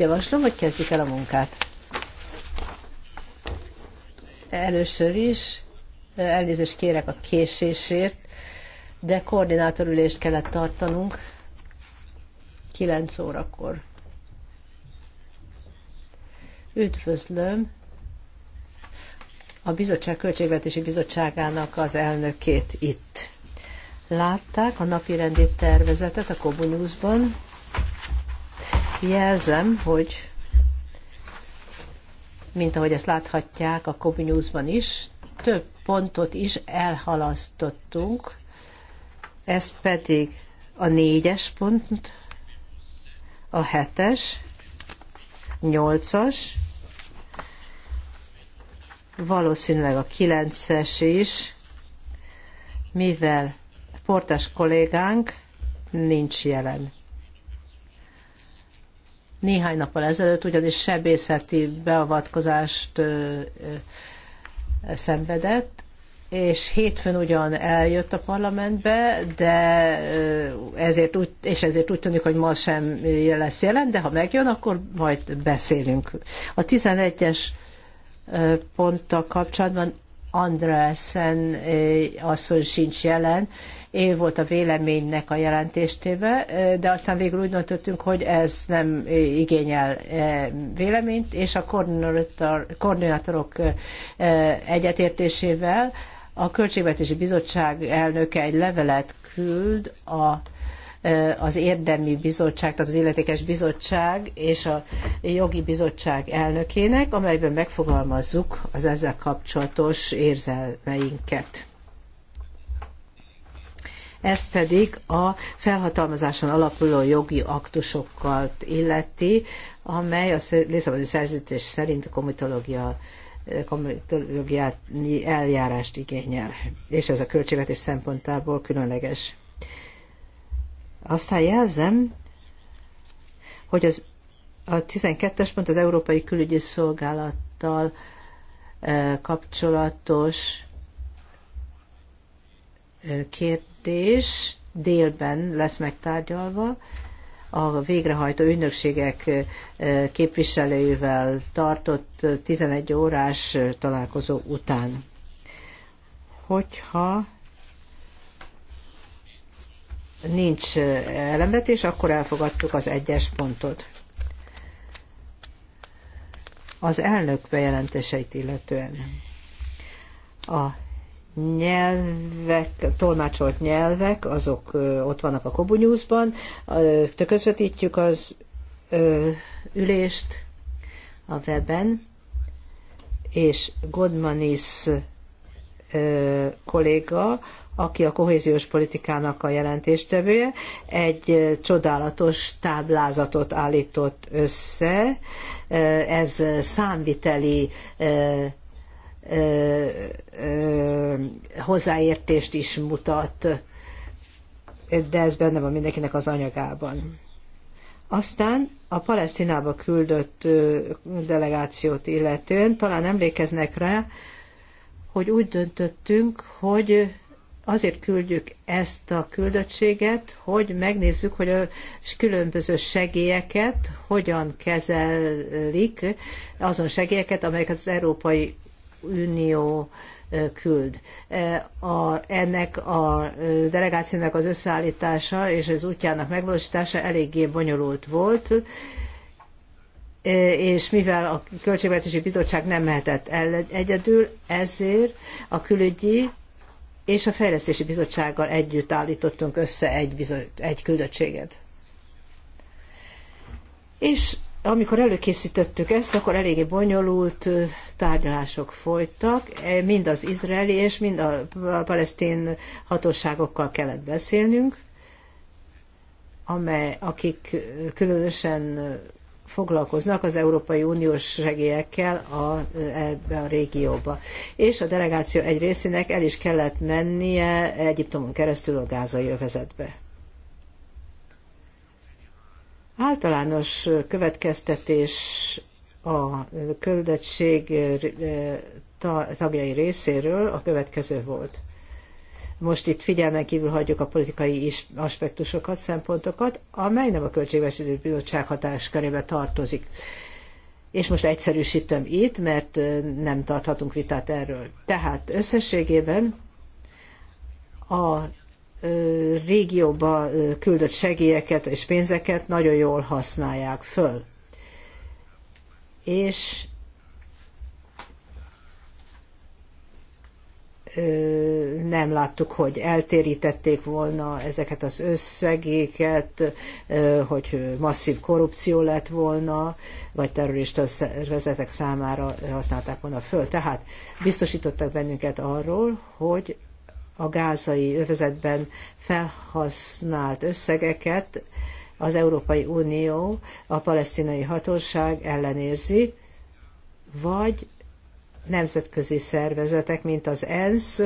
javaslom, hogy kezdjük el a munkát. Először is elnézést kérek a késésért, de koordinátorülést kellett tartanunk 9 órakor. Üdvözlöm a Bizottság Költségvetési Bizottságának az elnökét itt. Látták a napi rendi tervezetet a Kobunyúzban jelzem, hogy mint ahogy ezt láthatják a Kobi News-ban is, több pontot is elhalasztottunk, ez pedig a négyes pont, a hetes, nyolcas, valószínűleg a kilences is, mivel portás kollégánk nincs jelen. Néhány nappal ezelőtt ugyanis sebészeti beavatkozást szenvedett, és hétfőn ugyan eljött a parlamentbe, de ezért úgy, és ezért úgy tűnik, hogy ma sem lesz jelen, de ha megjön, akkor majd beszélünk. A 11-es ponttal kapcsolatban Andreasen asszony sincs jelen, én volt a véleménynek a jelentéstéve, de aztán végül úgy döntöttünk, hogy ez nem igényel véleményt, és a koordinátor, koordinátorok egyetértésével a Költségvetési Bizottság elnöke egy levelet küld a Eh, az érdemi bizottság, tehát az illetékes bizottság és a jogi bizottság elnökének, amelyben megfogalmazzuk az ezzel kapcsolatos érzelmeinket. Ez pedig a felhatalmazáson alapuló jogi aktusokkal illeti, amely a Lisszaboni szerződés szerint a komitológia eh, komitológiai eljárást igényel, és ez a költségvetés szempontából különleges. Aztán jelzem, hogy az, a 12-es pont az Európai Külügyi Szolgálattal e, kapcsolatos e, kérdés délben lesz megtárgyalva, a végrehajtó ügynökségek e, képviselőivel tartott 11 órás találkozó után. Hogyha nincs ellenvetés, akkor elfogadtuk az egyes pontot. Az elnök bejelentéseit illetően a nyelvek, tolmácsolt nyelvek, azok ott vannak a Kobunyúzban, közvetítjük az ülést a weben, és Godmanis kolléga aki a kohéziós politikának a jelentéstevője, egy csodálatos táblázatot állított össze. Ez számviteli hozzáértést is mutat, de ez benne van mindenkinek az anyagában. Aztán a Palesztinába küldött delegációt illetően talán emlékeznek rá, hogy úgy döntöttünk, hogy azért küldjük ezt a küldöttséget, hogy megnézzük, hogy a különböző segélyeket hogyan kezelik, azon segélyeket, amelyeket az Európai Unió küld. E, a, ennek a delegációnak az összeállítása és az útjának megvalósítása eléggé bonyolult volt, e, és mivel a Költségvetési Bizottság nem mehetett el egyedül, ezért a külügyi és a Fejlesztési Bizottsággal együtt állítottunk össze egy, bizony, egy küldöttséget. És amikor előkészítettük ezt, akkor eléggé bonyolult tárgyalások folytak, e, mind az izraeli és mind a palesztin hatóságokkal kellett beszélnünk, amely, akik különösen foglalkoznak az Európai Uniós segélyekkel a, ebbe a régióba. És a delegáció egy részének el is kellett mennie Egyiptomon keresztül a gázai övezetbe. Általános következtetés a küldöttség eh, tagjai részéről a következő volt most itt figyelmen kívül hagyjuk a politikai aspektusokat, szempontokat, amely nem a Költségvetési Bizottság hatáskörébe tartozik. És most egyszerűsítem itt, mert nem tarthatunk vitát erről. Tehát összességében a régióba küldött segélyeket és pénzeket nagyon jól használják föl. És nem láttuk, hogy eltérítették volna ezeket az összegéket, hogy masszív korrupció lett volna, vagy terrorista szervezetek számára használták volna föl. Tehát biztosítottak bennünket arról, hogy a gázai övezetben felhasznált összegeket az Európai Unió, a palesztinai hatóság ellenérzi, vagy nemzetközi szervezetek, mint az ENSZ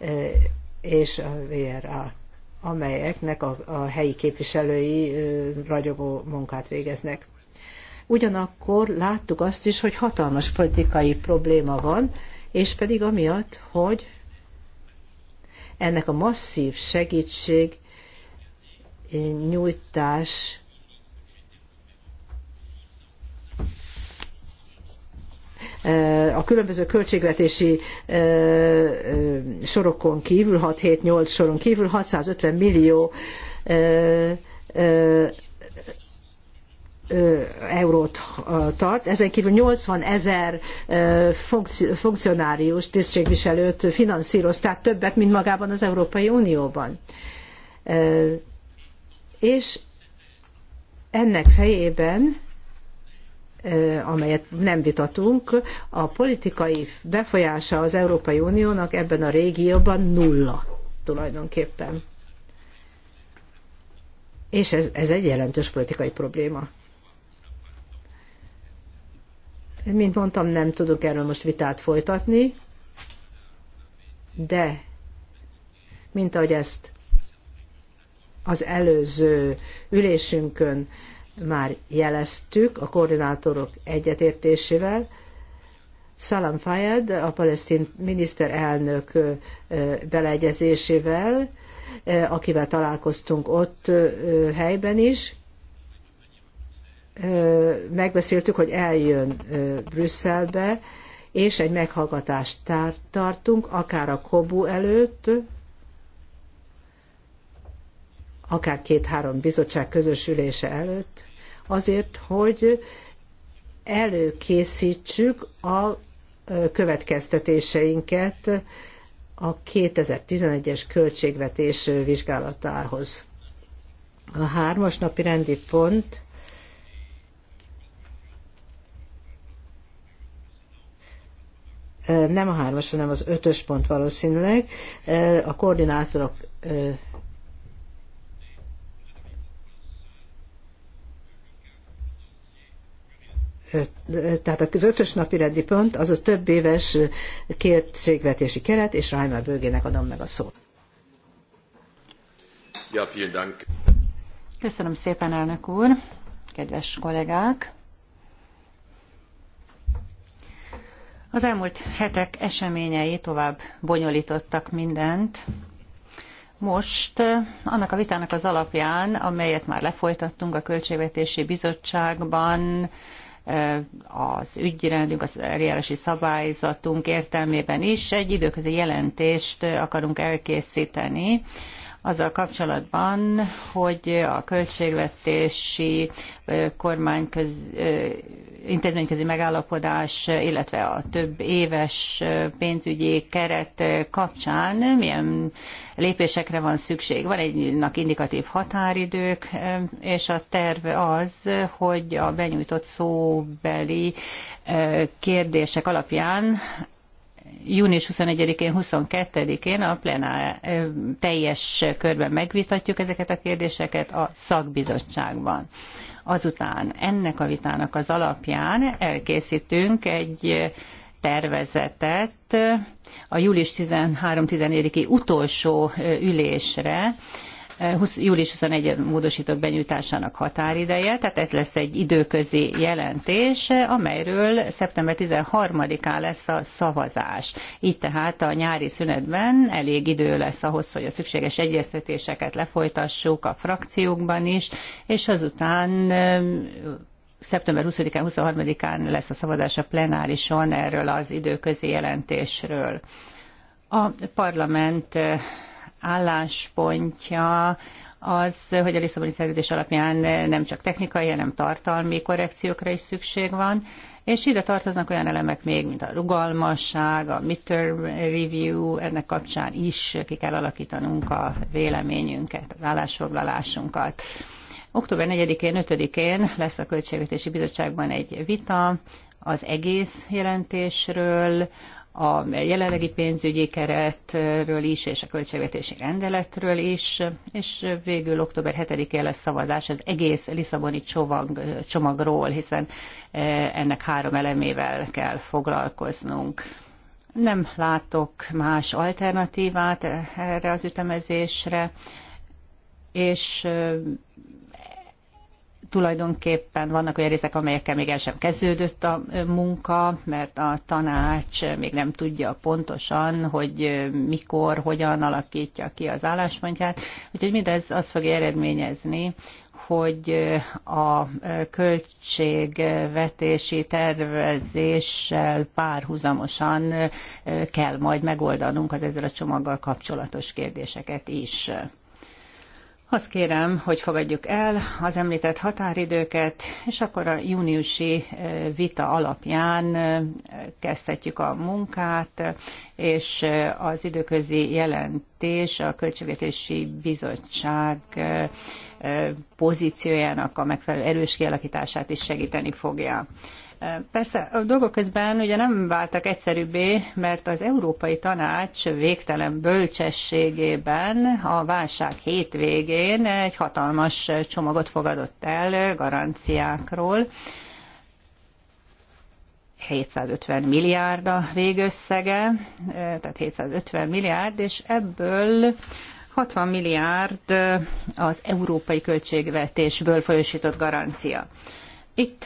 eh, és a VRA, amelyeknek a, a helyi képviselői eh, ragyogó munkát végeznek. Ugyanakkor láttuk azt is, hogy hatalmas politikai probléma van, és pedig amiatt, hogy ennek a masszív segítség eh, nyújtás a különböző költségvetési sorokon kívül, 6-7-8 soron kívül 650 millió eurót tart. Ezen kívül 80 ezer funkcionárius, tisztségviselőt finanszíroz, tehát többet, mint magában az Európai Unióban. És ennek fejében amelyet nem vitatunk, a politikai befolyása az Európai Uniónak ebben a régióban nulla tulajdonképpen. És ez, ez egy jelentős politikai probléma. Mint mondtam, nem tudok erről most vitát folytatni, de mint ahogy ezt az előző ülésünkön már jeleztük a koordinátorok egyetértésével. Salam Fayed, a palesztin miniszterelnök beleegyezésével, akivel találkoztunk ott helyben is, megbeszéltük, hogy eljön Brüsszelbe, és egy meghallgatást tartunk, akár a Kobu előtt, akár két-három bizottság közös ülése előtt, azért, hogy előkészítsük a következtetéseinket a 2011-es költségvetés vizsgálatához. A hármas napi rendi pont nem a hármas, hanem az ötös pont valószínűleg. A koordinátorok tehát az ötös napi rendi pont, az a több éves kértségvetési keret, és Reimer Bőgének adom meg a szót. Ja, vielen Dank. Köszönöm szépen, elnök úr, kedves kollégák! Az elmúlt hetek eseményei tovább bonyolítottak mindent. Most annak a vitának az alapján, amelyet már lefolytattunk a Költségvetési Bizottságban, az ügyrendünk, az eljárási szabályzatunk értelmében is egy időközi jelentést akarunk elkészíteni azzal kapcsolatban, hogy a költségvetési kormányköz, intézményközi megállapodás, illetve a több éves pénzügyi keret kapcsán milyen lépésekre van szükség. Van egynak indikatív határidők, és a terv az, hogy a benyújtott szóbeli kérdések alapján június 21-én, 22-én a plenár teljes körben megvitatjuk ezeket a kérdéseket a szakbizottságban. Azután ennek a vitának az alapján elkészítünk egy tervezetet a július 13-14-i utolsó ülésre, 20, július 21 módosítók benyújtásának határideje, tehát ez lesz egy időközi jelentés, amelyről szeptember 13-án lesz a szavazás. Így tehát a nyári szünetben elég idő lesz ahhoz, hogy a szükséges egyeztetéseket lefolytassuk a frakciókban is, és azután szeptember 20-án, 23-án lesz a szavazás a plenárison erről az időközi jelentésről. A parlament álláspontja az, hogy a Lisszaboni szerződés alapján nem csak technikai, hanem tartalmi korrekciókra is szükség van, és ide tartoznak olyan elemek még, mint a rugalmasság, a midterm review, ennek kapcsán is ki kell alakítanunk a véleményünket, az állásfoglalásunkat. Október 4-én, 5-én lesz a Költségvetési Bizottságban egy vita az egész jelentésről, a jelenlegi pénzügyi keretről is, és a költségvetési rendeletről is, és végül október 7-én lesz szavazás az egész Lisszaboni csomag, csomagról, hiszen eh, ennek három elemével kell foglalkoznunk. Nem látok más alternatívát eh, erre az ütemezésre, és eh, tulajdonképpen vannak olyan részek, amelyekkel még el sem kezdődött a munka, mert a tanács még nem tudja pontosan, hogy mikor, hogyan alakítja ki az álláspontját. Úgyhogy mindez azt fog eredményezni, hogy a költségvetési tervezéssel párhuzamosan kell majd megoldanunk az ezzel a csomaggal kapcsolatos kérdéseket is. Azt kérem, hogy fogadjuk el az említett határidőket, és akkor a júniusi eh, vita alapján eh, kezdhetjük a munkát, és eh, az időközi jelentés a Költségvetési Bizottság pozíciójának a megfelelő erős kialakítását is segíteni fogja. Persze a dolgok közben ugye nem váltak egyszerűbbé, mert az Európai Tanács végtelen bölcsességében a válság hétvégén egy hatalmas csomagot fogadott el garanciákról. 750 milliárd a végösszege, tehát 750 milliárd, és ebből 60 milliárd az európai költségvetésből folyosított garancia. Itt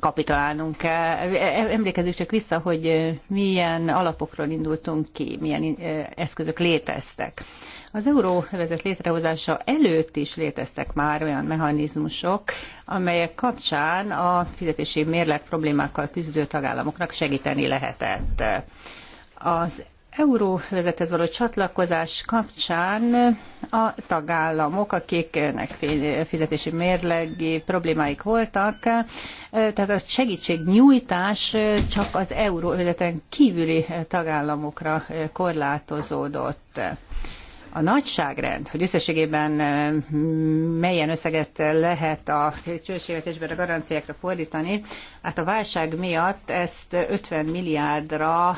kapitalálnunk kell. Emlékezzük csak vissza, hogy milyen alapokról indultunk ki, milyen eszközök léteztek. Az euróvezet létrehozása előtt is léteztek már olyan mechanizmusok, amelyek kapcsán a fizetési mérleg problémákkal küzdő tagállamoknak segíteni lehetett. Az euróvezethez való csatlakozás kapcsán a tagállamok, akiknek fizetési mérlegi problémáik voltak, tehát a segítségnyújtás csak az euróvezeten kívüli tagállamokra korlátozódott. A nagyságrend, hogy összességében melyen összeget lehet a csőségvetésben a garanciákra fordítani, hát a válság miatt ezt 50 milliárdra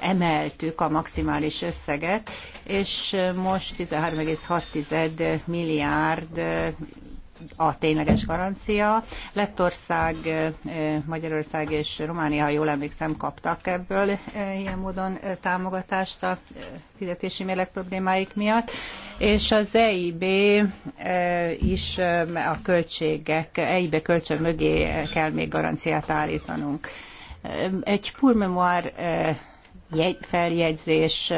emeltük a maximális összeget, és most 13,6 milliárd a tényleges garancia. Lettország, Magyarország és Románia, ha jól emlékszem, kaptak ebből ilyen módon támogatást a fizetési mérleg problémáik miatt és az EIB is a költségek, EIB kölcsön mögé kell még garanciát állítanunk. Egy pour memoir feljegyzés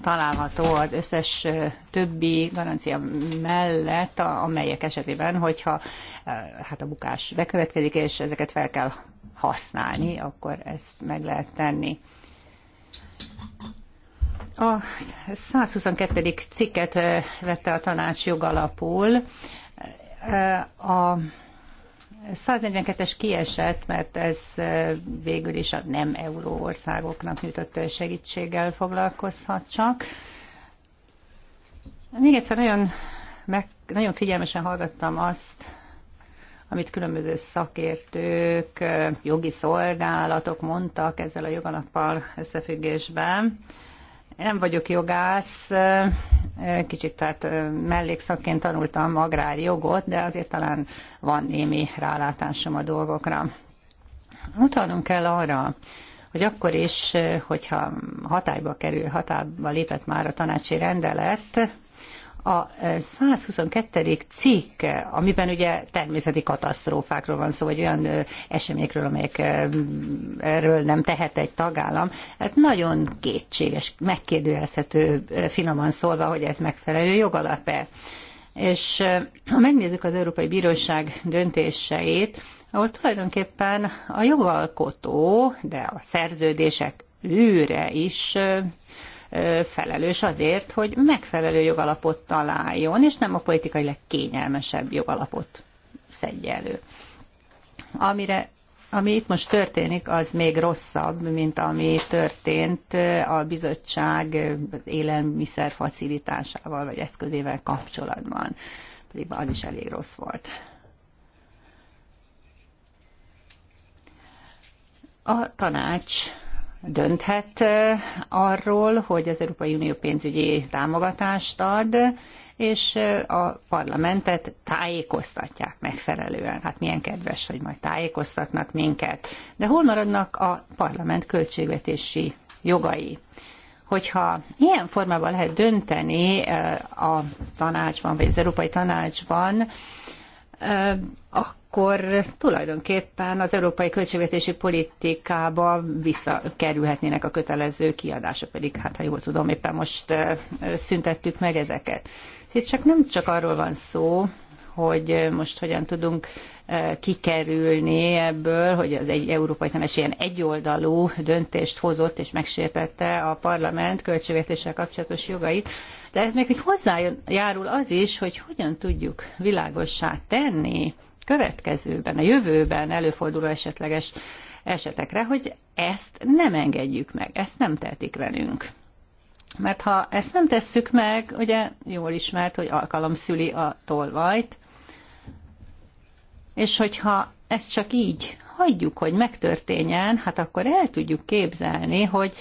található az összes többi garancia mellett, amelyek esetében, hogyha hát a bukás bekövetkezik, és ezeket fel kell használni, akkor ezt meg lehet tenni. A 122. cikket vette a tanács jogalapul. A 142-es kiesett, mert ez végül is a nem euró országoknak nyújtott segítséggel foglalkozhat csak. Még egyszer nagyon, meg, nagyon figyelmesen hallgattam azt, amit különböző szakértők, jogi szolgálatok mondtak ezzel a jogalappal összefüggésben nem vagyok jogász, kicsit tehát mellékszakként tanultam agrárjogot, de azért talán van némi rálátásom a dolgokra. Utalnunk kell arra, hogy akkor is, hogyha hatályba kerül, hatályba lépett már a tanácsi rendelet, a 122. cikk, amiben ugye természeti katasztrófákról van szó, vagy olyan eseményekről, amelyekről nem tehet egy tagállam, hát nagyon kétséges, megkérdőjelezhető finoman szólva, hogy ez megfelelő jogalap-e. És ha megnézzük az Európai Bíróság döntéseit, ahol tulajdonképpen a jogalkotó, de a szerződések őre is felelős azért, hogy megfelelő jogalapot találjon, és nem a politikai legkényelmesebb jogalapot szedje elő. Amire ami itt most történik, az még rosszabb, mint ami történt a bizottság élelmiszer facilitásával vagy eszközével kapcsolatban. Pedig az is elég rossz volt. A tanács dönthet arról, hogy az Európai Unió pénzügyi támogatást ad, és a parlamentet tájékoztatják megfelelően. Hát milyen kedves, hogy majd tájékoztatnak minket. De hol maradnak a parlament költségvetési jogai? Hogyha ilyen formában lehet dönteni a tanácsban, vagy az Európai Tanácsban, akkor tulajdonképpen az európai költségvetési politikába visszakerülhetnének a kötelező kiadások, pedig hát ha jól tudom, éppen most szüntettük meg ezeket. Itt csak nem csak arról van szó, hogy most hogyan tudunk kikerülni ebből, hogy az egy Európai Tanács ilyen egyoldalú döntést hozott és megsértette a parlament költségvetéssel kapcsolatos jogait, de ez még hogy hozzájárul az is, hogy hogyan tudjuk világossá tenni következőben, a jövőben előforduló esetleges esetekre, hogy ezt nem engedjük meg, ezt nem tehetik velünk. Mert ha ezt nem tesszük meg, ugye jól ismert, hogy alkalom szüli a tolvajt, és hogyha ezt csak így hagyjuk, hogy megtörténjen, hát akkor el tudjuk képzelni, hogy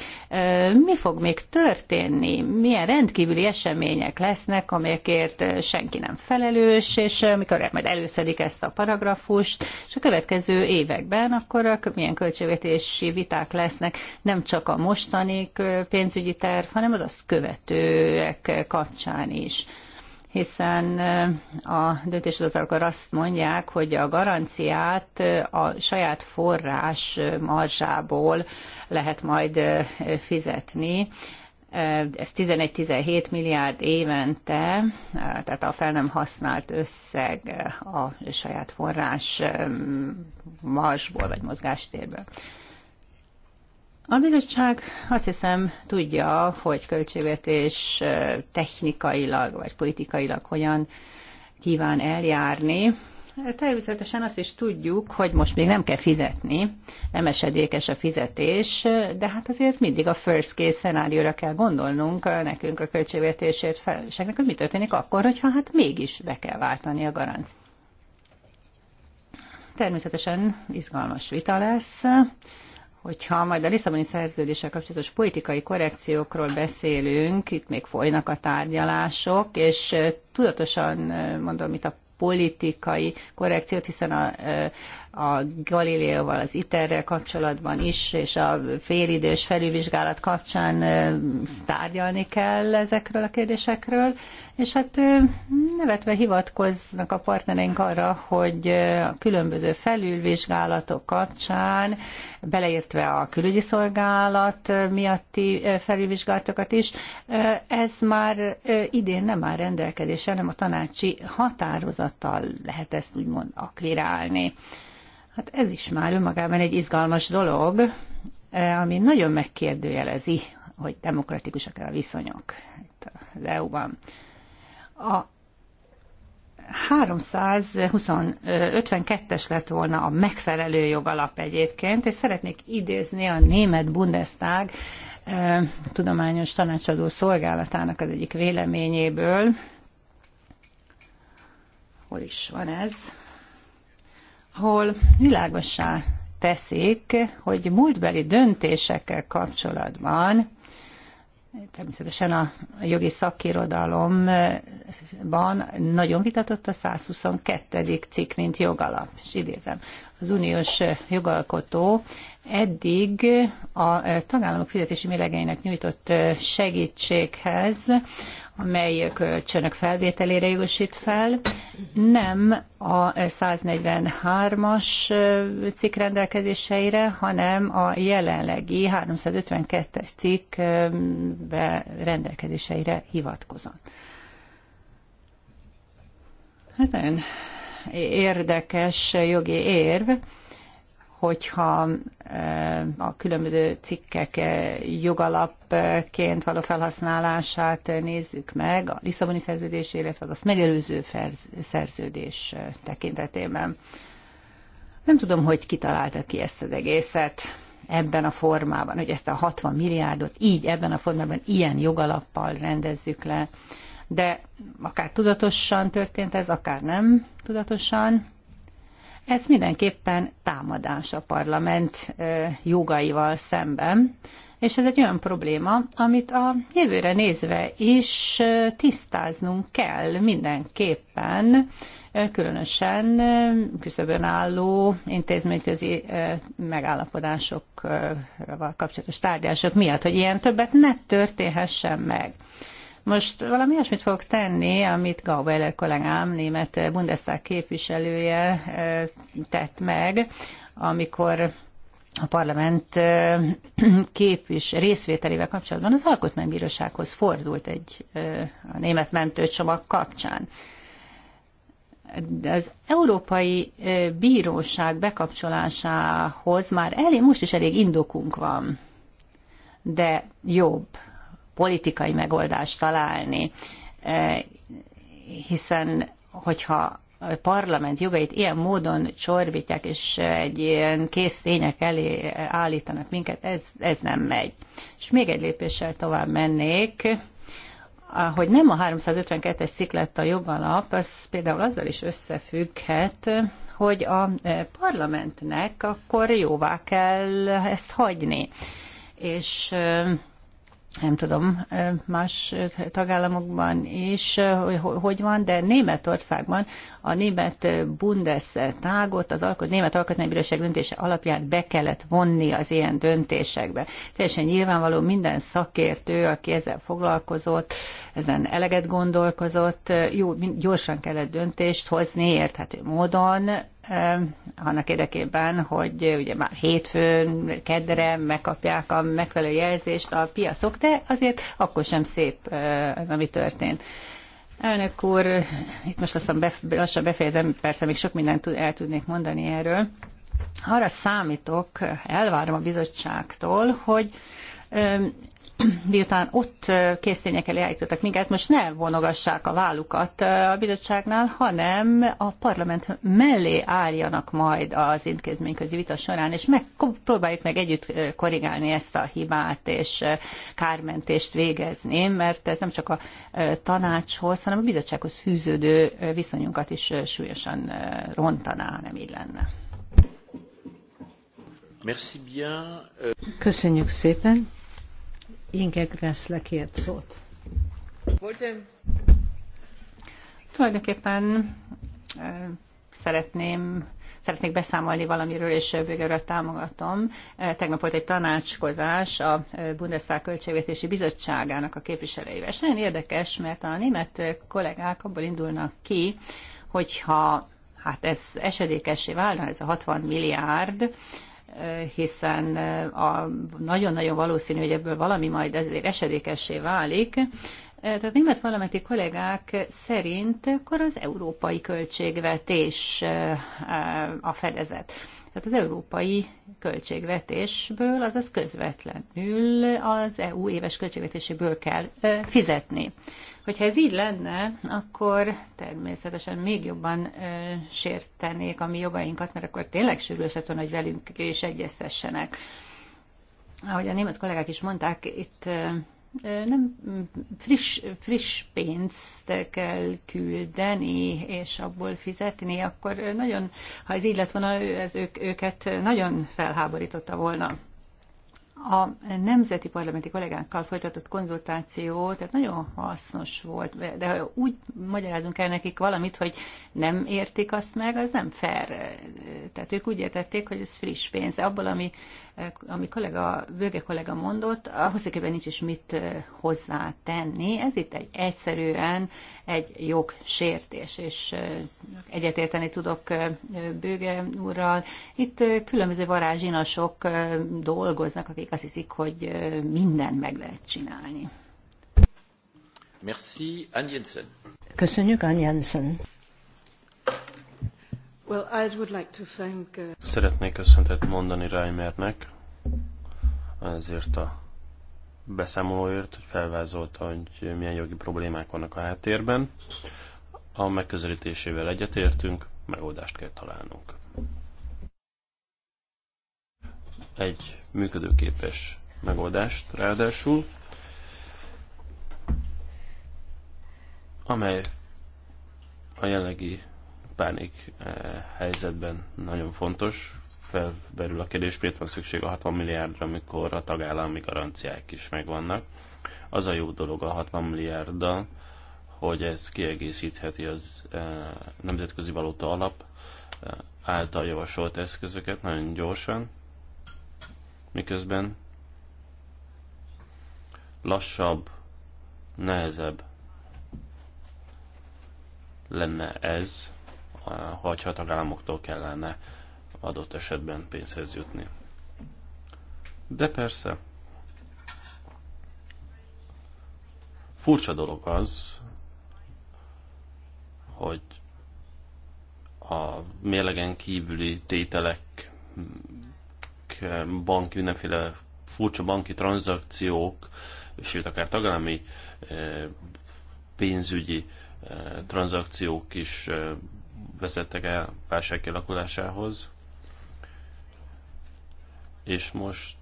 mi fog még történni, milyen rendkívüli események lesznek, amelyekért senki nem felelős, és mikor majd előszedik ezt a paragrafust, és a következő években akkor milyen költségvetési viták lesznek, nem csak a mostani pénzügyi terv, hanem az azt követőek kapcsán is hiszen a döntéshozatalkor azt mondják, hogy a garanciát a saját forrás marzsából lehet majd fizetni. Ez 11-17 milliárd évente, tehát a fel nem használt összeg a saját forrás marzsból vagy mozgástérből. A bizottság azt hiszem tudja, hogy költségvetés technikailag vagy politikailag hogyan kíván eljárni. Természetesen azt is tudjuk, hogy most még nem kell fizetni, nem esedékes a fizetés, de hát azért mindig a first case szenárióra kell gondolnunk nekünk a költségvetésért felelősségnek, hogy mi történik akkor, hogyha hát mégis be kell váltani a garanciát. Természetesen izgalmas vita lesz hogyha majd a Lisszaboni szerződéssel kapcsolatos politikai korrekciókról beszélünk, itt még folynak a tárgyalások, és tudatosan mondom itt a politikai korrekciót, hiszen a a Galileóval, az iter kapcsolatban is, és a félidős felülvizsgálat kapcsán tárgyalni kell ezekről a kérdésekről, és hát nevetve hivatkoznak a partnereink arra, hogy a különböző felülvizsgálatok kapcsán, beleértve a külügyi szolgálat miatti felülvizsgálatokat is, ez már idén nem áll rendelkezésre, hanem a tanácsi határozattal lehet ezt úgymond akvirálni. Hát ez is már önmagában egy izgalmas dolog, eh, ami nagyon megkérdőjelezi, hogy demokratikusak-e a viszonyok itt az EU-ban. A 352-es lett volna a megfelelő jogalap egyébként, és szeretnék idézni a német Bundestag eh, tudományos tanácsadó szolgálatának az egyik véleményéből. Hol is van ez? ahol világosá teszik, hogy múltbeli döntésekkel kapcsolatban Természetesen a jogi szakirodalomban nagyon vitatott a 122. cikk, mint jogalap. És idézem, az uniós jogalkotó eddig a tagállamok fizetési mélegeinek nyújtott segítséghez amely kölcsönök felvételére jogosít fel, nem a 143-as cikk rendelkezéseire, hanem a jelenlegi 352-es cikk rendelkezéseire hivatkozott. Hát nagyon érdekes jogi érv, hogyha a különböző cikkek jogalapként való felhasználását nézzük meg, a Lisszaboni szerződés, illetve az azt megelőző szerződés tekintetében. Nem tudom, hogy kitalálta ki ezt az egészet ebben a formában, hogy ezt a 60 milliárdot így, ebben a formában, ilyen jogalappal rendezzük le. De akár tudatosan történt ez, akár nem tudatosan, ez mindenképpen támadás a parlament jogaival szemben, és ez egy olyan probléma, amit a jövőre nézve is tisztáznunk kell mindenképpen, különösen küszöbön álló intézményközi megállapodásokkal kapcsolatos tárgyalások miatt, hogy ilyen többet ne történhessen meg. Most valami olyasmit fogok tenni, amit Gauweiler kollégám, német Bundestag képviselője eh, tett meg, amikor a parlament eh, képvis részvételével kapcsolatban az Alkotmánybírósághoz fordult egy eh, a német mentőcsomag kapcsán. De az Európai Bíróság bekapcsolásához már elég, most is elég indokunk van, de jobb, politikai megoldást találni, eh, hiszen hogyha a parlament jogait ilyen módon csorbítják, és egy ilyen kész tények elé állítanak minket, ez, ez nem megy. És még egy lépéssel tovább mennék, hogy nem a 352-es cikk lett a jogalap, az például azzal is összefügghet, hogy a parlamentnek akkor jóvá kell ezt hagyni. És eh, nem tudom, más tagállamokban is, hogy van, de Németországban a német Bundestagot, az alkot, német alkotmánybíróság döntése alapján be kellett vonni az ilyen döntésekbe. Teljesen nyilvánvaló minden szakértő, aki ezzel foglalkozott, ezen eleget gondolkozott, jó, gyorsan kellett döntést hozni érthető módon, annak érdekében, hogy ugye már hétfőn, kedre megkapják a megfelelő jelzést a piacok, de azért akkor sem szép, ami történt. Elnök úr, itt most lassan, lassan befejezem, persze még sok mindent el tudnék mondani erről. Arra számítok, elvárom a bizottságtól, hogy miután ott késztények elé állítottak minket, most ne vonogassák a vállukat a bizottságnál, hanem a parlament mellé álljanak majd az intézményközi vita során, és meg, próbáljuk meg együtt korrigálni ezt a hibát, és kármentést végezni, mert ez nem csak a tanácshoz, hanem a bizottsághoz fűződő viszonyunkat is súlyosan rontaná, nem így lenne. Köszönjük szépen. Inge Gressle kért szót. Bocsán. Tulajdonképpen szeretném szeretnék beszámolni valamiről, és végre támogatom. Tegnap volt egy tanácskozás a Bundestag Költségvetési Bizottságának a képviselőivel. És nagyon érdekes, mert a német kollégák abból indulnak ki, hogyha hát ez esedékessé válna, ez a 60 milliárd, hiszen eh, a, nagyon-nagyon valószínű, hogy ebből valami majd ezért esedékessé válik. Eh, tehát német parlamenti kollégák szerint akkor az európai költségvetés eh, a fedezet. Tehát az európai költségvetésből, azaz közvetlenül az EU éves költségvetéséből kell fizetni. Hogyha ez így lenne, akkor természetesen még jobban ö, sértenék a mi jogainkat, mert akkor tényleg sürgős lett hogy velünk is egyeztessenek. Ahogy a német kollégák is mondták, itt ö, nem friss, friss pénzt kell küldeni, és abból fizetni, akkor nagyon, ha ez így lett volna, ez ők, őket nagyon felháborította volna a nemzeti parlamenti kollégánkkal folytatott konzultáció, tehát nagyon hasznos volt, de ha úgy magyarázunk el nekik valamit, hogy nem értik azt meg, az nem fair. Tehát ők úgy értették, hogy ez friss pénz. Abból, ami ami kollega, Bőge kollega mondott, ahhoz éppen nincs is mit tenni. Ez itt egy egyszerűen egy jogsértés, és egyetérteni tudok Bőge úrral. Itt különböző varázsinasok dolgoznak, akik azt hiszik, hogy mindent meg lehet csinálni. Merci, Jensen. Köszönjük, Anjensen. Jensen. Well, I would like to thank, uh... Szeretnék köszöntet mondani Reimernek ezért a beszámolóért, hogy felvázolta, hogy milyen jogi problémák vannak a háttérben. A megközelítésével egyetértünk, megoldást kell találnunk. Egy működőképes megoldást ráadásul, amely a jelenlegi pánik eh, helyzetben nagyon fontos. Felberül a kérdés, miért van szükség a 60 milliárdra, amikor a tagállami garanciák is megvannak. Az a jó dolog a 60 milliárddal, hogy ez kiegészítheti az eh, Nemzetközi Valóta Alap eh, által javasolt eszközöket nagyon gyorsan, miközben lassabb, nehezebb lenne ez vagy ha tagállamoktól kellene adott esetben pénzhez jutni. De persze, furcsa dolog az, hogy a mérlegen kívüli tételek, banki, mindenféle furcsa banki tranzakciók, sőt akár tagállami eh, pénzügyi eh, tranzakciók is eh, vezettek el válság kialakulásához, és most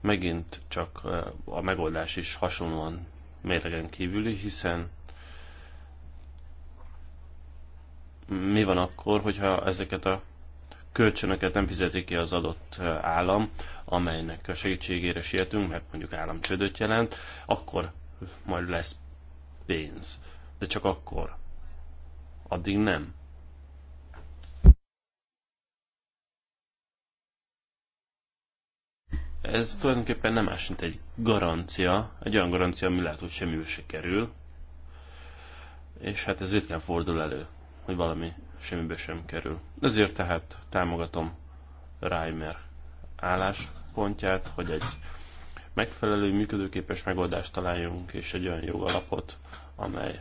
megint csak a megoldás is hasonlóan mérlegen kívüli, hiszen mi van akkor, hogyha ezeket a kölcsönöket nem fizeti ki az adott állam, amelynek a segítségére sietünk, mert mondjuk államcsődöt jelent, akkor majd lesz pénz. De csak akkor. Addig nem. ez tulajdonképpen nem más, mint egy garancia, egy olyan garancia, ami lehet, hogy semmi se kerül, és hát ez ritkán fordul elő, hogy valami semmibe sem kerül. Ezért tehát támogatom Reimer álláspontját, hogy egy megfelelő, működőképes megoldást találjunk, és egy olyan jogalapot, amely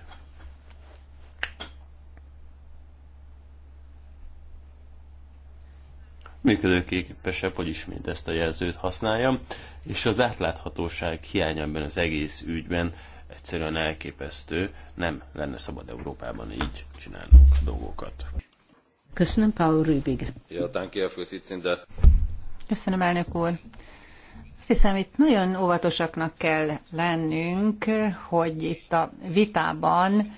működőképesebb, hogy ismét ezt a jelzőt használjam, és az átláthatóság hiánya ebben az egész ügyben egyszerűen elképesztő, nem lenne szabad Európában így csinálnunk dolgokat. Köszönöm, Paul Rübig. Ja, danke, Herr Köszönöm, elnök úr. Azt hiszem, itt nagyon óvatosaknak kell lennünk, hogy itt a vitában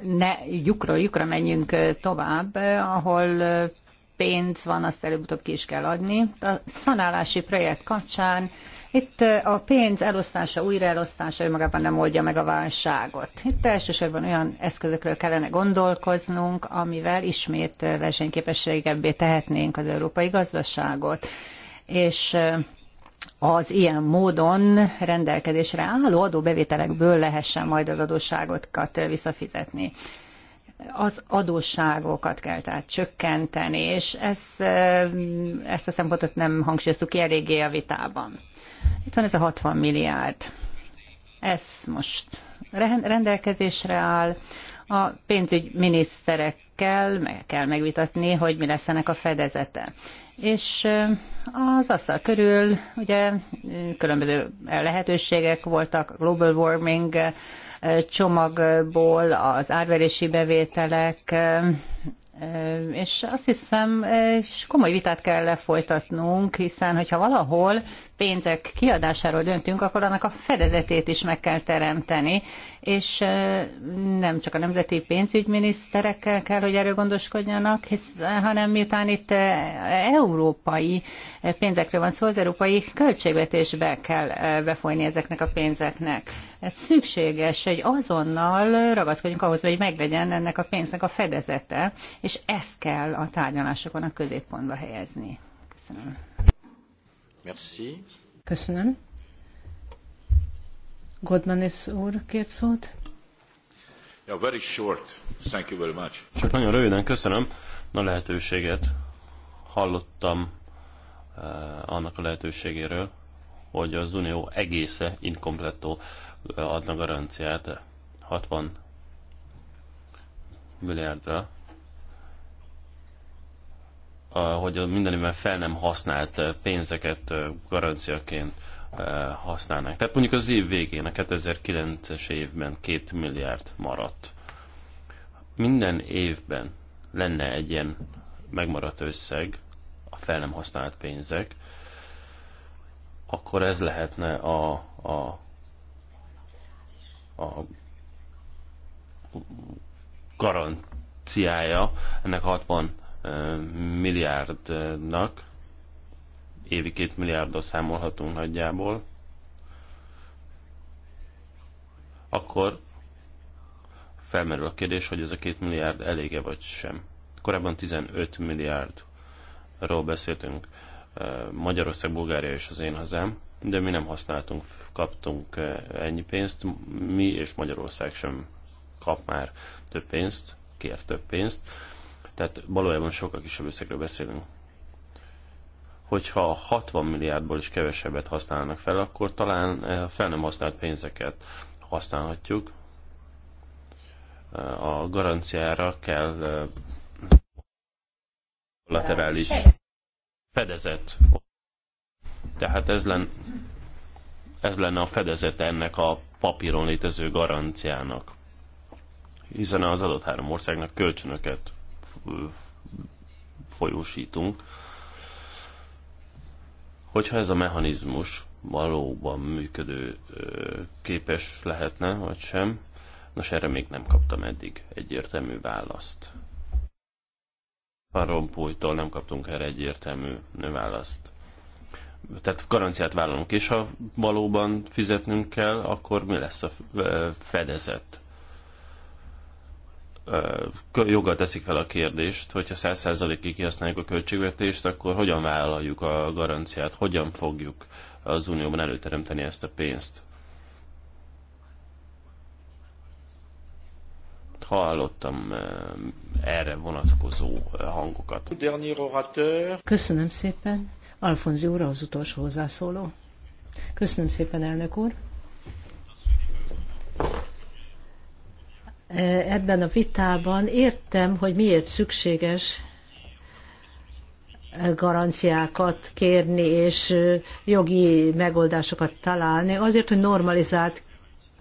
ne lyukra lyukra menjünk tovább, ahol pénz van, azt előbb-utóbb ki is kell adni. A szanálási projekt kapcsán itt a pénz elosztása, újraelosztása önmagában nem oldja meg a válságot. Itt elsősorban olyan eszközökről kellene gondolkoznunk, amivel ismét versenyképességebbé tehetnénk az európai gazdaságot. És az ilyen módon rendelkezésre álló adóbevételekből lehessen majd az adósságokat visszafizetni az adósságokat kell tehát csökkenteni, és ez, ezt a szempontot nem hangsúlyoztuk ki eléggé a vitában. Itt van ez a 60 milliárd. Ez most rendelkezésre áll. A pénzügyminiszterekkel meg kell megvitatni, hogy mi lesz ennek a fedezete és az asztal körül ugye különböző lehetőségek voltak, global warming, csomagból, az árverési bevételek és azt hiszem, és komoly vitát kell lefolytatnunk, hiszen hogyha valahol pénzek kiadásáról döntünk, akkor annak a fedezetét is meg kell teremteni, és nem csak a nemzeti pénzügyminiszterekkel kell, hogy erről gondoskodjanak, hisz, hanem miután itt európai pénzekről van szó, az európai költségvetésbe kell befolyni ezeknek a pénzeknek. Ez hát szükséges, hogy azonnal ragaszkodjunk ahhoz, hogy meglegyen ennek a pénznek a fedezete, és ezt kell a tárgyalásokon a középpontba helyezni. Köszönöm. Merci. Köszönöm. Godmanis úr kért szót. Yeah, very short. Thank you very much. Csak nagyon röviden köszönöm a lehetőséget. Hallottam eh, annak a lehetőségéről, hogy az Unió egésze inkompletto eh, adna garanciát 60 eh, milliárdra hogy mindenében fel nem használt pénzeket garanciaként használnak. Tehát mondjuk az év végén, a 2009-es évben 2 milliárd maradt. Minden évben lenne egy ilyen megmaradt összeg, a fel nem használt pénzek, akkor ez lehetne a, a, a garanciája ennek 60 milliárdnak, évi két milliárdot számolhatunk nagyjából, akkor felmerül a kérdés, hogy ez a két milliárd elége vagy sem. Korábban 15 milliárdról beszéltünk Magyarország, Bulgária és az én hazám, de mi nem használtunk, kaptunk ennyi pénzt, mi és Magyarország sem kap már több pénzt, kér több pénzt tehát valójában sokkal kisebb összegről beszélünk. Hogyha 60 milliárdból is kevesebbet használnak fel, akkor talán eh, fel nem használt pénzeket használhatjuk. Eh, a garanciára kell eh, laterális fedezet. Tehát ez lenne, ez lenne a fedezete ennek a papíron létező garanciának. Hiszen az adott három országnak kölcsönöket folyósítunk. Hogyha ez a mechanizmus valóban működő képes lehetne, vagy sem, nos erre még nem kaptam eddig egyértelmű választ. Van Rompuytól nem kaptunk erre egyértelmű választ tehát garanciát vállalunk, és ha valóban fizetnünk kell, akkor mi lesz a fedezet? joggal teszik fel a kérdést, hogyha 100%-ig kihasználjuk a költségvetést, akkor hogyan vállaljuk a garanciát, hogyan fogjuk az Unióban előteremteni ezt a pénzt. Hallottam erre vonatkozó hangokat. Köszönöm szépen. Alfonzi úr az utolsó hozzászóló. Köszönöm szépen, elnök úr. E, ebben a vitában értem, hogy miért szükséges e, garanciákat kérni és e, jogi megoldásokat találni, azért, hogy normalizált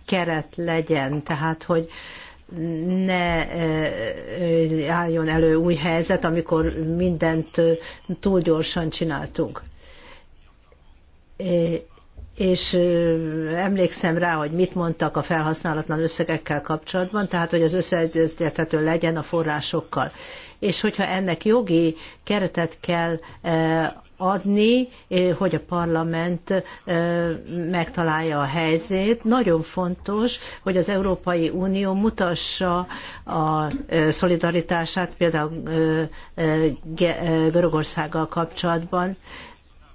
keret legyen, tehát hogy ne álljon elő új helyzet, amikor mindent túl gyorsan csináltunk és emlékszem rá, hogy mit mondtak a felhasználatlan összegekkel kapcsolatban, tehát hogy az összeegyeztethető legyen a forrásokkal. És hogyha ennek jogi keretet kell adni, hogy a parlament megtalálja a helyzét. Nagyon fontos, hogy az Európai Unió mutassa a szolidaritását például Görögországgal kapcsolatban,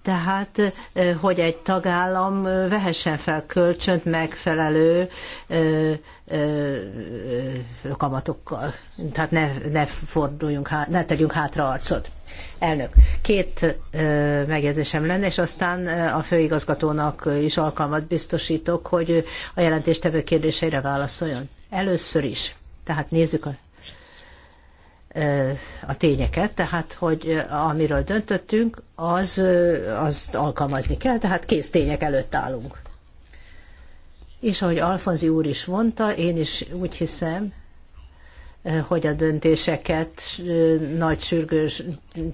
tehát, hogy egy tagállam vehessen fel kölcsönt megfelelő ö, ö, kamatokkal. Tehát ne, ne forduljunk, ne tegyünk hátra arcot. Elnök, két ö, megjegyzésem lenne, és aztán a főigazgatónak is alkalmat biztosítok, hogy a jelentéstevő kérdéseire válaszoljon. Először is. Tehát nézzük a a tényeket, tehát hogy amiről döntöttünk, az, azt alkalmazni kell, tehát kész tények előtt állunk. És ahogy Alfonzi úr is mondta, én is úgy hiszem, Eh, hogy a döntéseket eh, nagy sürgős,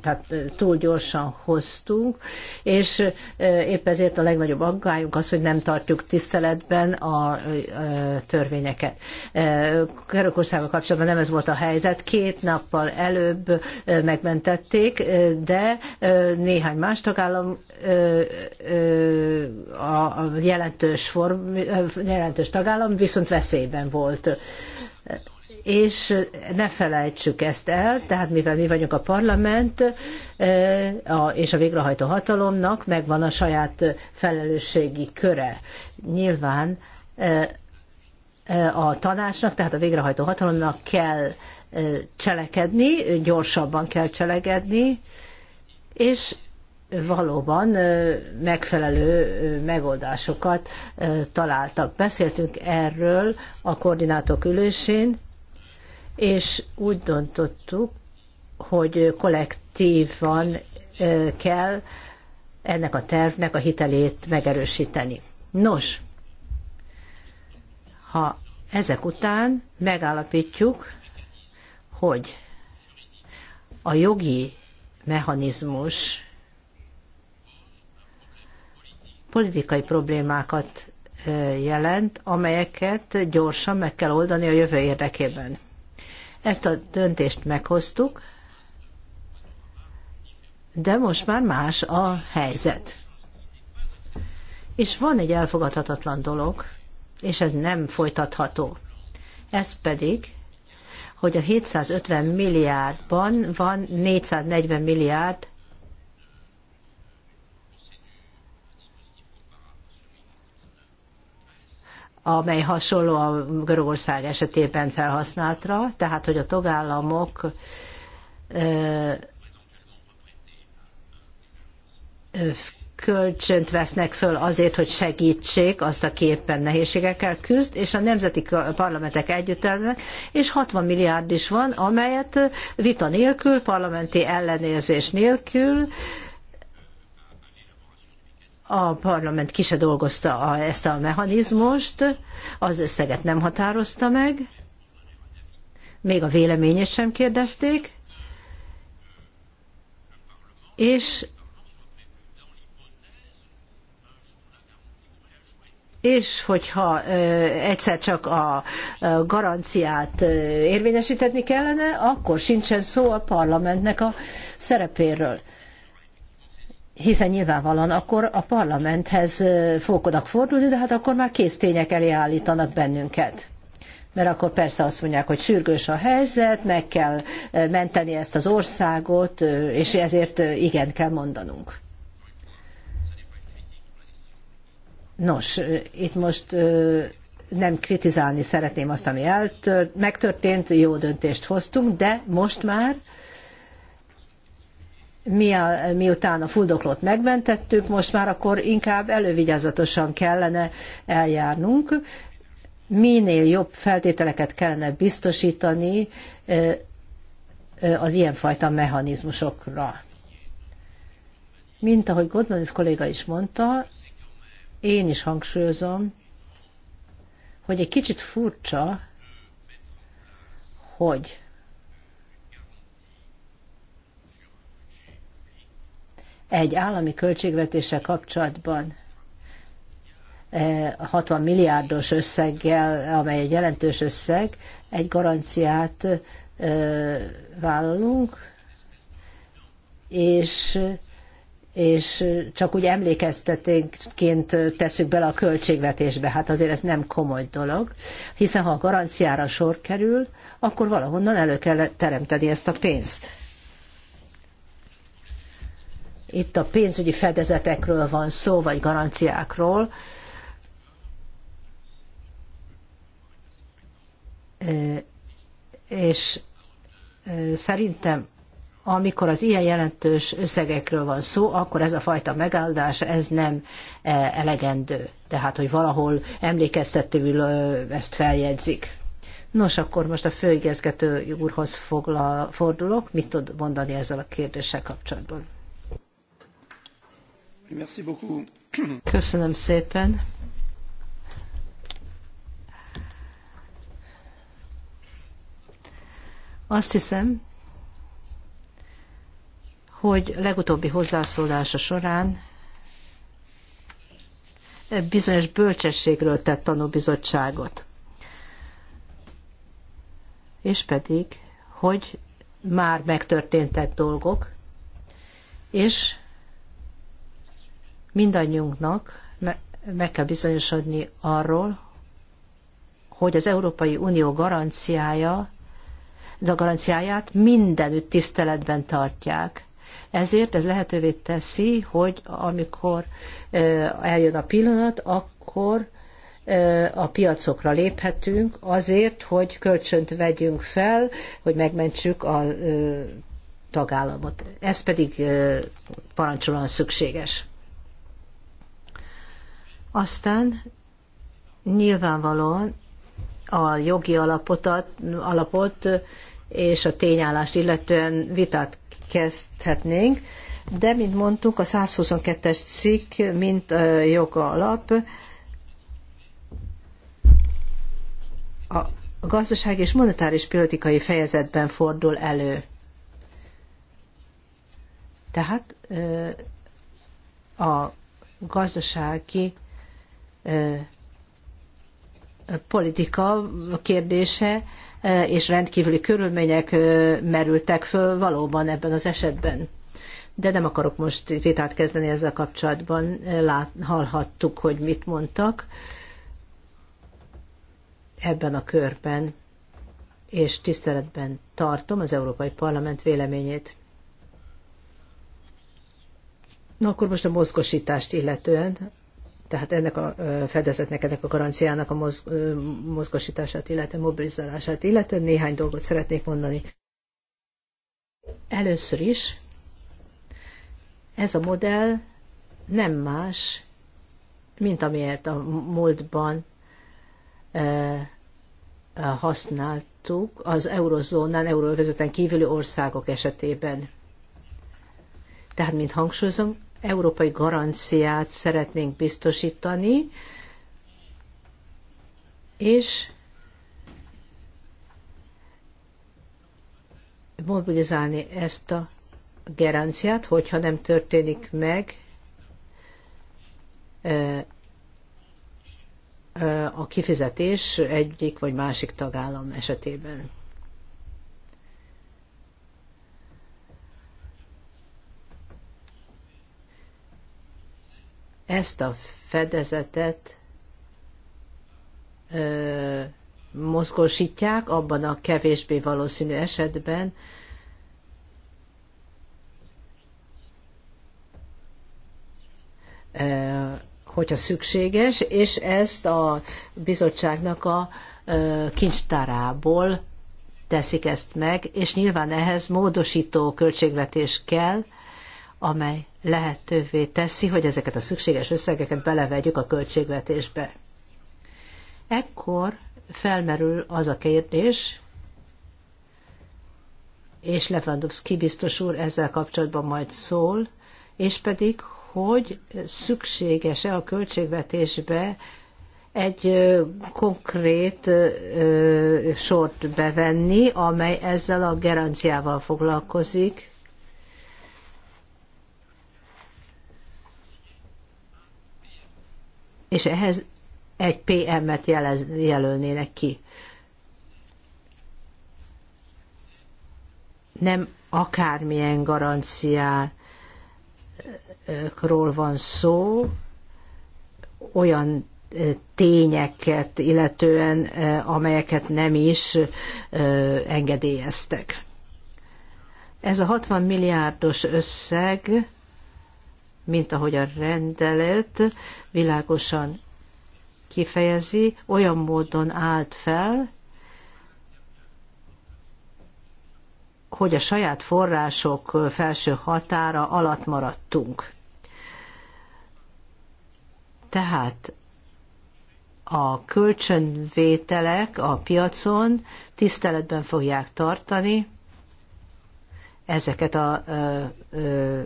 tehát eh, túl gyorsan hoztunk, és épp ezért a legnagyobb aggályunk az, hogy nem tartjuk tiszteletben a törvényeket. Törökországgal kapcsolatban nem ez volt a helyzet, két nappal előbb megmentették, de néhány más tagállam a jelentős, form, jelentős tagállam viszont veszélyben volt és ne felejtsük ezt el, tehát mivel mi vagyunk a parlament e, és a végrehajtó hatalomnak megvan a saját felelősségi köre. Nyilván e, e, a tanácsnak, tehát a végrehajtó hatalomnak kell cselekedni, gyorsabban kell cselekedni, és valóban megfelelő megoldásokat találtak. Beszéltünk erről a koordinátok ülésén, és úgy döntöttük, hogy kollektívan kell ennek a tervnek a hitelét megerősíteni. Nos, ha ezek után megállapítjuk, hogy a jogi mechanizmus politikai problémákat jelent, amelyeket gyorsan meg kell oldani a jövő érdekében. Ezt a döntést meghoztuk, de most már más a helyzet. És van egy elfogadhatatlan dolog, és ez nem folytatható. Ez pedig, hogy a 750 milliárdban van 440 milliárd amely hasonló a Görögország esetében felhasználtra, tehát hogy a tagállamok kölcsönt vesznek föl azért, hogy segítsék azt, aki éppen nehézségekkel küzd, és a nemzeti parlamentek együttelnek, és 60 milliárd is van, amelyet vita nélkül, parlamenti ellenérzés nélkül, a parlament ki se dolgozta a, ezt a mechanizmust, az összeget nem határozta meg, még a véleményét sem kérdezték, és és hogyha egyszer csak a garanciát érvényesíteni kellene, akkor sincsen szó a parlamentnek a szerepéről hiszen nyilvánvalóan akkor a parlamenthez fognak fordulni, de hát akkor már kész tények elé állítanak bennünket. Mert akkor persze azt mondják, hogy sürgős a helyzet, meg kell menteni ezt az országot, és ezért igen kell mondanunk. Nos, itt most nem kritizálni szeretném azt, ami eltört, megtörtént, jó döntést hoztunk, de most már a, miután a fuldoklót megmentettük, most már akkor inkább elővigyázatosan kellene eljárnunk, minél jobb feltételeket kellene biztosítani az ilyenfajta mechanizmusokra. Mint ahogy Godmanis kolléga is mondta, én is hangsúlyozom, hogy egy kicsit furcsa, hogy egy állami költségvetéssel kapcsolatban 60 eh, milliárdos összeggel, amely egy jelentős összeg, egy garanciát eh, vállalunk, és, és csak úgy emlékeztetéként tesszük bele a költségvetésbe. Hát azért ez nem komoly dolog, hiszen ha a garanciára sor kerül, akkor valahonnan elő kell teremteni ezt a pénzt. Itt a pénzügyi fedezetekről van szó, vagy garanciákról. És szerintem amikor az ilyen jelentős összegekről van szó, akkor ez a fajta megáldás, ez nem elegendő. Tehát, hogy valahol emlékeztetőül ezt feljegyzik. Nos, akkor most a főigazgató úrhoz fordulok. Mit tud mondani ezzel a kérdéssel kapcsolatban? Köszönöm szépen. Azt hiszem, hogy legutóbbi hozzászólása során bizonyos bölcsességről tett tanúbizottságot. És pedig, hogy már megtörténtek dolgok, és mindannyiunknak meg kell bizonyosodni arról, hogy az Európai Unió garanciája, de a garanciáját mindenütt tiszteletben tartják. Ezért ez lehetővé teszi, hogy amikor eljön a pillanat, akkor a piacokra léphetünk azért, hogy kölcsönt vegyünk fel, hogy megmentsük a tagállamot. Ez pedig parancsolóan szükséges. Aztán nyilvánvalóan a jogi alapotat, alapot és a tényállást illetően vitát kezdhetnénk, de, mint mondtuk, a 122-es cikk, mint joga alap, a gazdaság és monetáris politikai fejezetben fordul elő. Tehát a gazdasági politika kérdése és rendkívüli körülmények merültek föl valóban ebben az esetben. De nem akarok most vitát kezdeni ezzel kapcsolatban. Lát, hallhattuk, hogy mit mondtak ebben a körben, és tiszteletben tartom az Európai Parlament véleményét. Na akkor most a mozgosítást illetően tehát ennek a fedezetnek, ennek a garanciának a mozgosítását, illetve mobilizálását, illetve néhány dolgot szeretnék mondani. Először is ez a modell nem más, mint amilyet a múltban használtuk az eurozónán, euróvezeten kívüli országok esetében. Tehát, mint hangsúlyozom, európai garanciát szeretnénk biztosítani, és mobilizálni ezt a garanciát, hogyha nem történik meg a kifizetés egyik vagy másik tagállam esetében. ezt a fedezetet ö, mozgósítják abban a kevésbé valószínű esetben, ö, hogyha szükséges, és ezt a bizottságnak a ö, kincstárából teszik ezt meg, és nyilván ehhez módosító költségvetés kell, amely lehetővé teszi, hogy ezeket a szükséges összegeket belevegyük a költségvetésbe. Ekkor felmerül az a kérdés, és Lewandowski biztos úr ezzel kapcsolatban majd szól, és pedig, hogy szükséges-e a költségvetésbe egy konkrét sort bevenni, amely ezzel a garanciával foglalkozik, és ehhez egy PM-et jelölnének ki. Nem akármilyen garanciákról van szó, olyan tényeket illetően, amelyeket nem is engedélyeztek. Ez a 60 milliárdos összeg mint ahogy a rendelet világosan kifejezi, olyan módon állt fel, hogy a saját források felső határa alatt maradtunk. Tehát a kölcsönvételek a piacon tiszteletben fogják tartani ezeket a ö, ö,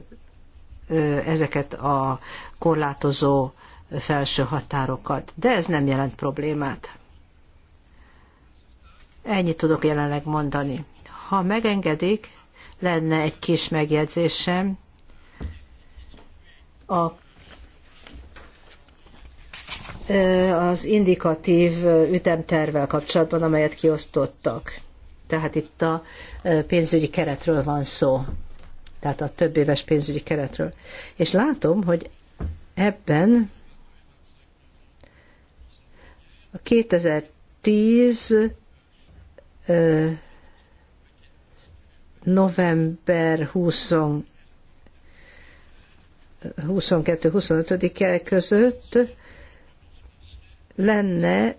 ezeket a korlátozó felső határokat. De ez nem jelent problémát. Ennyit tudok jelenleg mondani. Ha megengedik, lenne egy kis megjegyzésem. A az indikatív ütemtervvel kapcsolatban, amelyet kiosztottak. Tehát itt a pénzügyi keretről van szó tehát a több éves pénzügyi keretről. És látom, hogy ebben a 2010 november 20 22-25-e között lenne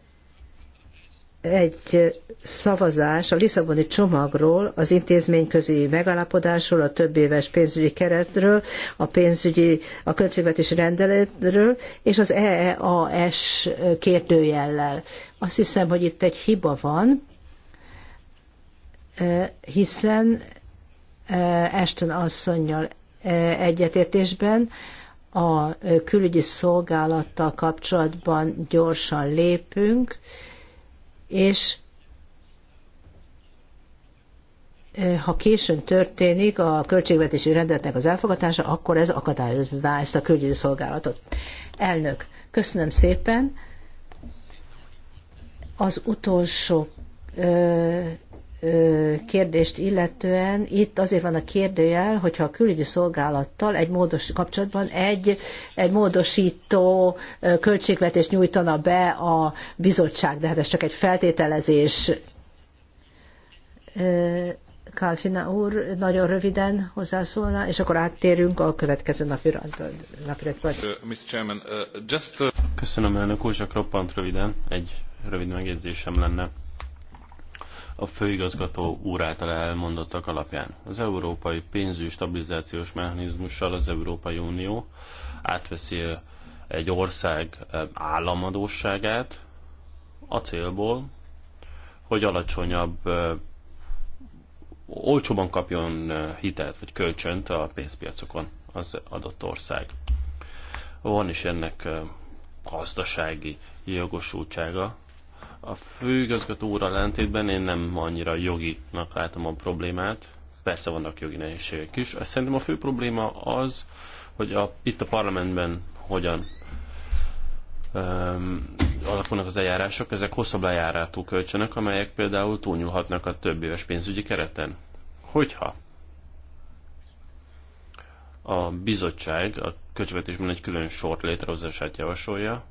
egy szavazás a Lisszaboni csomagról, az intézményközi megállapodásról, a több éves pénzügyi keretről, a pénzügyi, a költségvetési rendeletről, és az EEAS kérdőjellel. Azt hiszem, hogy itt egy hiba van, eh, hiszen Esten eh, asszonynal eh, egyetértésben a külügyi szolgálattal kapcsolatban gyorsan lépünk, és ha későn történik a költségvetési rendeletnek az elfogadása, akkor ez akadályozná ezt a külügyi szolgálatot. Elnök, köszönöm szépen. Az utolsó kérdést illetően itt azért van a kérdőjel, hogyha a külügyi szolgálattal egy módos kapcsolatban egy, egy módosító költségvetést nyújtana be a bizottság, de hát ez csak egy feltételezés. Kálfina úr nagyon röviden hozzászólna, és akkor áttérünk a következő napira. Uh, uh, uh, Köszönöm elnök úr, csak roppant röviden. Egy rövid megjegyzésem lenne a főigazgató úr által elmondottak alapján. Az európai pénzügyi stabilizációs mechanizmussal az Európai Unió átveszi egy ország eh, államadóságát a célból, hogy alacsonyabb, eh, olcsóban kapjon eh, hitelt vagy kölcsönt a pénzpiacokon az adott ország. Van is ennek gazdasági jogosultsága, a főigazgató úr ellentétben én nem annyira joginak látom a problémát, persze vannak jogi nehézségek is. Szerintem a fő probléma az, hogy a, itt a parlamentben hogyan um, alakulnak az eljárások, ezek hosszabb lejáratú kölcsönök, amelyek például túlnyúlhatnak a több éves pénzügyi kereten. Hogyha a bizottság a költségvetésben egy külön sort létrehozását javasolja,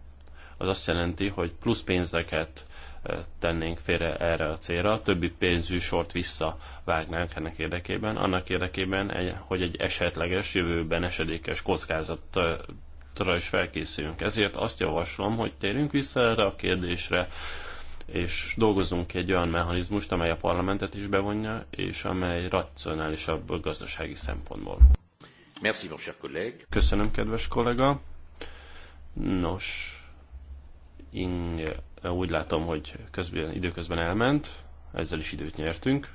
az azt jelenti, hogy plusz pénzeket tennénk félre erre a célra, többi pénzű sort visszavágnánk ennek érdekében, annak érdekében, hogy egy esetleges, jövőben esedékes kockázatra is felkészüljünk. Ezért azt javaslom, hogy térjünk vissza erre a kérdésre, és dolgozunk ki egy olyan mechanizmust, amely a parlamentet is bevonja, és amely racionálisabb gazdasági szempontból. Merci, mon cher collègue. Köszönöm, kedves kollega. Nos, Inge úgy látom, hogy közben, időközben elment, ezzel is időt nyertünk.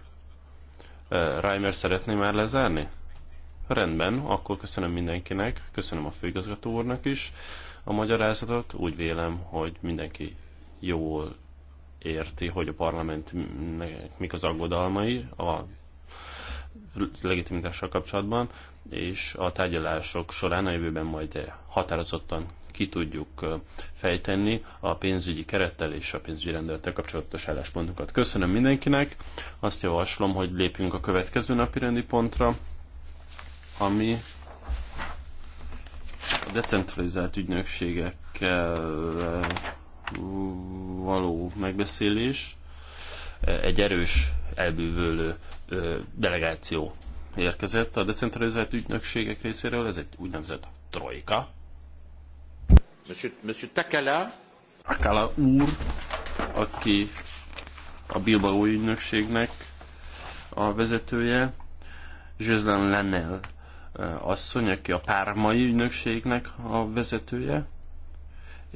Reimer szeretné már lezárni? Rendben, akkor köszönöm mindenkinek, köszönöm a főigazgató úrnak is a magyarázatot. Úgy vélem, hogy mindenki jól érti, hogy a parlamentnek mik az aggodalmai, a legitimitással kapcsolatban, és a tárgyalások során a jövőben majd határozottan ki tudjuk fejteni a pénzügyi kerettel és a pénzügyi rendelettel kapcsolatos álláspontokat. Köszönöm mindenkinek, azt javaslom, hogy lépjünk a következő napi rendi pontra, ami a decentralizált ügynökségekkel való megbeszélés egy erős, elbűvölő delegáció érkezett a decentralizált ügynökségek részéről, ez egy úgynevezett trojka. Monsieur, Monsieur Takala. Akala úr, aki a Bilbao ügynökségnek a vezetője, Zsözlen Lennel asszony, aki a pármai ügynökségnek a vezetője,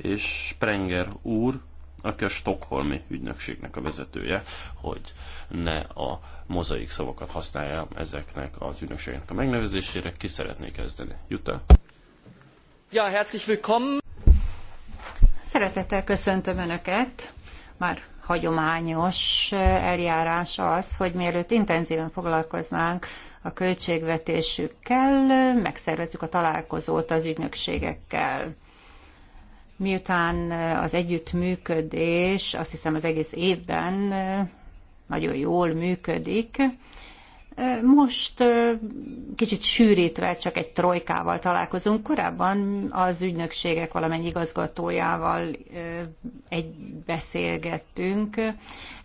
és Sprenger úr, aki a Stockholmi ügynökségnek a vezetője, hogy ne a mozaik szavakat használja ezeknek az ügynökségnek a megnevezésére. Ki szeretné kezdeni? Jutta? Ja, herzlich willkommen! Szeretettel köszöntöm Önöket! Már hagyományos eh, eljárás az, hogy mielőtt intenzíven foglalkoznánk a költségvetésükkel, eh, megszervezzük a találkozót az ügynökségekkel miután eh, az együttműködés azt hiszem az egész évben eh, nagyon jól működik, eh, most kicsit sűrítve csak egy trojkával találkozunk. Korábban az ügynökségek valamennyi igazgatójával egy beszélgettünk,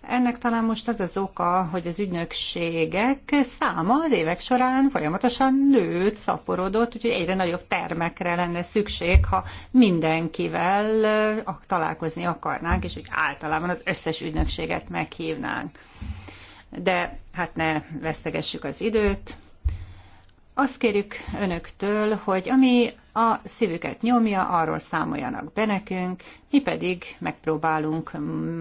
ennek talán most az az oka, hogy az ügynökségek száma az évek során folyamatosan nőtt, szaporodott, úgyhogy egyre nagyobb termekre lenne szükség, ha mindenkivel eh, találkozni akarnánk, és úgy általában az összes ügynökséget meghívnánk. De hát ne vesztegessük az időt. Azt kérjük önöktől, hogy ami a szívüket nyomja, arról számoljanak be nekünk, mi pedig megpróbálunk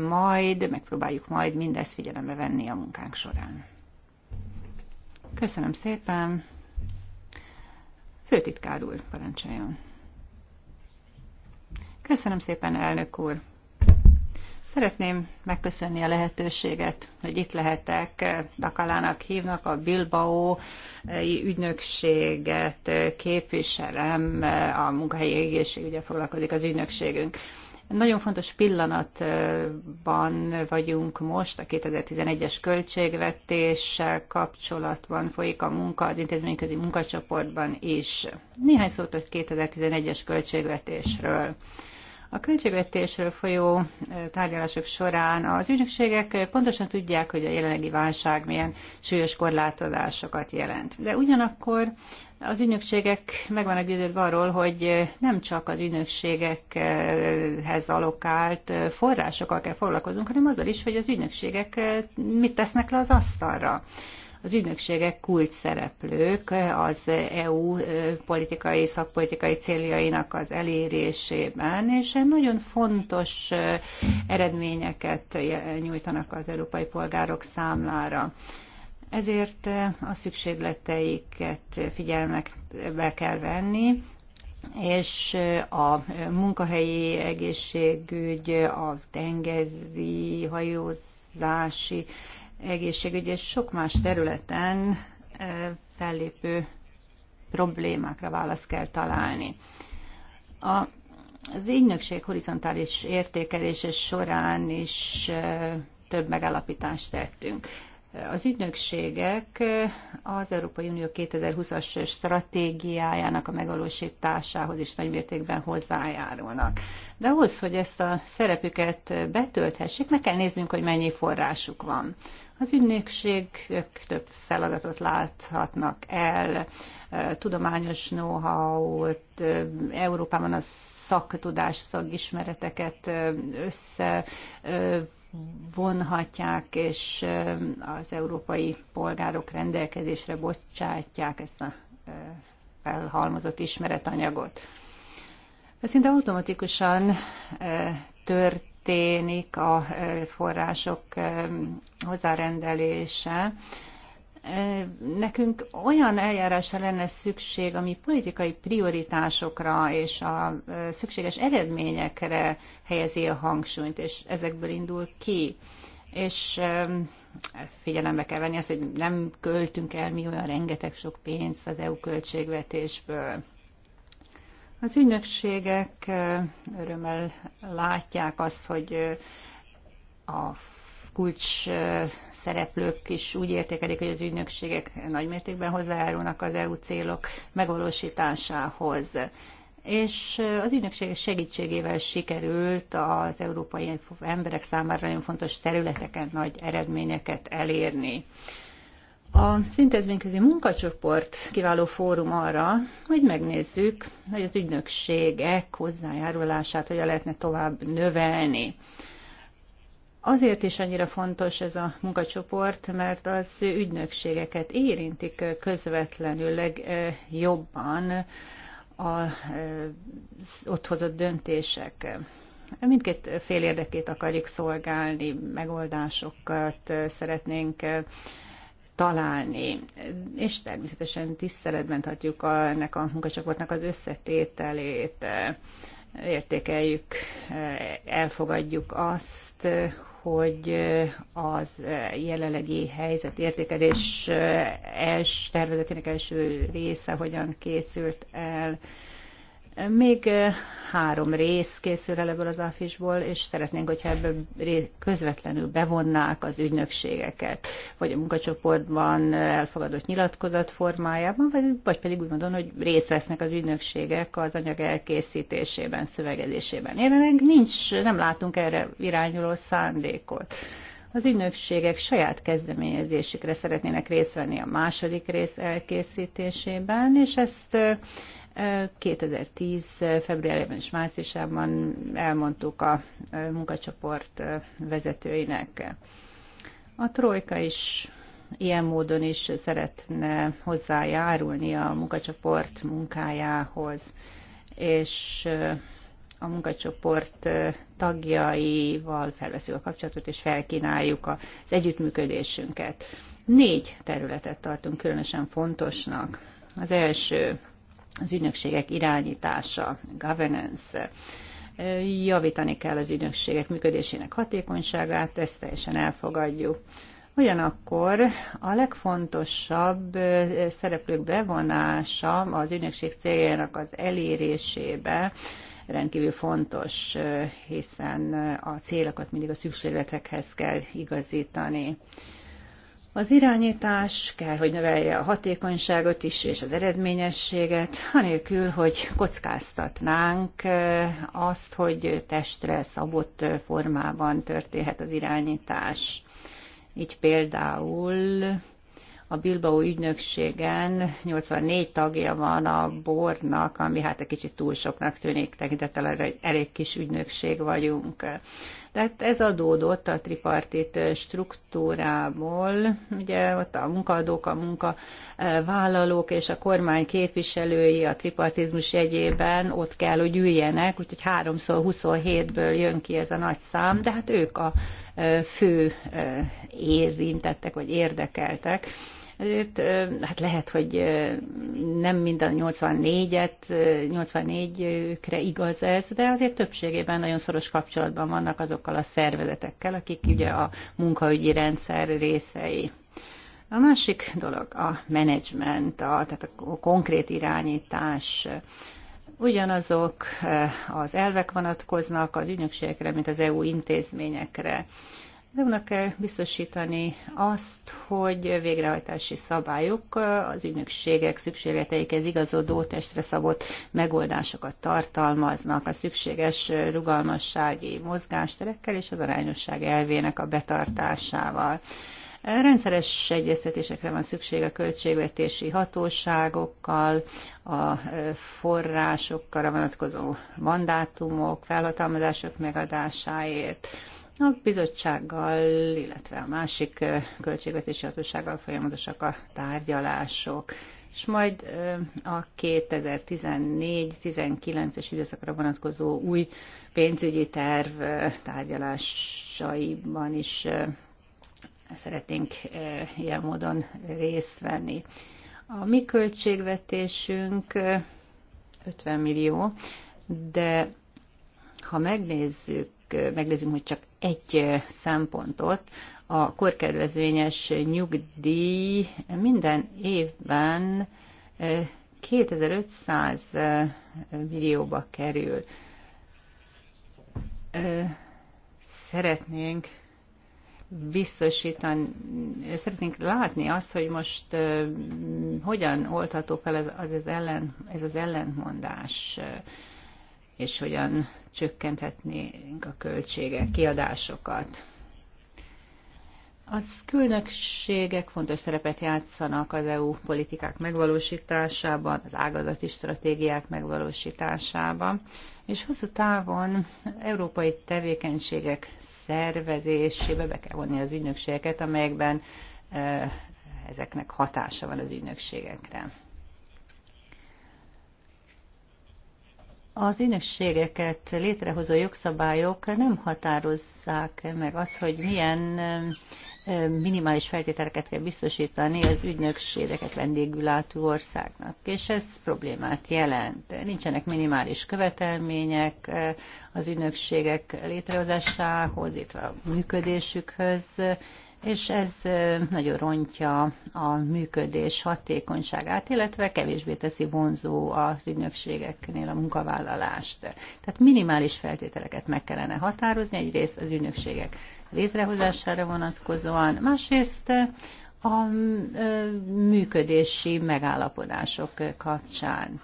majd, megpróbáljuk majd mindezt figyelembe venni a munkánk során. Köszönöm szépen. Főtitkár úr, parancsoljon. Köszönöm szépen, elnök úr. Szeretném megköszönni a lehetőséget, hogy itt lehetek. Dakalának hívnak a Bilbao ügynökséget képviselem, a munkahelyi ugye foglalkozik az ügynökségünk. Nagyon fontos pillanatban vagyunk most, a 2011-es költségvetéssel kapcsolatban folyik a munka az intézményközi munkacsoportban is. Néhány szót a 2011-es költségvetésről. A költségvetésről folyó tárgyalások során az ügynökségek pontosan tudják, hogy a jelenlegi válság milyen súlyos korlátozásokat jelent. De ugyanakkor az ügynökségek meg vannak győződve arról, hogy nem csak az ügynökségekhez alokált forrásokkal kell foglalkozunk, hanem azzal is, hogy az ügynökségek mit tesznek le az asztalra. Az ügynökségek kulcs szereplők az EU e, politikai, szakpolitikai céljainak az elérésében, és nagyon fontos e, eredményeket nyújtanak az európai polgárok számlára. Ezért e, a szükségleteiket figyelmekbe kell venni, és a munkahelyi egészségügy, a tengeri hajózási egészségügy és sok más területen fellépő problémákra választ kell találni. A, az ügynökség horizontális értékelése során is több megállapítást tettünk. Az ügynökségek az Európai Unió 2020-as stratégiájának a megvalósításához is nagymértékben hozzájárulnak. De ahhoz, hogy ezt a szerepüket betölthessék, meg kell néznünk, hogy mennyi forrásuk van. Az ügynökségek több feladatot láthatnak el, tudományos know-how-t, Európában a szaktudás, szakismereteket össze vonhatják, és az európai polgárok rendelkezésre bocsátják ezt a felhalmozott ismeretanyagot. Szinte automatikusan tört történik a források hozzárendelése. Nekünk olyan eljárásra lenne szükség, ami politikai prioritásokra és a szükséges eredményekre helyezi a hangsúlyt, és ezekből indul ki. És figyelembe kell venni azt, hogy nem költünk el mi olyan rengeteg sok pénzt az EU költségvetésből. Az ünnepségek, örömmel látják azt, hogy a kulcs szereplők is úgy értékelik, hogy az ügynökségek nagymértékben hozzájárulnak az EU célok megvalósításához. És az ügynökségek segítségével sikerült az európai emberek számára nagyon fontos területeken nagy eredményeket elérni. Az intézményközi munkacsoport kiváló fórum arra, hogy megnézzük, hogy az ügynökségek hozzájárulását hogyan lehetne tovább növelni. Azért is annyira fontos ez a munkacsoport, mert az ügynökségeket érintik közvetlenül legjobban az ott hozott döntések. Mindkét fél érdekét akarjuk szolgálni, megoldásokat szeretnénk találni. És természetesen tiszteletben tartjuk a, ennek a munkacsoportnak az összetételét, értékeljük, elfogadjuk azt, hogy az jelenlegi helyzet értékelés eh, els, tervezetének első része hogyan készült el, még három rész készül el ebből az afisból, és szeretnénk, hogyha ebből közvetlenül bevonnák az ügynökségeket, vagy a munkacsoportban elfogadott nyilatkozat formájában, vagy, vagy pedig úgy mondom, hogy részt vesznek az ügynökségek az anyag elkészítésében, szövegezésében. Jelenleg nincs, nem látunk erre irányuló szándékot. Az ügynökségek saját kezdeményezésükre szeretnének részt venni a második rész elkészítésében, és ezt 2010. februárjában és márciusában elmondtuk a munkacsoport vezetőinek. A Trojka is ilyen módon is szeretne hozzájárulni a munkacsoport munkájához, és a munkacsoport tagjaival felveszünk a kapcsolatot, és felkínáljuk az együttműködésünket. Négy területet tartunk különösen fontosnak. Az első az ügynökségek irányítása, governance, javítani kell az ügynökségek működésének hatékonyságát, ezt teljesen elfogadjuk. Ugyanakkor a legfontosabb szereplők bevonása az ügynökség céljának az elérésébe rendkívül fontos, hiszen a célokat mindig a szükségletekhez kell igazítani. Az irányítás kell, hogy növelje a hatékonyságot is, és az eredményességet, anélkül, hogy kockáztatnánk azt, hogy testre szabott formában történhet az irányítás. Így például a Bilbao ügynökségen 84 tagja van a bornak, ami hát egy kicsit túl soknak tűnik, tekintettel egy elég kis ügynökség vagyunk. Tehát ez adódott a tripartit struktúrából, ugye ott a munkadók, a munkavállalók és a kormány képviselői a tripartizmus jegyében ott kell, hogy üljenek, úgyhogy 3x27-ből jön ki ez a nagy szám, de hát ők a fő érintettek vagy érdekeltek ezért hát lehet, hogy nem mind a 84-et, 84-kre igaz ez, de azért többségében nagyon szoros kapcsolatban vannak azokkal a szervezetekkel, akik ugye a munkaügyi rendszer részei. A másik dolog a menedzsment, a, tehát a konkrét irányítás. Ugyanazok az elvek vonatkoznak az ügynökségekre, mint az EU intézményekre. EU-nak kell biztosítani azt, hogy végrehajtási szabályok az ügynökségek szükségleteikhez igazodó testre szabott megoldásokat tartalmaznak a szükséges rugalmassági mozgásterekkel és az arányosság elvének a betartásával. Rendszeres egyeztetésekre van szükség a költségvetési hatóságokkal, a forrásokkal a vonatkozó mandátumok, felhatalmazások megadásáért. A bizottsággal, illetve a másik költségvetési hatósággal folyamatosak a tárgyalások és majd a 2014-19-es időszakra vonatkozó új pénzügyi terv tárgyalásaiban is szeretnénk ilyen módon részt venni. A mi költségvetésünk 50 millió, de ha megnézzük, megnézzük, hogy csak egy szempontot, a korkedvezményes nyugdíj minden évben 2500 millióba kerül. Szeretnénk biztosítani, szeretnénk látni azt, hogy most hogyan oldható fel ez, az, ellen, ez az ellentmondás, és hogyan csökkenthetnénk a költségek, kiadásokat. Az különbségek fontos szerepet játszanak az EU politikák megvalósításában, az ágazati stratégiák megvalósításában, és hosszú távon európai tevékenységek szervezésébe be kell vonni az ügynökségeket, amelyekben eh, ezeknek hatása van az ügynökségekre. Az ünösségeket létrehozó jogszabályok nem határozzák meg azt, hogy milyen minimális feltételeket kell biztosítani az ügynökségeket vendégülátó országnak, és ez problémát jelent. Nincsenek minimális követelmények az ügynökségek létrehozásához, illetve a működésükhöz, és ez nagyon rontja a működés hatékonyságát, illetve kevésbé teszi vonzó az ügynökségeknél a munkavállalást. Tehát minimális feltételeket meg kellene határozni, egyrészt az ügynökségek létrehozására vonatkozóan, másrészt a működési megállapodások kapcsán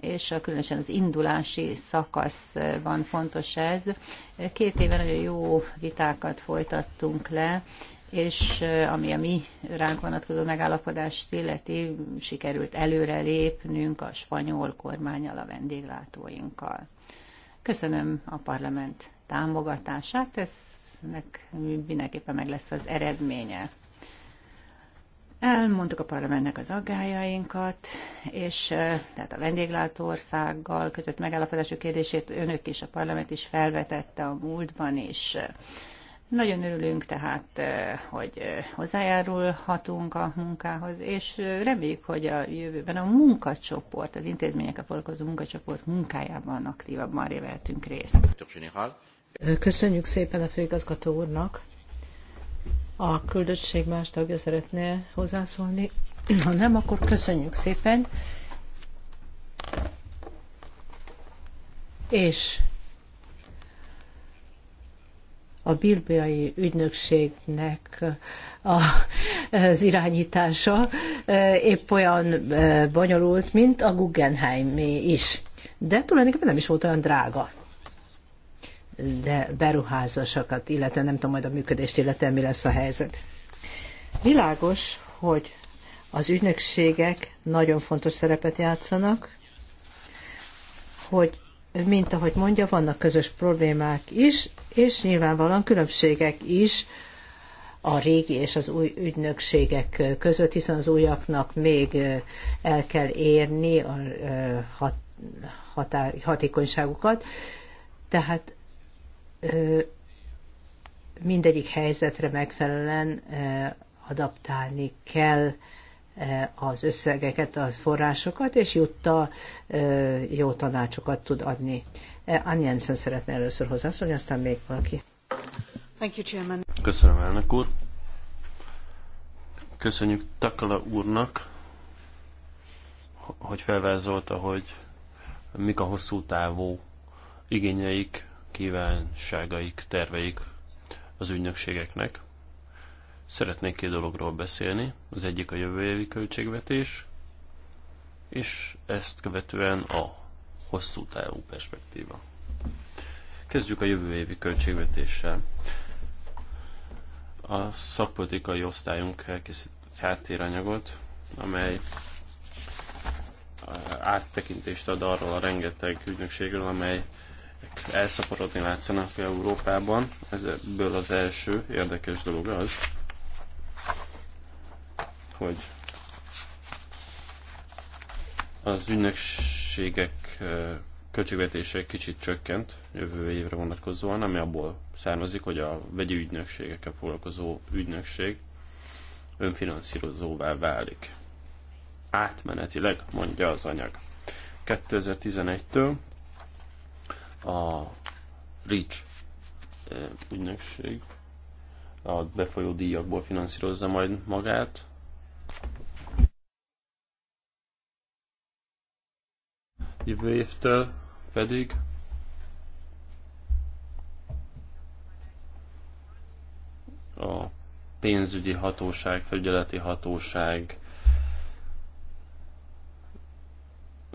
és különösen az indulási szakaszban fontos ez. Két éve nagyon jó vitákat folytattunk le és ami a mi ránk vonatkozó megállapodást illeti, sikerült előre lépnünk a spanyol kormányal, a vendéglátóinkkal. Köszönöm a parlament támogatását, eznek mindenképpen meg lesz az eredménye. Elmondtuk a parlamentnek az aggájainkat, és tehát a vendéglátó országgal kötött megállapodások kérdését önök is, a parlament is felvetette a múltban is. És nagyon örülünk tehát, eh, hogy eh, hozzájárulhatunk a munkához, és eh, reméljük, hogy a jövőben a munkacsoport, az intézményekkel foglalkozó munkacsoport munkájában aktívabban révehetünk részt. Köszönjük szépen a főigazgató úrnak. A küldöttség más tagja szeretne hozzászólni. Ha nem, akkor köszönjük szépen. És a bilbiai ügynökségnek a, az irányítása e, épp olyan e, bonyolult, mint a guggenheim is. De tulajdonképpen nem is volt olyan drága de beruházásokat, illetve nem tudom majd a működést, illetve mi lesz a helyzet. Világos, hogy az ügynökségek nagyon fontos szerepet játszanak, hogy mint ahogy mondja, vannak közös problémák is, és nyilvánvalóan különbségek is a régi és az új ügynökségek között, hiszen az újaknak még el kell érni a hat, hatékonyságukat. Tehát mindegyik helyzetre megfelelően adaptálni kell az összegeket, a forrásokat, és Jutta jó tanácsokat tud adni. Ann Jensen szeretne először hozzászólni, aztán még valaki. Thank you, Chairman. Köszönöm, elnök úr. Köszönjük Takala úrnak, hogy felvázolta, hogy mik a hosszú távú igényeik, kívánságaik, terveik az ügynökségeknek. Szeretnék két dologról beszélni. Az egyik a jövő évi költségvetés, és ezt követően a hosszú távú perspektíva. Kezdjük a jövő évi költségvetéssel. A szakpolitikai osztályunk elkészít egy háttéranyagot, amely áttekintést ad arról a rengeteg ügynökségről, amely elszaporodni látszanak Európában. Ezből az első érdekes dolog az, hogy az ügynökségek költségvetése kicsit csökkent jövő évre vonatkozóan, ami abból származik, hogy a vegyi ügynökségekkel foglalkozó ügynökség önfinanszírozóvá válik. Átmenetileg, mondja az anyag. 2011-től a RICS ügynökség a befolyó díjakból finanszírozza majd magát, jövő évtől pedig a pénzügyi hatóság, felügyeleti hatóság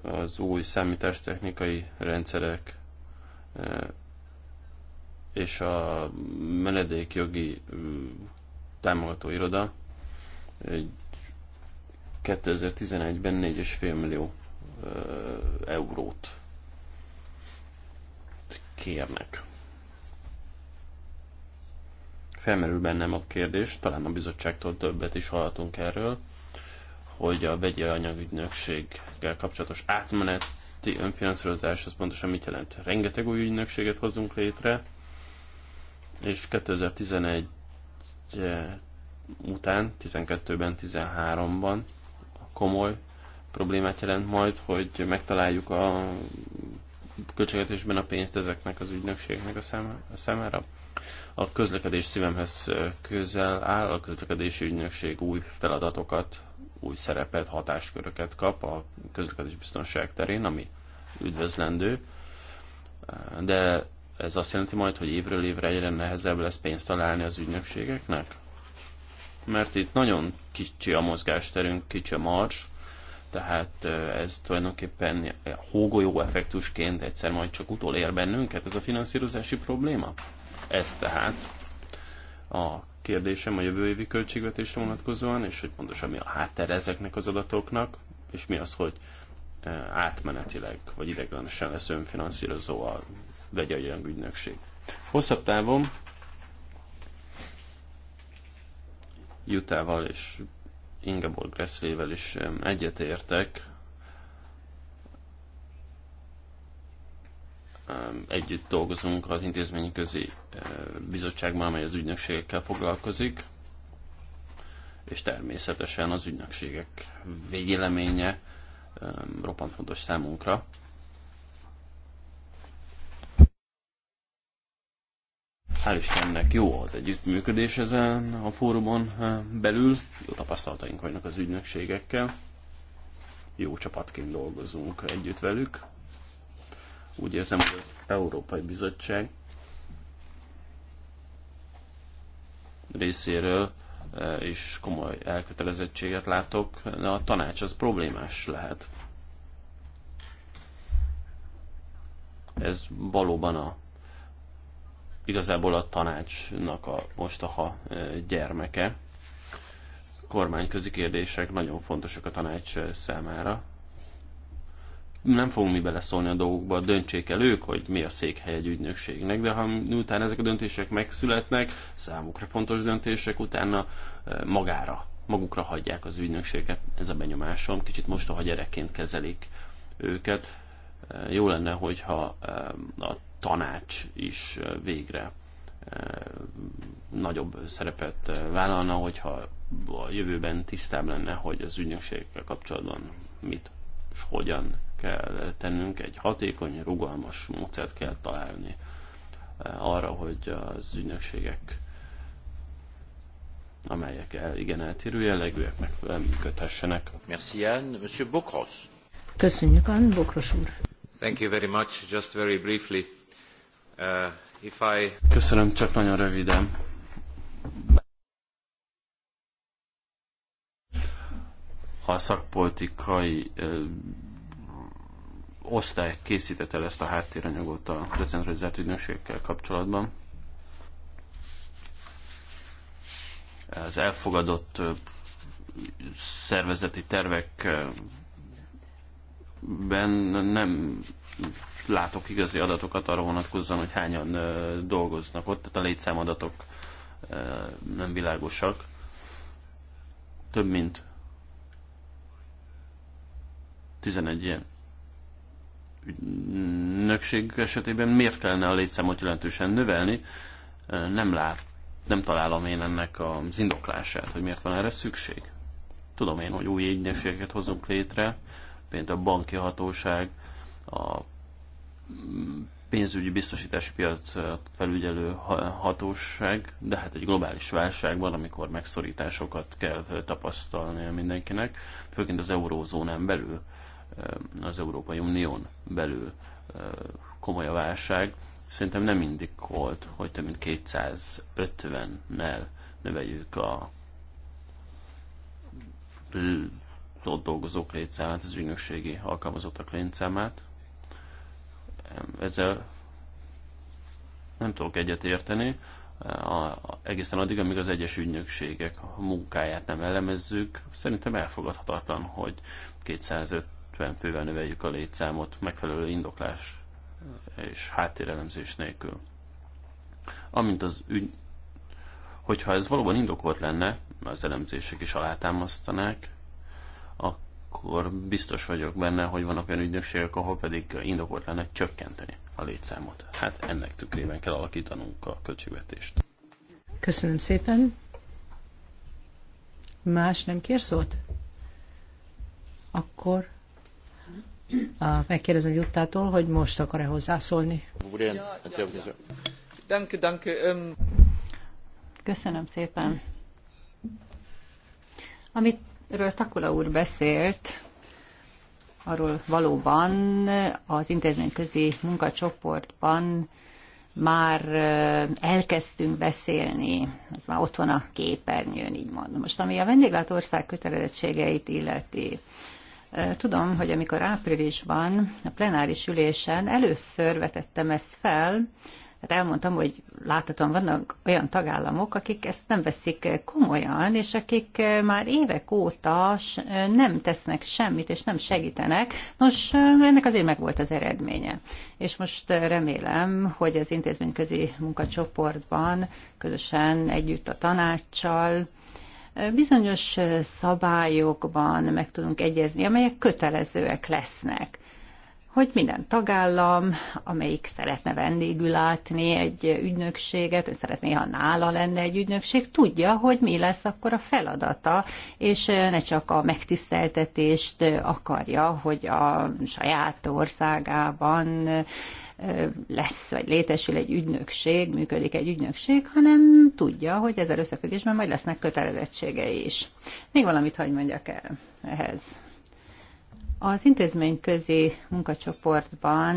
az új számítástechnikai rendszerek e, és a menedékjogi e, támogató iroda 2011-ben 4,5 millió eurót kérnek. Felmerül bennem a kérdés, talán a bizottságtól többet is hallhatunk erről, hogy a vegyi anyagügynökséggel kapcsolatos átmeneti önfinanszírozás, az pontosan mit jelent? Rengeteg új ügynökséget hozunk létre, és 2011 eh, után, 12-ben, 13-ban komoly problémát jelent majd, hogy megtaláljuk a költségvetésben a pénzt ezeknek az ügynökségnek a szemére. A közlekedés szívemhez közel áll, a közlekedési ügynökség új feladatokat, új szerepet, hatásköröket kap a közlekedés biztonság terén, ami üdvözlendő, de ez azt jelenti majd, hogy évről évre egyre nehezebb lesz pénzt találni az ügynökségeknek? Mert itt nagyon kicsi a mozgásterünk, kicsi a mars, tehát ez tulajdonképpen hógolyó effektusként egyszer majd csak utolér bennünket, ez a finanszírozási probléma? Ez tehát a kérdésem a jövő évi költségvetésre vonatkozóan, és hogy pontosan mi a háttér ezeknek az adatoknak, és mi az, hogy átmenetileg vagy ideglenesen lesz önfinanszírozó a olyan ügynökség. Hosszabb távon Jutával és Ingeborg Gresslével is egyetértek. Együtt dolgozunk az intézményi közi bizottságban, amely az ügynökségekkel foglalkozik, és természetesen az ügynökségek véleménye roppant fontos számunkra. Hál' Istennek jó az együttműködés ezen a fórumon eh, belül, jó tapasztalataink vannak az ügynökségekkel, jó csapatként dolgozunk együtt velük. Úgy érzem, hogy az Európai Bizottság részéről és eh, komoly elkötelezettséget látok, de a tanács az problémás lehet. Ez valóban a igazából a tanácsnak a mostaha gyermeke. Kormányközi kérdések nagyon fontosak a tanács számára. Nem fogunk mi beleszólni a dolgokba, döntsék el ők, hogy mi a székhely egy ügynökségnek, de ha miután ezek a döntések megszületnek, számukra fontos döntések, utána magára, magukra hagyják az ügynökséget. Ez a benyomásom, kicsit mostoha gyerekként kezelik őket jó lenne, hogyha a tanács is végre nagyobb szerepet vállalna, hogyha a jövőben tisztább lenne, hogy az ügynökségekkel kapcsolatban mit és hogyan kell tennünk. Egy hatékony, rugalmas módszert kell találni arra, hogy az ügynökségek amelyek el, igen eltérő jellegűek, megfelelően működhessenek. Merci Anne, Monsieur Bokros. Köszönjük Anne, Bokros úr. Thank you very much. Just very briefly. Uh, if I... Köszönöm, csak nagyon röviden. A szakpolitikai uh, osztály készített el ezt a háttéranyagot a decentralizált ügynökségekkel kapcsolatban. Az elfogadott szervezeti tervek ben nem látok igazi adatokat arra vonatkozóan, hogy hányan dolgoznak ott, tehát a létszámadatok nem világosak. Több mint 11 ilyen ügynökség esetében miért kellene a létszámot jelentősen növelni? Nem lát, nem találom én ennek az indoklását, hogy miért van erre szükség. Tudom én, hogy új ügynökségeket hozunk létre, mint a banki hatóság, a pénzügyi biztosítási piac felügyelő hatóság, de hát egy globális válságban, amikor megszorításokat kell tapasztalnia mindenkinek, főként az eurózónán belül, az Európai Unión belül komoly a válság, szerintem nem volt, hogy több mint 250-nel növeljük a ott dolgozók létszámát, az ügynökségi alkalmazottak létszámát. Ezzel nem tudok egyet érteni. A, a, egészen addig, amíg az egyes ügynökségek munkáját nem elemezzük, szerintem elfogadhatatlan, hogy 250 fővel növeljük a létszámot megfelelő indoklás és háttérelemzés nélkül. Amint az ügy, hogyha ez valóban indokolt lenne, az elemzések is alátámasztanák, akkor biztos vagyok benne, hogy vannak olyan ügynökségek, ahol pedig indokolt lenne csökkenteni a létszámot. Hát ennek tükrében kell alakítanunk a költségvetést. Köszönöm szépen. Más nem kér szót? Akkor a, ah, megkérdezem Juttától, hogy most akar-e hozzászólni. Hát Köszönöm szépen. Amit Erről Takula úr beszélt, arról valóban az intézményközi munkacsoportban már elkezdtünk beszélni, az már ott van a képernyőn, így mondom. Most ami a vendéglátország kötelezettségeit illeti, tudom, hogy amikor áprilisban a plenáris ülésen először vetettem ezt fel, Hát elmondtam, hogy láthatóan vannak olyan tagállamok, akik ezt nem veszik komolyan, és akik eh, már évek óta eh, nem tesznek semmit, és nem segítenek. Nos, eh, ennek azért meg volt az eredménye. És most remélem, hogy az intézményközi munkacsoportban közösen együtt a tanácssal, bizonyos szabályokban meg tudunk egyezni, amelyek kötelezőek lesznek hogy minden tagállam, amelyik szeretne vendégül látni egy ügynökséget, szeretné, ha nála lenne egy ügynökség, tudja, hogy mi lesz akkor a feladata, és ne csak a megtiszteltetést akarja, hogy a saját országában lesz, vagy létesül egy ügynökség, működik egy ügynökség, hanem tudja, hogy ezzel összefüggésben majd lesznek kötelezettségei is. Még valamit hagy mondjak el ehhez. Az intézményközi munkacsoportban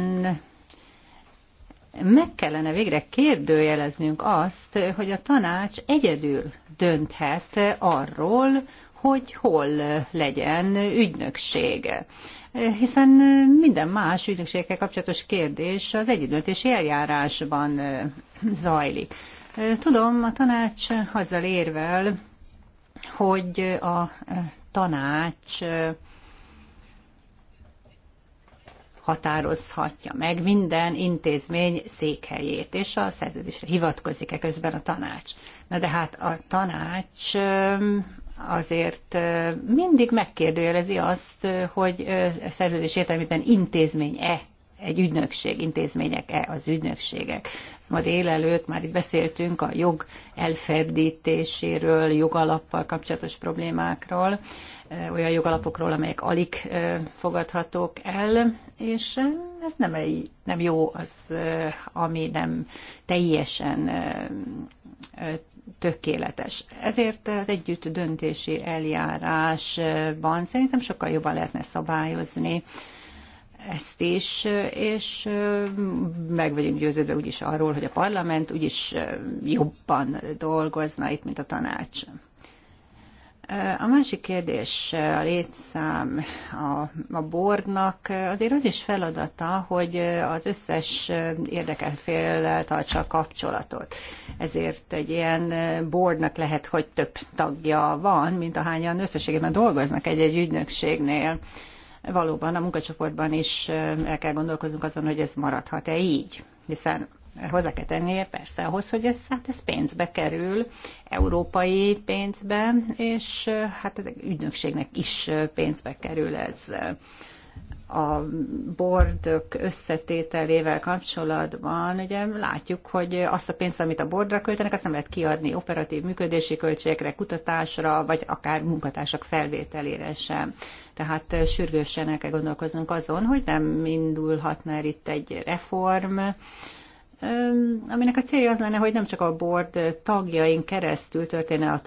meg kellene végre kérdőjeleznünk azt, hogy a tanács egyedül dönthet arról, hogy hol legyen ügynöksége. Hiszen minden más ügynökségekkel kapcsolatos kérdés az együttdöntési eljárásban zajlik. Tudom, a tanács azzal érvel, hogy a tanács határozhatja meg minden intézmény székhelyét, és a szerződésre hivatkozik-e közben a tanács. Na de hát a tanács azért mindig megkérdőjelezi azt, hogy a szerződés értelmében intézmény-e egy ügynökség, intézmények-e az ügynökségek. Ma délelőtt már itt beszéltünk a jog elferdítéséről, jogalappal kapcsolatos problémákról, eh, olyan jogalapokról, amelyek alig eh, fogadhatók el, és eh, ez nem, egy, nem jó az, ami nem teljesen tökéletes. Ezért az együtt döntési eljárásban szerintem sokkal jobban lehetne szabályozni ezt is, és meg vagyunk győződve úgyis arról, hogy a parlament úgyis jobban dolgozna itt, mint a tanács. A másik kérdés, a létszám a, a bornak azért az is feladata, hogy az összes érdekelt féllel tartsa kapcsolatot. Ezért egy ilyen boardnak lehet, hogy több tagja van, mint ahányan összességében dolgoznak egy-egy ügynökségnél valóban a munkacsoportban is el kell gondolkozunk azon, hogy ez maradhat-e így. Hiszen hozzá kell tennie persze ahhoz, hogy ez, hát ez pénzbe kerül, európai pénzbe, és hát az ügynökségnek is pénzbe kerül ez a bordök összetételével kapcsolatban, ugye látjuk, hogy azt a pénzt, amit a bordra költenek, azt nem lehet kiadni operatív működési költségekre, kutatásra, vagy akár munkatársak felvételére sem. Tehát sürgősen el kell gondolkoznunk azon, hogy nem indulhatna itt egy reform, aminek a célja az lenne, hogy nem csak a board tagjain keresztül történne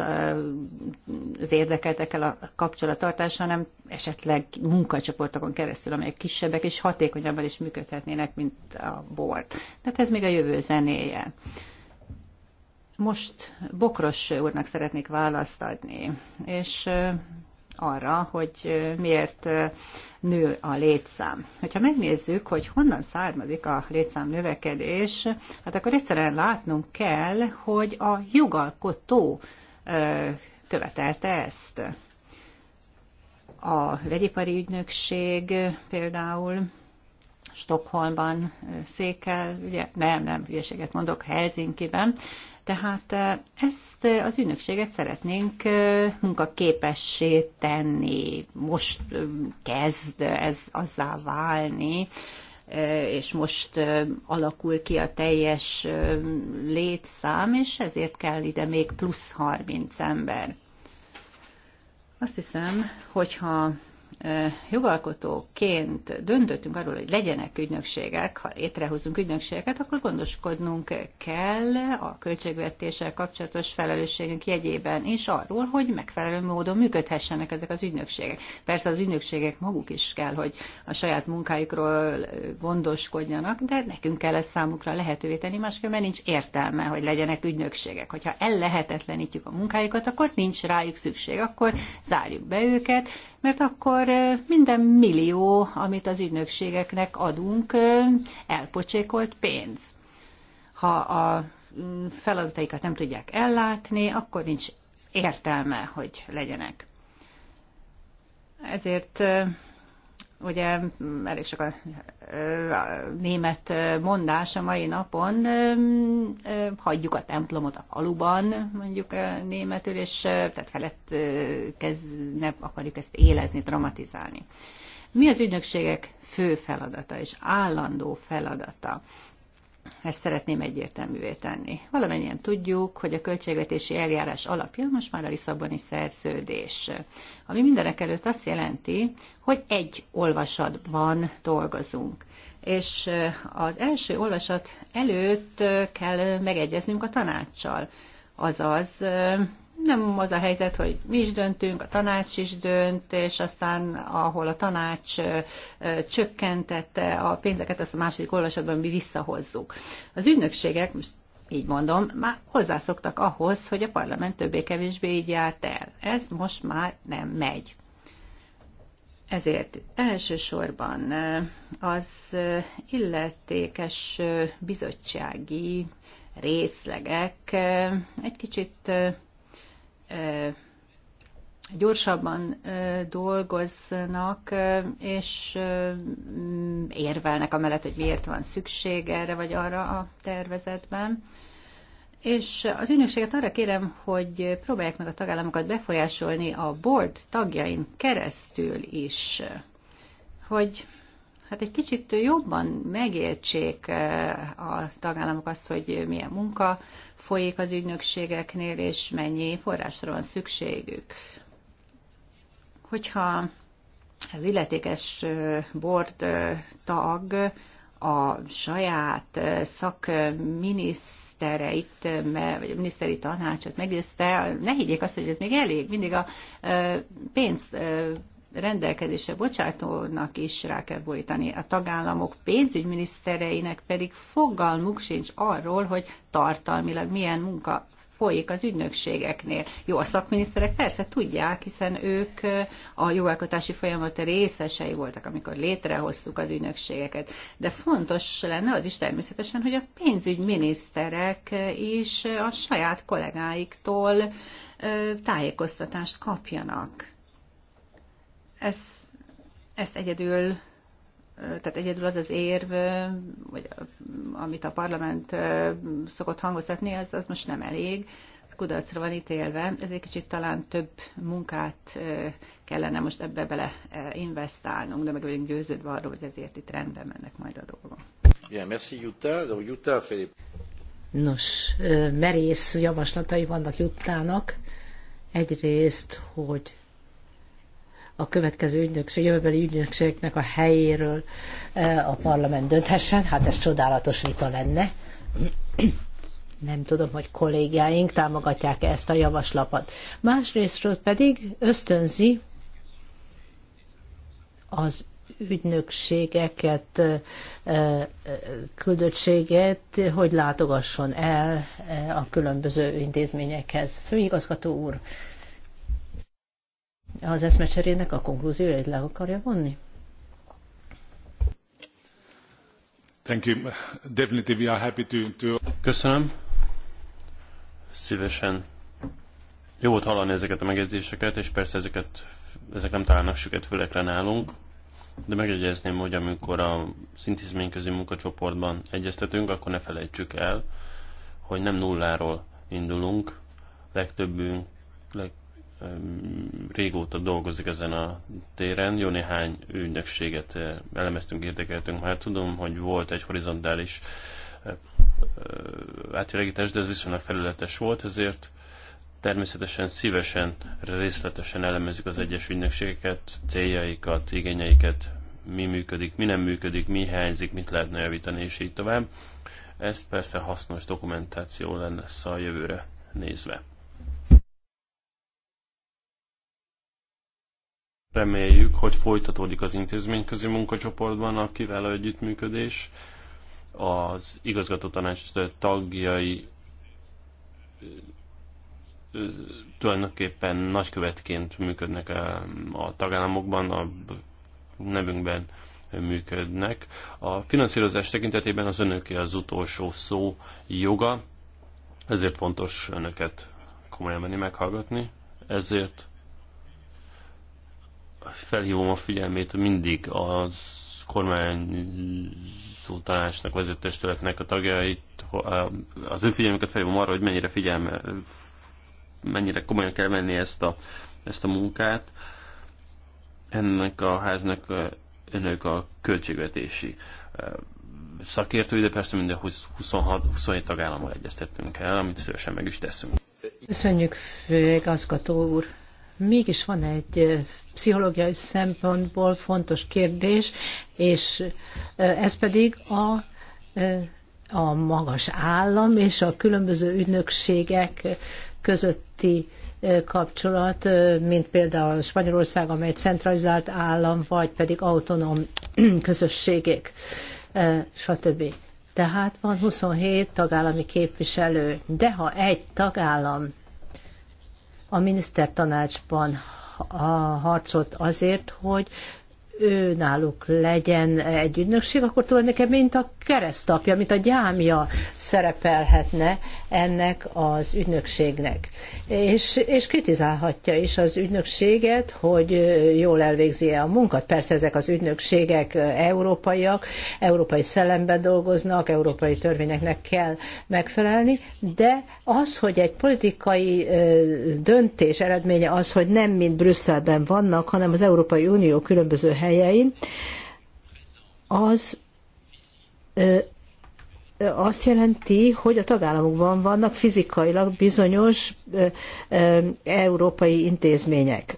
az érdekeltekkel a kapcsolattartás, hanem esetleg munkacsoportokon keresztül, amelyek kisebbek és hatékonyabban is működhetnének, mint a board. Tehát ez még a jövő zenéje. Most Bokros úrnak szeretnék választ adni, és arra, hogy miért nő a létszám. Hogyha megnézzük, hogy honnan származik a létszám növekedés, hát akkor egyszerűen látnunk kell, hogy a jogalkotó követelte ezt. A vegyipari ügynökség például Stockholmban székel, ugye, nem, nem, hülyeséget mondok, Helsinki-ben, tehát eh, ezt eh, az ügynökséget szeretnénk eh, munkaképessé tenni. Most kezd ez azzá válni, és most alakul ki a teljes létszám, és ezért kell ide még plusz 30 ember. Azt hiszem, hogyha jogalkotóként döntöttünk arról, hogy legyenek ügynökségek, ha étrehozunk ügynökségeket, akkor gondoskodnunk kell a költségvetéssel kapcsolatos felelősségünk jegyében is arról, hogy megfelelő módon működhessenek ezek az ügynökségek. Persze az ügynökségek maguk is kell, hogy a saját munkájukról gondoskodjanak, de nekünk kell ezt számukra lehetővé tenni, máskülönben nincs értelme, hogy legyenek ügynökségek. Hogyha ellehetetlenítjük a munkájukat, akkor nincs rájuk szükség, akkor zárjuk be őket, mert akkor minden millió, amit az ügynökségeknek adunk, elpocsékolt pénz. Ha a mm, feladataikat nem tudják ellátni, akkor nincs értelme, hogy legyenek. Ezért Ugye elég sok a német mondás a mai napon, hagyjuk a templomot a faluban, mondjuk németül, és tehát felett kezdne, akarjuk ezt élezni, dramatizálni. Mi az ügynökségek fő feladata és állandó feladata? Ezt szeretném egyértelművé tenni. Valamennyien tudjuk, hogy a költségvetési eljárás alapja most már a Lisszaboni szerződés, ami mindenek előtt azt jelenti, hogy egy olvasatban dolgozunk. És eh, az első olvasat előtt eh, kell megegyeznünk a tanácssal azaz eh, nem az a helyzet, hogy mi is döntünk, a tanács is dönt, és aztán ahol a tanács csökkentette a pénzeket, azt a második olvasatban mi visszahozzuk. Az ügynökségek, most így mondom, már hozzászoktak ahhoz, hogy a parlament többé-kevésbé így járt el. Ez most már nem megy. Ezért elsősorban az illetékes bizottsági részlegek egy kicsit gyorsabban dolgoznak, és mm, érvelnek amellett, hogy miért van szükség erre vagy arra a tervezetben. És az ügynökséget arra kérem, hogy próbálják meg a tagállamokat befolyásolni a board tagjain keresztül is, hogy hát egy kicsit jobban megértsék eh, a tagállamok azt, hogy milyen munka folyik az ügynökségeknél, és mennyi forrásra van szükségük. Hogyha az illetékes eh, board eh, tag a saját szakminisztereit, vagy a miniszteri tanácsot meggyőzte, ne higgyék azt, hogy ez még elég. Mindig a pénz rendelkezésre bocsátónak is rá kell borítani. A tagállamok pénzügyminisztereinek pedig fogalmuk sincs arról, hogy tartalmilag milyen munka folyik az ügynökségeknél. Jó, a szakminiszterek persze tudják, hiszen ők a jogalkotási folyamat részesei voltak, amikor létrehoztuk az ügynökségeket. De fontos lenne az is természetesen, hogy a pénzügyminiszterek is a saját kollégáiktól tájékoztatást kapjanak. Ez, ezt egyedül, tehát egyedül az az érv, vagy amit a parlament szokott hangoztatni, az, az most nem elég kudarcra van ítélve, ezért kicsit talán több munkát kellene most ebbe bele investálnunk, de meg vagyunk győződve arról, hogy ezért itt rendben mennek majd a dolgok. Bien, merci Jutta. Donc Jutta fait... Nos, merész javaslatai vannak Juttának. Egyrészt, hogy a következő ügynökség, jövőbeli ügynökségnek a helyéről e, a parlament dönthessen. Hát ez csodálatos vita lenne. Nem tudom, hogy kollégáink támogatják -e ezt a javaslatot. Másrésztről pedig ösztönzi az ügynökségeket, e, e, küldöttséget, hogy látogasson el a különböző intézményekhez. Főigazgató úr, az eszmecserének a konklúziójait le akarja vonni? Thank you. Definitely we are happy to, to... Köszönöm. Szívesen. Jó volt hallani ezeket a megjegyzéseket, és persze ezeket, ezek nem találnak süket fülekre nálunk, de megjegyezném, hogy amikor a szintézményközi munkacsoportban egyeztetünk, akkor ne felejtsük el, hogy nem nulláról indulunk, legtöbbünk, leg, régóta dolgozik ezen a téren. Jó néhány ügynökséget eh, elemeztünk, érdekeltünk, már. Tudom, hogy volt egy horizontális eh, eh, átvilágítás, de ez viszonylag felületes volt, ezért természetesen szívesen, részletesen elemezzük az egyes ügynökségeket, céljaikat, igényeiket, mi működik, mi nem működik, mi hiányzik, mit lehetne javítani, és így tovább. Ez persze hasznos dokumentáció lenne a szóval jövőre nézve. Reméljük, hogy folytatódik az intézményközi munkacsoportban a kiváló együttműködés. Az igazgatótanács tagjai tulajdonképpen nagykövetként működnek a, a tagállamokban, a nevünkben működnek. A finanszírozás tekintetében az önöké az utolsó szó joga, ezért fontos önöket komolyan menni meghallgatni, ezért felhívom a figyelmét mindig az kormányzó tanácsnak, vezetőstületnek a tagjait, az ő figyelmüket felhívom arra, hogy mennyire figyelme, mennyire komolyan kell venni ezt a, ezt a munkát. Ennek a háznak önök a költségvetési szakértő, de persze minden 26, 27 tagállammal egyeztettünk el, amit szívesen meg is teszünk. Köszönjük, Aszkató úr! mégis van egy pszichológiai szempontból fontos kérdés, és ez pedig a, a magas állam és a különböző ügynökségek közötti kapcsolat, mint például Spanyolország, amely centralizált állam, vagy pedig autonóm közösségek, stb. Tehát van 27 tagállami képviselő, de ha egy tagállam a minisztertanácsban harcolt azért, hogy ő náluk legyen egy ügynökség, akkor tulajdonképpen mint a keresztapja, mint a gyámja szerepelhetne ennek az ügynökségnek. És, és kritizálhatja is az ügynökséget, hogy jól elvégzi-e a munkát. Persze ezek az ügynökségek európaiak, európai szellemben dolgoznak, európai törvényeknek kell megfelelni, de az, hogy egy politikai döntés eredménye az, hogy nem mind Brüsszelben vannak, hanem az Európai Unió különböző hely helyein, az azt jelenti, hogy a tagállamokban vannak fizikailag bizonyos európai intézmények.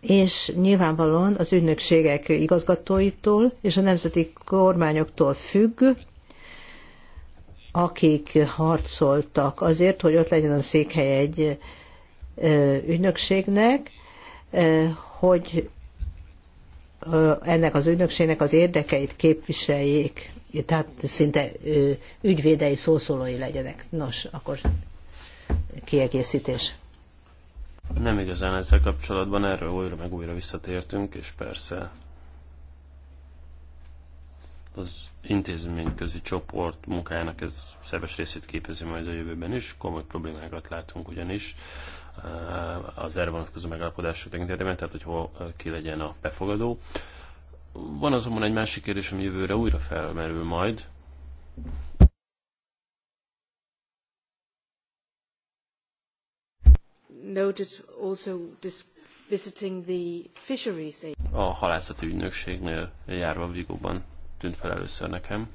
És nyilvánvalóan az ügynökségek igazgatóitól és a nemzeti kormányoktól függ, akik harcoltak azért, hogy ott legyen a székhely egy ügynökségnek, hogy ennek az ügynökségnek az érdekeit képviseljék, tehát szinte ügyvédei szószólói legyenek. Nos, akkor kiegészítés. Nem igazán ezzel kapcsolatban, erről újra meg újra visszatértünk, és persze az intézményközi csoport munkájának ez szerves részét képezi majd a jövőben is. Komoly problémákat látunk ugyanis Eh, az erre vonatkozó megállapodások tekintetében, tehát hogy hol eh, ki legyen a befogadó. Van azonban egy másik kérdés, ami jövőre újra felmerül majd, noted also visiting the fisheries. A halászati ügynökségnél járva Vigóban tűnt fel először nekem,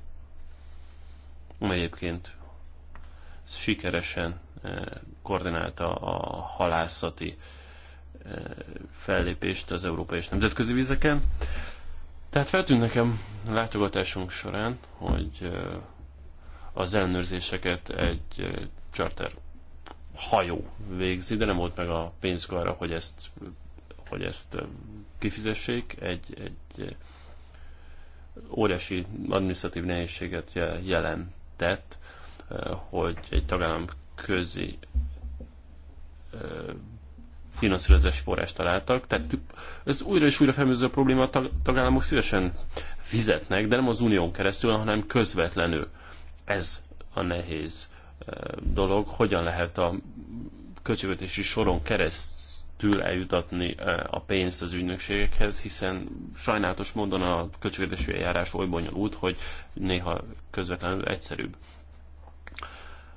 egyébként sikeresen koordinálta a halászati fellépést az európai és nemzetközi vizeken. Tehát feltűnt nekem a látogatásunk során, hogy az ellenőrzéseket egy charter hajó végzi, de nem volt meg a pénzük arra, hogy ezt, hogy ezt kifizessék. Egy, egy óriási administratív nehézséget jelentett, hogy egy tagállam közi finanszírozási forrást találtak. Tehát ez újra és újra felműző probléma, a tagállamok szívesen fizetnek, de nem az unión keresztül, hanem közvetlenül. Ez a nehéz dolog, hogyan lehet a költségvetési soron keresztül eljutatni a pénzt az ügynökségekhez, hiszen sajnálatos módon a költségvetési eljárás oly bonyolult, hogy néha közvetlenül egyszerűbb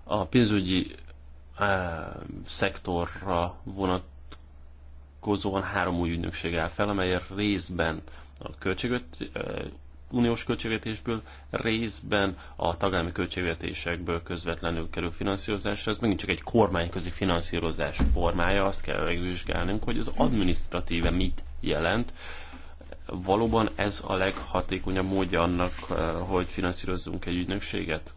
a pénzügyi e, szektorra vonatkozóan három új ügynökség áll fel, amely részben a költségöt, e, uniós költségvetésből, részben a tagállami költségvetésekből közvetlenül kerül finanszírozásra. Ez megint csak egy kormányközi finanszírozás formája, azt kell megvizsgálnunk, hogy az administratíve mit jelent. Valóban ez a leghatékonyabb módja annak, e, hogy finanszírozzunk egy ügynökséget?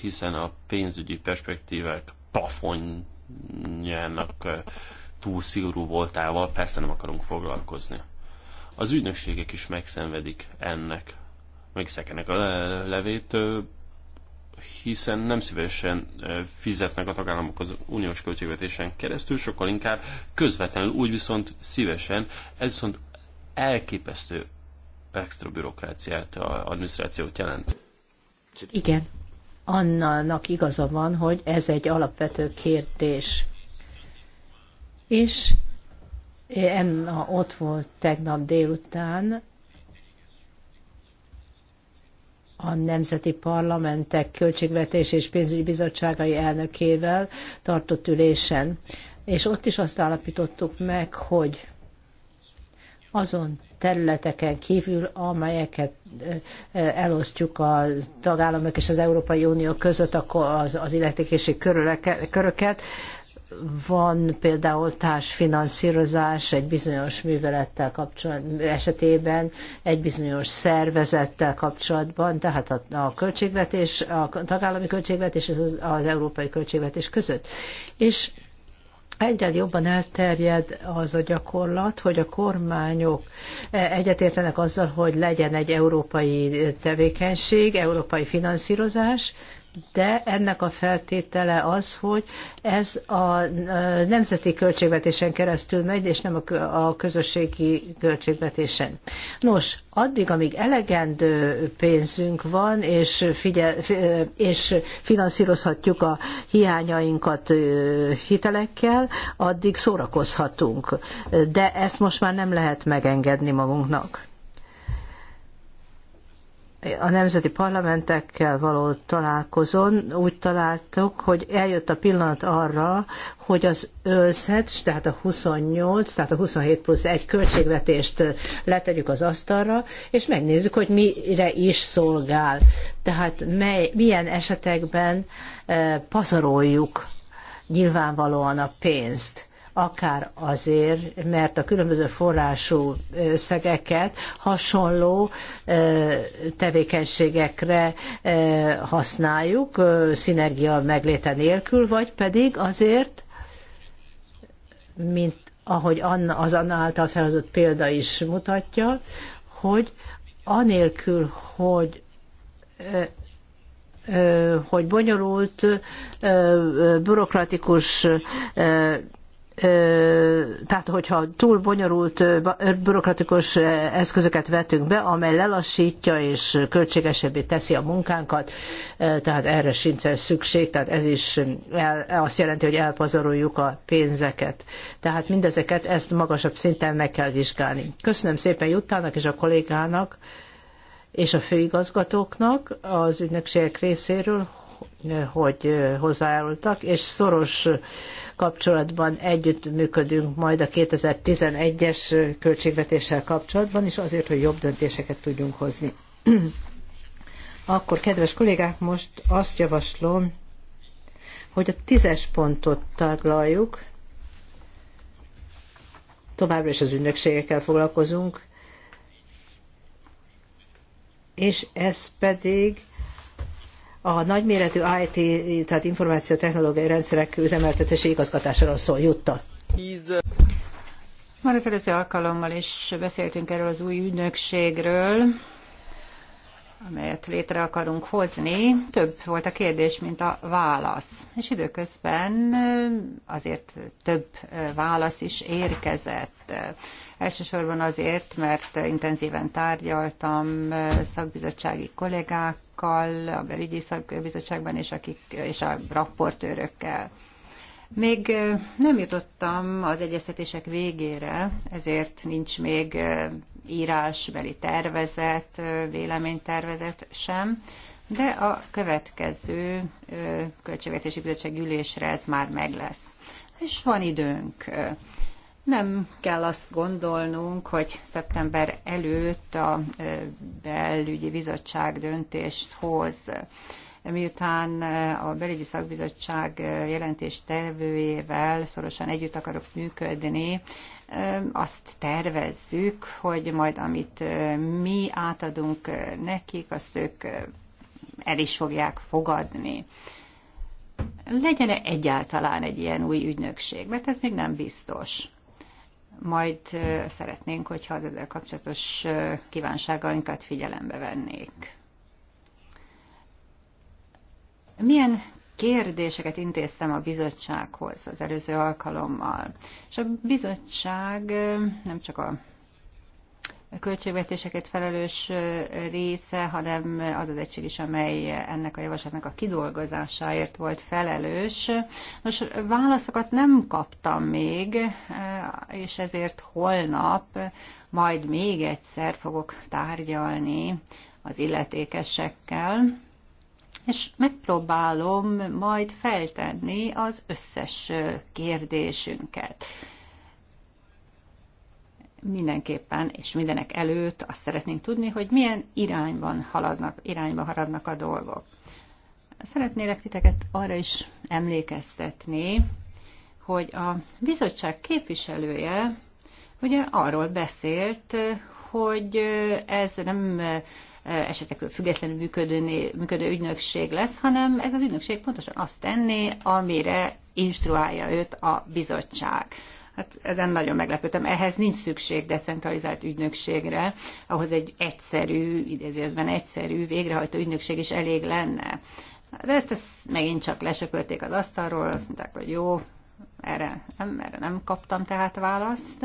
hiszen a pénzügyi perspektívák plafonjának túl szigorú voltával persze nem akarunk foglalkozni. Az ügynökségek is megszenvedik ennek, megszekenek a levét, hiszen nem szívesen fizetnek a tagállamok az uniós költségvetésen keresztül, sokkal inkább közvetlenül, úgy viszont szívesen, ez viszont elképesztő extra bürokráciát, adminisztrációt jelent. Igen, annalnak igaza van, hogy ez egy alapvető kérdés. És Enna ott volt tegnap délután a Nemzeti Parlamentek Költségvetés és Pénzügyi Bizottságai elnökével tartott ülésen. És ott is azt állapítottuk meg, hogy azon területeken kívül, amelyeket elosztjuk a tagállamok és az Európai Unió között az, az illetékési köröket. Van például társfinanszírozás egy bizonyos művelettel kapcsolatban, esetében, egy bizonyos szervezettel kapcsolatban, tehát a, a költségvetés, a tagállami költségvetés és az, az európai költségvetés között. És Egyre jobban elterjed az a gyakorlat, hogy a kormányok eh, egyetértenek azzal, hogy legyen egy európai tevékenység, európai finanszírozás, de ennek a feltétele az, hogy ez a nemzeti költségvetésen keresztül megy, és nem a közösségi költségvetésen. Nos, addig, amíg elegendő pénzünk van, és, figyel, és finanszírozhatjuk a hiányainkat hitelekkel, addig szórakozhatunk. De ezt most már nem lehet megengedni magunknak a nemzeti parlamentekkel való találkozón úgy találtuk, hogy eljött a pillanat arra, hogy az ÖSZET, tehát a 28, tehát a 27 plusz egy költségvetést letegyük az asztalra, és megnézzük, hogy mire is szolgál. Tehát mely, milyen esetekben e, pazaroljuk nyilvánvalóan a pénzt akár azért, mert a különböző forrású összegeket hasonló tevékenységekre használjuk, szinergia megléte nélkül, vagy pedig azért, mint ahogy az Anna által felhozott példa is mutatja, hogy anélkül, hogy hogy bonyolult, bürokratikus tehát hogyha túl bonyolult bürokratikus eszközöket vetünk be, amely lelassítja és költségesebbé teszi a munkánkat, tehát erre sincsen szükség, tehát ez is el, azt jelenti, hogy elpazaroljuk a pénzeket. Tehát mindezeket ezt magasabb szinten meg kell vizsgálni. Köszönöm szépen Juttának és a kollégának és a főigazgatóknak az ügynökségek részéről, hogy hozzájárultak, és szoros kapcsolatban együttműködünk majd a 2011-es költségvetéssel kapcsolatban is, azért, hogy jobb döntéseket tudjunk hozni. Akkor, kedves kollégák, most azt javaslom, hogy a tízes pontot taglaljuk, továbbra is az ügynökségekkel foglalkozunk, és ez pedig a nagyméretű IT, tehát információtechnológiai rendszerek üzemeltetési igazgatásáról szól jutta. Már az előző alkalommal is beszéltünk erről az új ügynökségről, amelyet létre akarunk hozni, több volt a kérdés, mint a válasz. És időközben azért több válasz is érkezett. Elsősorban azért, mert intenzíven tárgyaltam szakbizottsági kollégák kollégákkal, a belügyi szakbizottságban és, akik, és a rapportőrökkel. Még nem jutottam az egyeztetések végére, ezért nincs még írásbeli tervezet, véleménytervezet sem, de a következő költségvetési bizottság ülésre ez már meg lesz. És van időnk nem kell azt gondolnunk, hogy szeptember előtt a belügyi bizottság döntést hoz. Miután a belügyi szakbizottság jelentés tevőjével szorosan együtt akarok működni, azt tervezzük, hogy majd amit mi átadunk nekik, azt ők el is fogják fogadni. Legyen-e egyáltalán egy ilyen új ügynökség? Mert ez még nem biztos majd szeretnénk, hogyha az ezzel kapcsolatos kívánságainkat figyelembe vennék. Milyen kérdéseket intéztem a bizottsághoz az előző alkalommal. És a bizottság nem csak a költségvetéseket felelős része, hanem az az egység is, amely ennek a javaslatnak a kidolgozásáért volt felelős. Nos, válaszokat nem kaptam még, és ezért holnap majd még egyszer fogok tárgyalni az illetékesekkel, és megpróbálom majd feltenni az összes kérdésünket mindenképpen és mindenek előtt azt szeretnénk tudni, hogy milyen irányban haladnak, irányba haradnak a dolgok. Szeretnélek titeket arra is emlékeztetni, hogy a bizottság képviselője ugye arról beszélt, hogy ez nem eh, esetekről függetlenül működő, működő ügynökség lesz, hanem ez az ügynökség pontosan azt tenné, amire instruálja őt a bizottság. Hát ezen nagyon meglepődtem. Ehhez nincs szükség decentralizált ügynökségre, ahhoz egy egyszerű, idézőjelben egyszerű végrehajtó ügynökség is elég lenne. De ezt, hát ezt megint csak lesöpölték az asztalról, azt mondták, hogy jó, erre nem, erre nem kaptam tehát választ.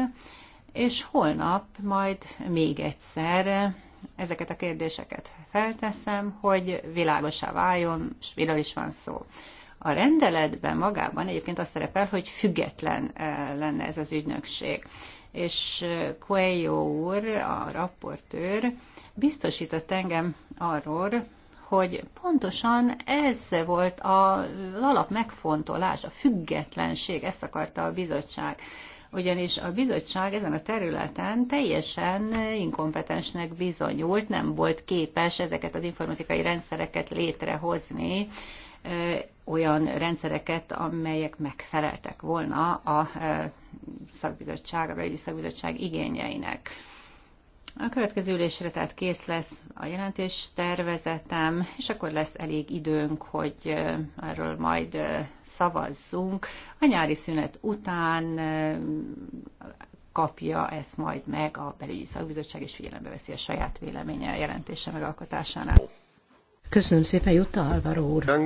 És holnap majd még egyszer ezeket a kérdéseket felteszem, hogy világosá váljon, és miről is van szó. A rendeletben magában egyébként azt szerepel, hogy független eh, lenne ez az ügynökség. És eh, Coelho úr, a rapportőr, biztosított engem arról, hogy pontosan ez volt a alap megfontolás, a függetlenség, ezt akarta a bizottság. Ugyanis a bizottság ezen a területen teljesen inkompetensnek bizonyult, nem volt képes ezeket az informatikai rendszereket létrehozni, olyan rendszereket, amelyek megfeleltek volna a szakbizottság, a belügyi szakbizottság igényeinek. A következő ülésre tehát kész lesz a jelentés tervezetem, és akkor lesz elég időnk, hogy erről majd szavazzunk. A nyári szünet után kapja ezt majd meg a belügyi szakbizottság, és figyelembe veszi a saját véleménye a jelentése megalkotásánál. Köszönöm szépen, Jutta Álvaro úr.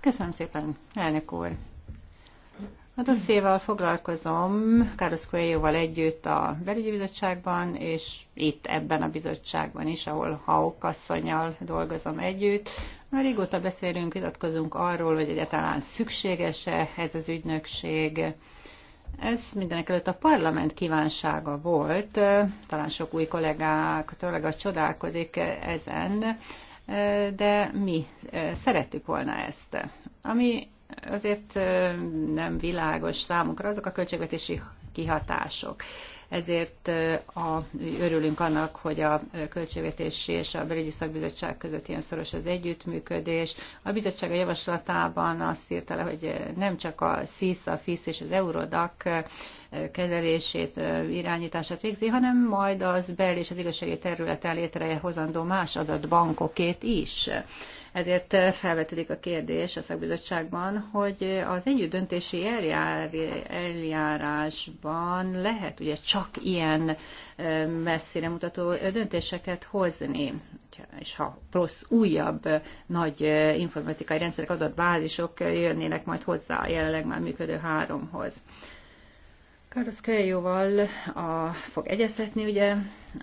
Köszönöm szépen, elnök úr. A dossziéval foglalkozom Carlos Coelho-val együtt a belügyi bizottságban, és itt ebben a bizottságban is, ahol Hauk asszonyjal dolgozom együtt. Már régóta beszélünk, vitatkozunk arról, hogy egyáltalán szükséges-e ez az ügynökség, ez mindenek előtt a parlament kívánsága volt, talán sok új kollégák, a csodálkozik ezen, de mi szerettük volna ezt. Ami azért nem világos számunkra, azok a költségvetési kihatások ezért a, örülünk annak, hogy a Költségvetési és a Belügyi Szakbizottság között ilyen szoros az együttműködés. A bizottság a javaslatában azt írta le, hogy nem csak a SZISZ, a FISZ és az Eurodak kezelését, irányítását végzi, hanem majd az bel és az igazságügyi területen létrehozandó más adatbankokét is. Ezért eh, felvetődik a kérdés a szakbizottságban, hogy az együtt döntési eljár, eljárásban lehet ugye csak ilyen eh, messzire mutató eh, döntéseket hozni, és ha plusz újabb nagy informatikai rendszerek, adatbázisok jönnének majd hozzá a jelenleg már működő háromhoz. Carlos Kölyóval a, fog egyeztetni ugye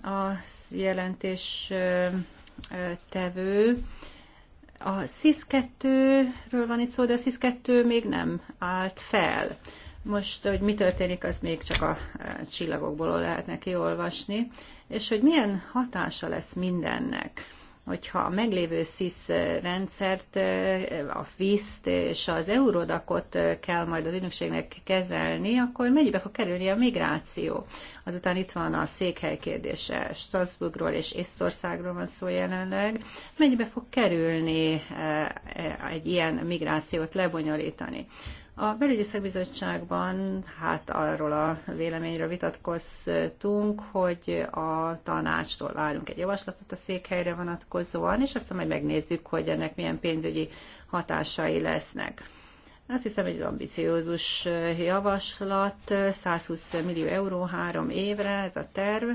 a jelentés tevő, a SZIS-2-ről van itt szó, de a SZIS-2 még nem állt fel. Most, hogy mi történik, az még csak a e, csillagokból lehet neki olvasni, és hogy milyen hatása lesz mindennek hogyha a meglévő SZISZ rendszert, a FISZ-t és az eurodakot kell majd az ügynökségnek kezelni, akkor mennyibe fog kerülni a migráció? Azután itt van a székhely kérdése, Strasbourgról és Észtországról van szó jelenleg. Mennyibe fog kerülni egy ilyen migrációt lebonyolítani? A belügyi szakbizottságban hát arról a véleményről vitatkoztunk, hogy a tanácstól várunk egy javaslatot a székhelyre vonatkozóan, és aztán majd megnézzük, hogy ennek milyen pénzügyi hatásai lesznek. Azt hiszem, egy ambiciózus javaslat, 120 millió euró három évre ez a terv,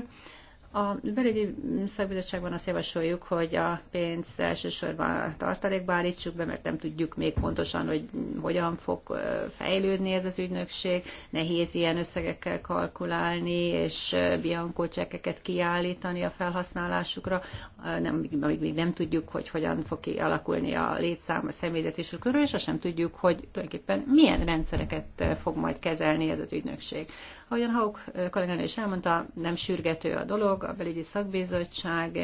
a belügyi szakbizottságban azt javasoljuk, hogy a pénzt elsősorban a tartalékba állítsuk be, mert nem tudjuk még pontosan, hogy hogyan fog fejlődni ez az ügynökség. Nehéz ilyen összegekkel kalkulálni, és biankócsekeket kiállítani a felhasználásukra. Nem, amíg még nem tudjuk, hogy hogyan fog kialakulni a létszám a személyzetésük körül, és azt sem tudjuk, hogy tulajdonképpen milyen rendszereket fog majd kezelni ez az ügynökség. Ahogyan Hauk kolléganő is elmondta, nem sürgető a dolog, a belügyi szakbizottság,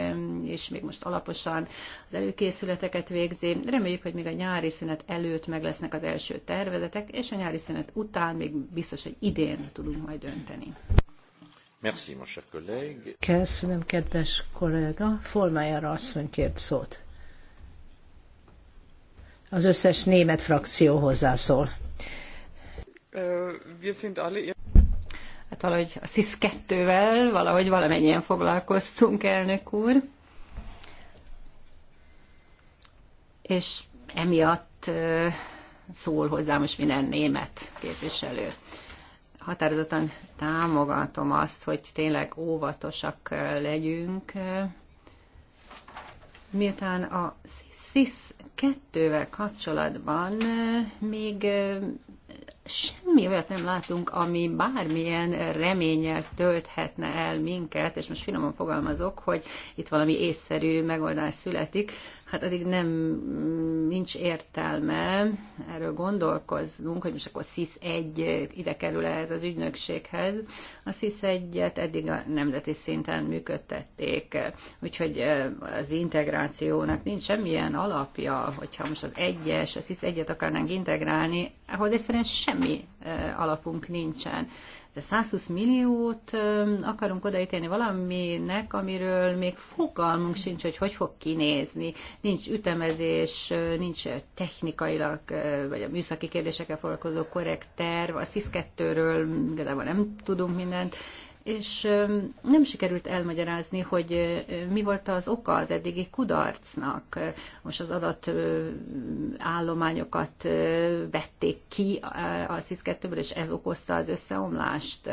és még most alaposan az előkészületeket végzi. Reméljük, hogy még a nyári szünet előtt meg lesznek az első tervezetek, és a nyári szünet után még biztos, hogy idén tudunk majd dönteni. Merci, mon cher collègue. Köszönöm, kedves kollega. Formájára asszony kért szót. Az összes német frakció hozzászól. Wir sind alle Hát valahogy a SZISZ 2 valahogy valamennyien foglalkoztunk, elnök úr. És emiatt szól hozzá most minden német képviselő. Határozottan támogatom azt, hogy tényleg óvatosak legyünk, miután a SZISZ kettővel kapcsolatban még semmi olyat nem látunk, ami bármilyen reményel tölthetne el minket, és most finoman fogalmazok, hogy itt valami észszerű megoldás születik, hát addig nem nincs értelme erről gondolkoznunk, hogy most akkor SZIS-1 ide kerül -e ez az ügynökséghez. A SZIS-1-et eddig a nemzeti szinten működtették, úgyhogy az integrációnak nincs semmilyen alapja, hogyha most az egyes, a SZIS-1-et akarnánk integrálni, ahhoz egyszerűen semmi alapunk nincsen. De 120 milliót akarunk odaítélni valaminek, amiről még fogalmunk sincs, hogy hogy fog kinézni. Nincs ütemezés, nincs technikailag, vagy a műszaki kérdésekkel foglalkozó korrekt terv, a SZISZ-2-ről igazából nem tudunk mindent, és nem sikerült elmagyarázni, hogy mi volt az oka az eddigi kudarcnak. Most az adatállományokat vették ki a szis és ez okozta az összeomlást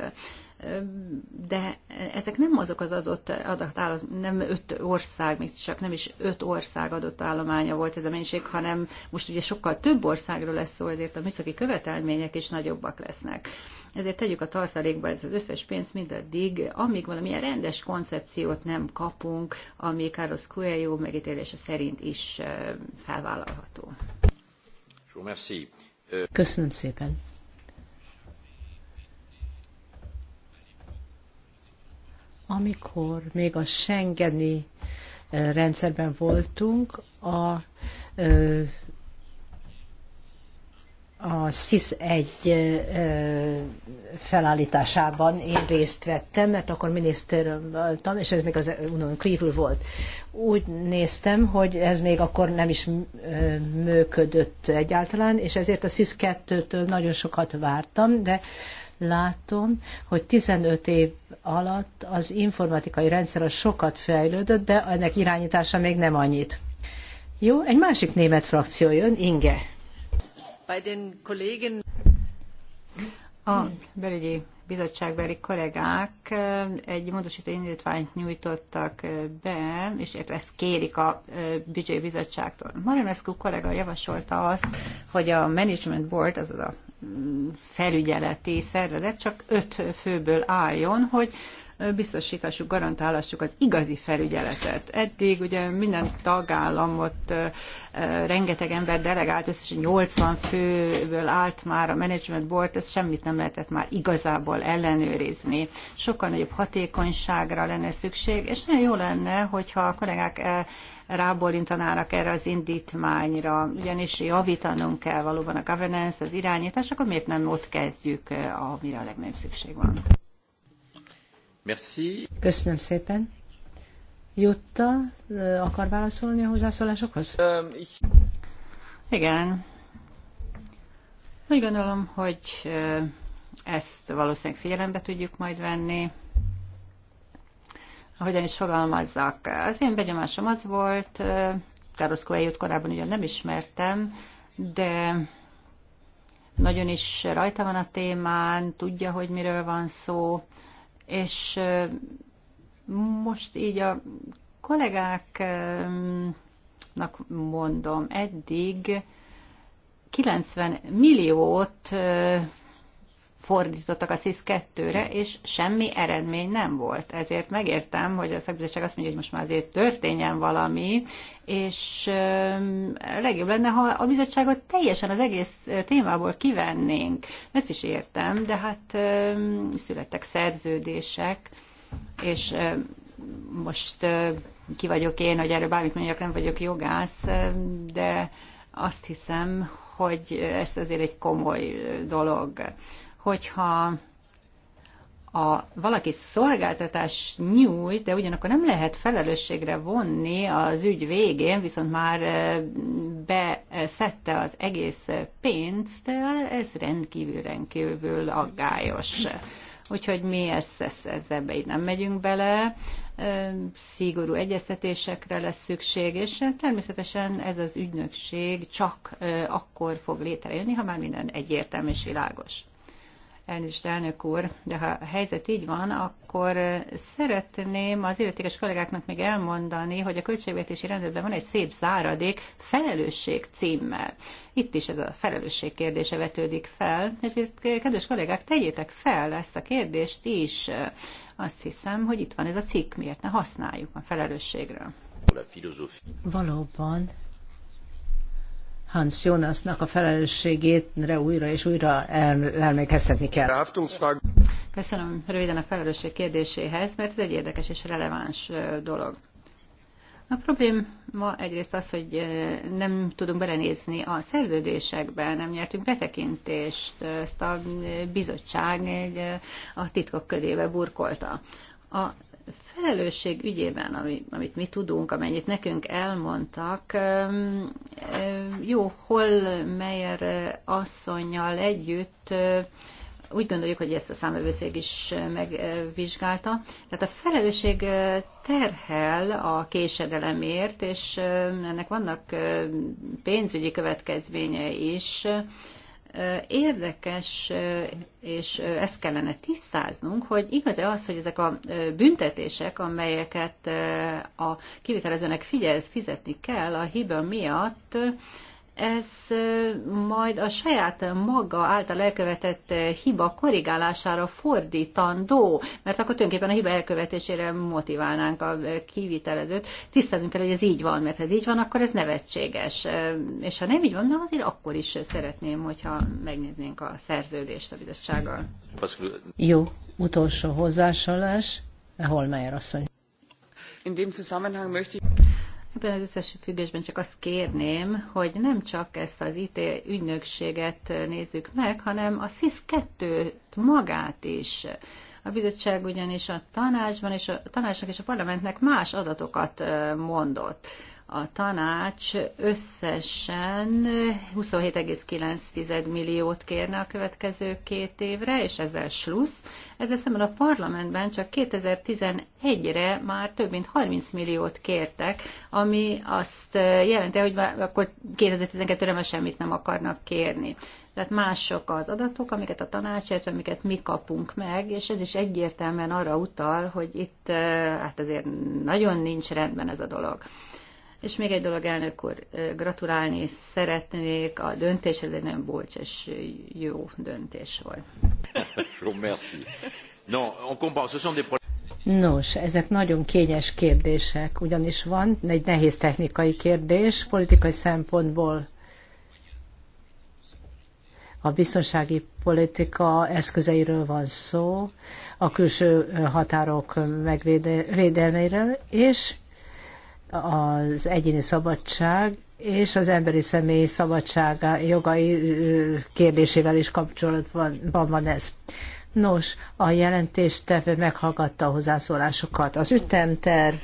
de ezek nem azok az adott adatállományok, nem öt ország, még csak nem is öt ország adott állománya volt ez a mennyiség, hanem most ugye sokkal több országról lesz szó, ezért a műszaki követelmények is nagyobbak lesznek ezért tegyük a tartalékba ez az összes pénzt mindaddig, amíg valamilyen rendes koncepciót nem kapunk, ami Carlos Coelho megítélése szerint is felvállalható. Köszönöm szépen. Amikor még a Schengeni rendszerben voltunk, a a SZISZ egy felállításában én részt vettem, mert akkor miniszter voltam, és ez még az unión kívül volt. Úgy néztem, hogy ez még akkor nem is működött egyáltalán, és ezért a SZISZ 2-től nagyon sokat vártam, de látom, hogy 15 év alatt az informatikai rendszer az sokat fejlődött, de ennek irányítása még nem annyit. Jó, egy másik német frakció jön, Inge. A belügyi bizottságbeli kollégák egy módosító indítványt nyújtottak be, és ezt kérik a büdzsé bizottságtól. Marinescu kollega javasolta azt, hogy a Management Board, azaz a mm, felügyeleti szervezet csak öt főből álljon, hogy biztosítassuk, garantálassuk az igazi felügyeletet. Eddig ugye minden tagállamot rengeteg ember delegált, összesen 80 főből állt már a management board, ezt semmit nem lehetett már igazából ellenőrizni. Sokkal nagyobb hatékonyságra lenne szükség, és nagyon jó lenne, hogyha a kollégák rábólintanának erre az indítmányra, ugyanis javítanunk kell valóban a governance, az irányítás, akkor miért nem ott kezdjük, amire a legnagyobb szükség van. Merci. Köszönöm szépen. Jutta, akar válaszolni a hozzászólásokhoz? Um, ich... Igen. Úgy gondolom, hogy ezt valószínűleg figyelembe tudjuk majd venni. Ahogyan is fogalmazzak, az én benyomásom az volt, Carlos coelho korábban ugyan nem ismertem, de nagyon is rajta van a témán, tudja, hogy miről van szó, és most így a kollégáknak mondom, eddig 90 milliót fordítottak a SZIS-2-re, és semmi eredmény nem volt. Ezért megértem, hogy a szakbizottság azt mondja, hogy most már azért történjen valami, és legjobb lenne, ha a bizottságot teljesen az egész témából kivennénk. Ezt is értem, de hát születtek szerződések, és most ki vagyok én, hogy erről bármit mondjak, nem vagyok jogász, de azt hiszem, hogy ez azért egy komoly dolog hogyha a valaki szolgáltatás nyújt, de ugyanakkor nem lehet felelősségre vonni az ügy végén, viszont már eh, beszette az egész pénzt, ez rendkívül rendkívül aggályos. Úgyhogy mi ezt, ezt, ezt ebbe így nem megyünk bele, eh, szigorú egyeztetésekre lesz szükség, és természetesen ez az ügynökség csak eh, akkor fog létrejönni, ha már minden egyértelmű és világos. Elnézést, elnök úr, de ha a helyzet így van, akkor szeretném az illetékes kollégáknak még elmondani, hogy a költségvetési rendetben van egy szép záradék felelősség címmel. Itt is ez a felelősség kérdése vetődik fel, és kedves kollégák, tegyétek fel ezt a kérdést is. Azt hiszem, hogy itt van ez a cikk, miért ne használjuk a felelősségről. Valóban Hans Jonasnak a felelősségétre újra és újra elmékeztetni kell. Köszönöm röviden a felelősség kérdéséhez, mert ez egy érdekes és releváns dolog. A probléma egyrészt az, hogy nem tudunk belenézni a szerződésekbe, nem nyertünk betekintést, ezt a bizottság a titkok ködébe burkolta. A felelősség ügyében, ami, amit mi tudunk, amennyit nekünk elmondtak, jó, hol melyer, asszonynal együtt úgy gondoljuk, hogy ezt a számövőszék is megvizsgálta. Tehát a felelősség terhel a késedelemért, és ennek vannak pénzügyi következményei is, érdekes, és ezt kellene tisztáznunk, hogy igaz-e az, hogy ezek a büntetések, amelyeket a kivitelezőnek figyelz, fizetni kell a hiba miatt, ez majd a saját maga által elkövetett hiba korrigálására fordítandó, mert akkor tulajdonképpen a hiba elkövetésére motiválnánk a kivitelezőt. Tisztázunk el, hogy ez így van, mert ha ez így van, akkor ez nevetséges. És ha nem így van, de azért akkor is szeretném, hogyha megnéznénk a szerződést a bizottsággal. Jó, utolsó hozzásolás, Holmeyer asszony. In dem Zusammenhang möchte ich Ebben az összefüggésben csak azt kérném, hogy nem csak ezt az IT ügynökséget nézzük meg, hanem a SZIS-2 magát is. A bizottság ugyanis a tanácsban és a tanácsnak és a parlamentnek más adatokat mondott. A tanács összesen 27,9 milliót kérne a következő két évre, és ezzel slussz ezzel szemben a parlamentben csak 2011-re már több mint 30 milliót kértek, ami azt jelenti, hogy már akkor 2012-re már semmit nem akarnak kérni. Tehát mások az adatok, amiket a tanács, illetve amiket mi kapunk meg, és ez is egyértelműen arra utal, hogy itt eh, hát azért nagyon nincs rendben ez a dolog. És még egy dolog, elnök úr, gratulálni szeretnék a döntés, ez egy nagyon bolcs és jó döntés volt. Nos, ezek nagyon kényes kérdések, ugyanis van egy nehéz technikai kérdés politikai szempontból. A biztonsági politika eszközeiről van szó, a külső határok megvédelméről, és az egyéni szabadság és az emberi személy szabadsága jogai kérdésével is kapcsolatban van ez. Nos, a jelentéstevő meghallgatta a hozzászólásokat. Az ütemterv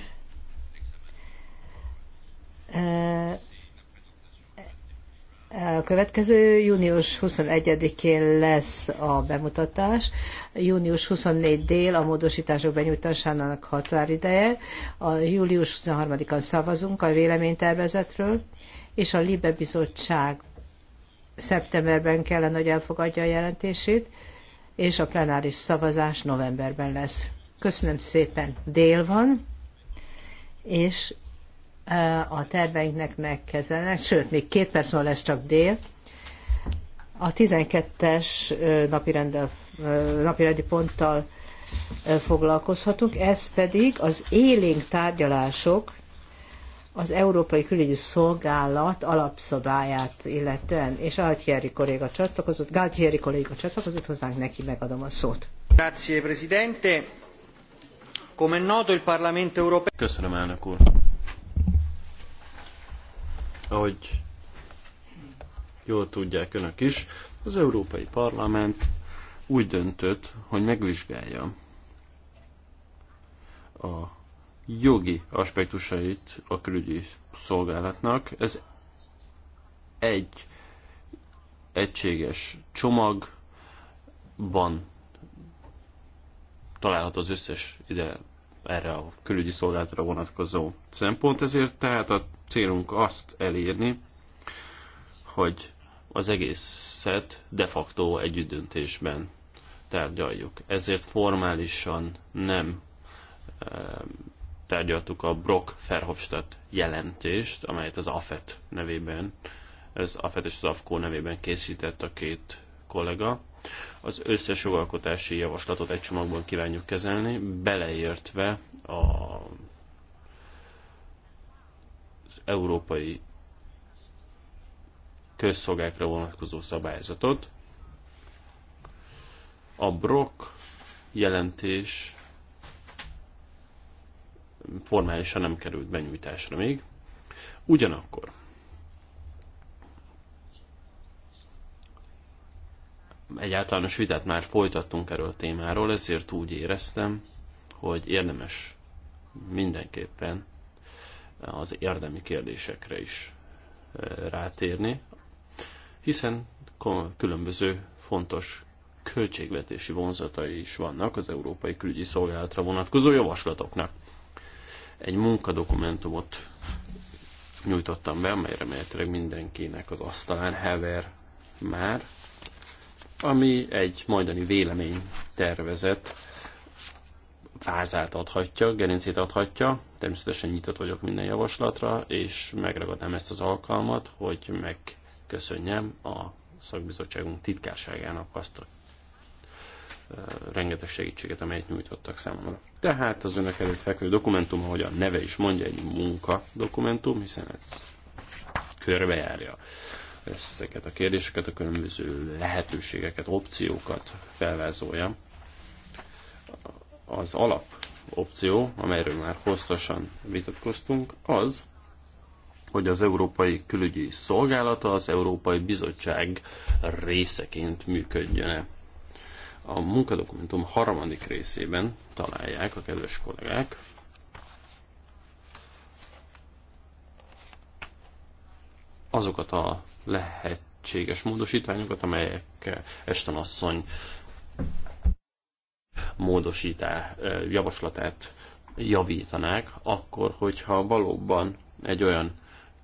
a következő június 21-én lesz a bemutatás, június 24 dél a módosítások benyújtásának határideje, a július 23-án szavazunk a véleménytervezetről, és a LIBE bizottság szeptemberben kellene, hogy elfogadja a jelentését, és a plenáris szavazás novemberben lesz. Köszönöm szépen, dél van, és a terveinknek megkezelnek, sőt, még két perc van lesz csak dél. A 12-es napirendi ponttal foglalkozhatunk, ez pedig az élénk tárgyalások az Európai Külügyi Szolgálat alapszabályát illetően, és Galtieri kolléga csatlakozott, Galtieri kolléga csatlakozott hozzánk, neki megadom a szót. Grazie, Presidente. Come noto, il Parlamento Europeo... Köszönöm, elnök úr ahogy jól tudják önök is, az Európai Parlament úgy döntött, hogy megvizsgálja a jogi aspektusait a külügyi szolgálatnak. Ez egy egységes csomagban található az összes ide erre a külügyi szolgálatra vonatkozó szempont, ezért tehát a célunk azt elérni, hogy az egészet de facto döntésben tárgyaljuk. Ezért formálisan nem eh, tárgyaltuk a Brock Verhofstadt jelentést, amelyet az AFET nevében, az AFET és az AFCO nevében készített a két kollega. Az összes jogalkotási javaslatot egy csomagban kívánjuk kezelni, beleértve a európai közszolgákra vonatkozó szabályzatot. A Brock jelentés formálisan nem került benyújtásra még. Ugyanakkor egy általános vitát már folytattunk erről a témáról, ezért úgy éreztem, hogy érdemes mindenképpen az érdemi kérdésekre is eh, rátérni, hiszen különböző fontos költségvetési vonzatai is vannak az Európai Külügyi Szolgálatra vonatkozó javaslatoknak. Egy munkadokumentumot nyújtottam be, amely remélhetőleg mindenkinek az asztalán hever már, ami egy majdani vélemény tervezett vázát adhatja, gerincét adhatja. Természetesen nyitott vagyok minden javaslatra, és megragadnám ezt az alkalmat, hogy megköszönjem a szakbizottságunk titkárságának azt a rengeteg segítséget, amelyet nyújtottak számomra. Tehát az önök előtt fekvő dokumentum, ahogy a neve is mondja, egy munka dokumentum, hiszen ez körbejárja ezeket a kérdéseket, a különböző lehetőségeket, opciókat felvázolja az alap opció, amelyről már hosszasan vitatkoztunk, az, hogy az Európai Külügyi Szolgálata az Európai Bizottság részeként működjön-e. A munkadokumentum harmadik részében találják a kedves kollégák azokat a lehetséges módosítványokat, amelyek Eston asszony módosítás javaslatát javítanák, akkor, hogyha valóban egy olyan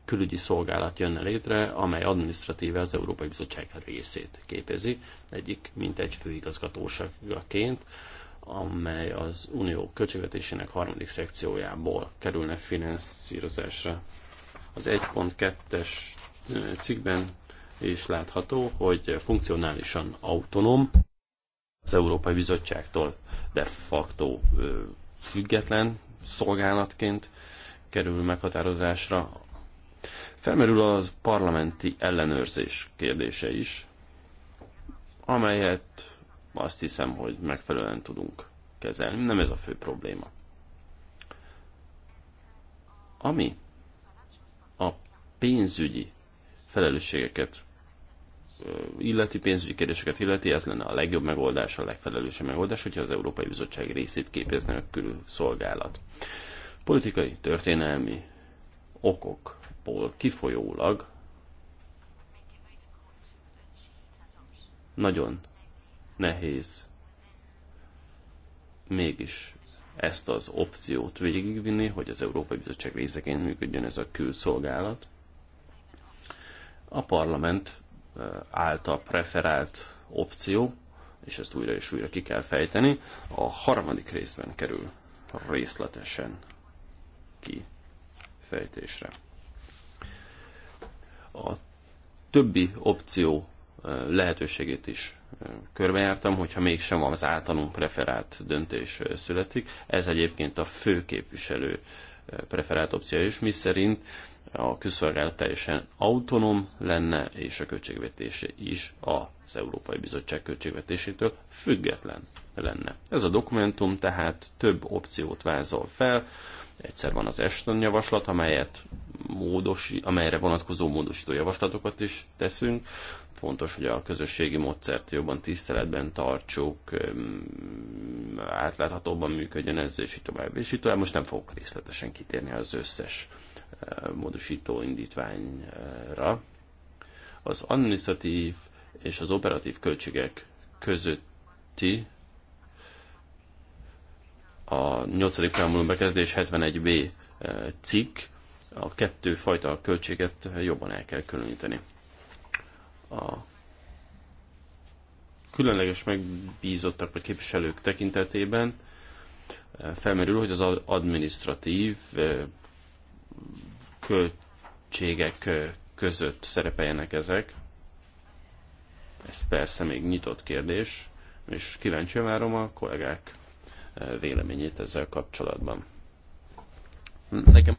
külügyi szolgálat jönne létre, amely adminisztratíve az Európai Bizottság részét képezi, egyik mint egy főigazgatóságaként, amely az unió költségvetésének harmadik szekciójából kerülne finanszírozásra. Az 1.2-es cikkben is látható, hogy funkcionálisan autonóm, az Európai Bizottságtól de facto független szolgálatként kerül meghatározásra. Felmerül az parlamenti ellenőrzés kérdése is, amelyet azt hiszem, hogy megfelelően tudunk kezelni. Nem ez a fő probléma. Ami a pénzügyi felelősségeket illeti, pénzügyi kérdéseket illeti, ez lenne a legjobb megoldás, a legfelelősebb megoldás, hogyha az Európai Bizottság részét képezne a szolgálat. Politikai, történelmi okokból kifolyólag nagyon nehéz mégis ezt az opciót végigvinni, hogy az Európai Bizottság részeként működjön ez a külszolgálat. A parlament által preferált opció, és ezt újra és újra ki kell fejteni, a harmadik részben kerül részletesen kifejtésre. A többi opció lehetőségét is körbejártam, hogyha mégsem az általunk preferált döntés születik. Ez egyébként a fő képviselő preferált opció is, mi szerint a közszolgálat teljesen autonóm lenne, és a költségvetése is az Európai Bizottság költségvetésétől független lenne. Ez a dokumentum tehát több opciót vázol fel, Egyszer van az Ashton javaslat, amelyet módos, amelyre vonatkozó módosító javaslatokat is teszünk. Fontos, hogy a közösségi módszert jobban tiszteletben tartsuk, átláthatóban működjön ez, és így tovább, és így tovább. Most nem fogok részletesen kitérni az összes módosító indítványra. Az administratív és az operatív költségek közötti a 8. felmúlom bekezdés 71b eh, cikk a kettő fajta költséget jobban el kell különíteni. A különleges megbízottak vagy képviselők tekintetében eh, felmerül, hogy az administratív eh, költségek között szerepeljenek ezek. Ez persze még nyitott kérdés, és kíváncsi várom a kollégák véleményét ezzel kapcsolatban. Nekem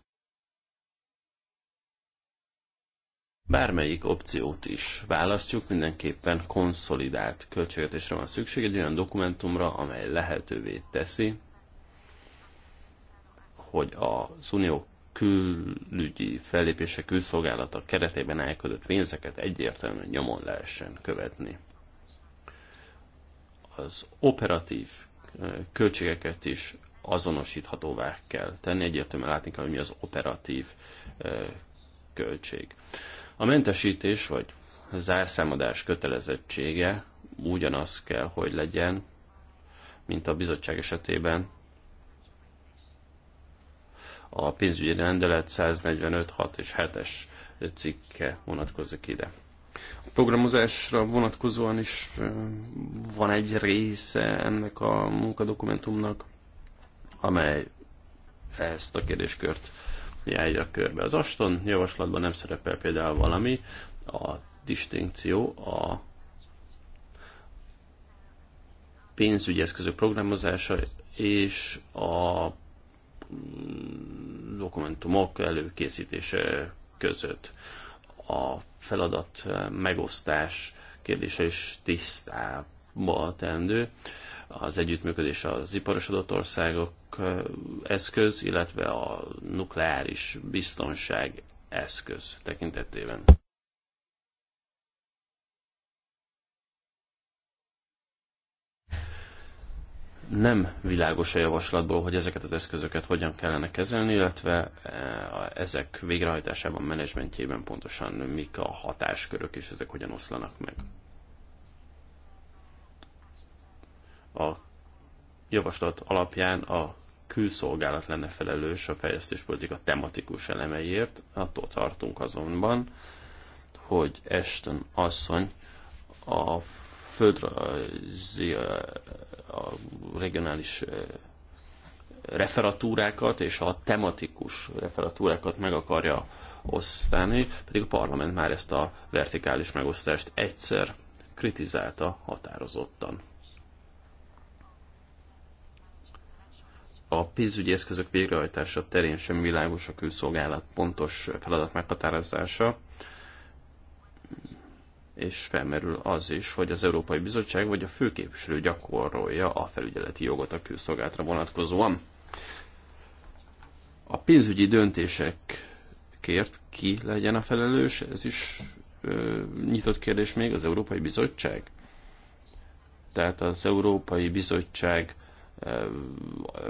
bármelyik opciót is választjuk, mindenképpen konszolidált költségvetésre van szükség, egy olyan dokumentumra, amely lehetővé teszi, hogy az unió külügyi fellépése külszolgálata keretében elködött pénzeket egyértelműen nyomon lehessen követni. Az operatív költségeket is azonosíthatóvá kell tenni, egyértelműen látni kell, hogy mi az operatív költség. A mentesítés vagy zárszámadás kötelezettsége ugyanaz kell, hogy legyen, mint a bizottság esetében a pénzügyi rendelet 145, 6 és 7-es cikke vonatkozik ide. A programozásra vonatkozóan is van egy része ennek a munkadokumentumnak, amely ezt a kérdéskört járja körbe. Az Aston javaslatban nem szerepel például valami, a distinkció a pénzügyi eszközök programozása és a mm, dokumentumok előkészítése között a feladat eh, megosztás kérdése is tisztába tendő. Az együttműködés az iparosodott országok eh, eszköz, illetve a nukleáris biztonság eszköz tekintetében. nem világos a javaslatból, hogy ezeket az eszközöket hogyan kellene kezelni, illetve eh, ezek végrehajtásában, menedzsmentjében pontosan mik a hatáskörök, és ezek hogyan oszlanak meg. A javaslat alapján a külszolgálat lenne felelős a fejlesztéspolitika tematikus elemeiért, attól tartunk azonban, hogy Eston asszony a földrajzi eh, a regionális referatúrákat és a tematikus referatúrákat meg akarja osztani, pedig a parlament már ezt a vertikális megosztást egyszer kritizálta határozottan. A pénzügyi eszközök végrehajtása terén sem világos a külszolgálat pontos feladat meghatározása, és felmerül az is, hogy az Európai Bizottság vagy a főképviselő gyakorolja a felügyeleti jogot a külszolgálatra vonatkozóan. A pénzügyi döntésekért ki legyen a felelős, ez is ö, nyitott kérdés még, az Európai Bizottság? Tehát az Európai Bizottság ö,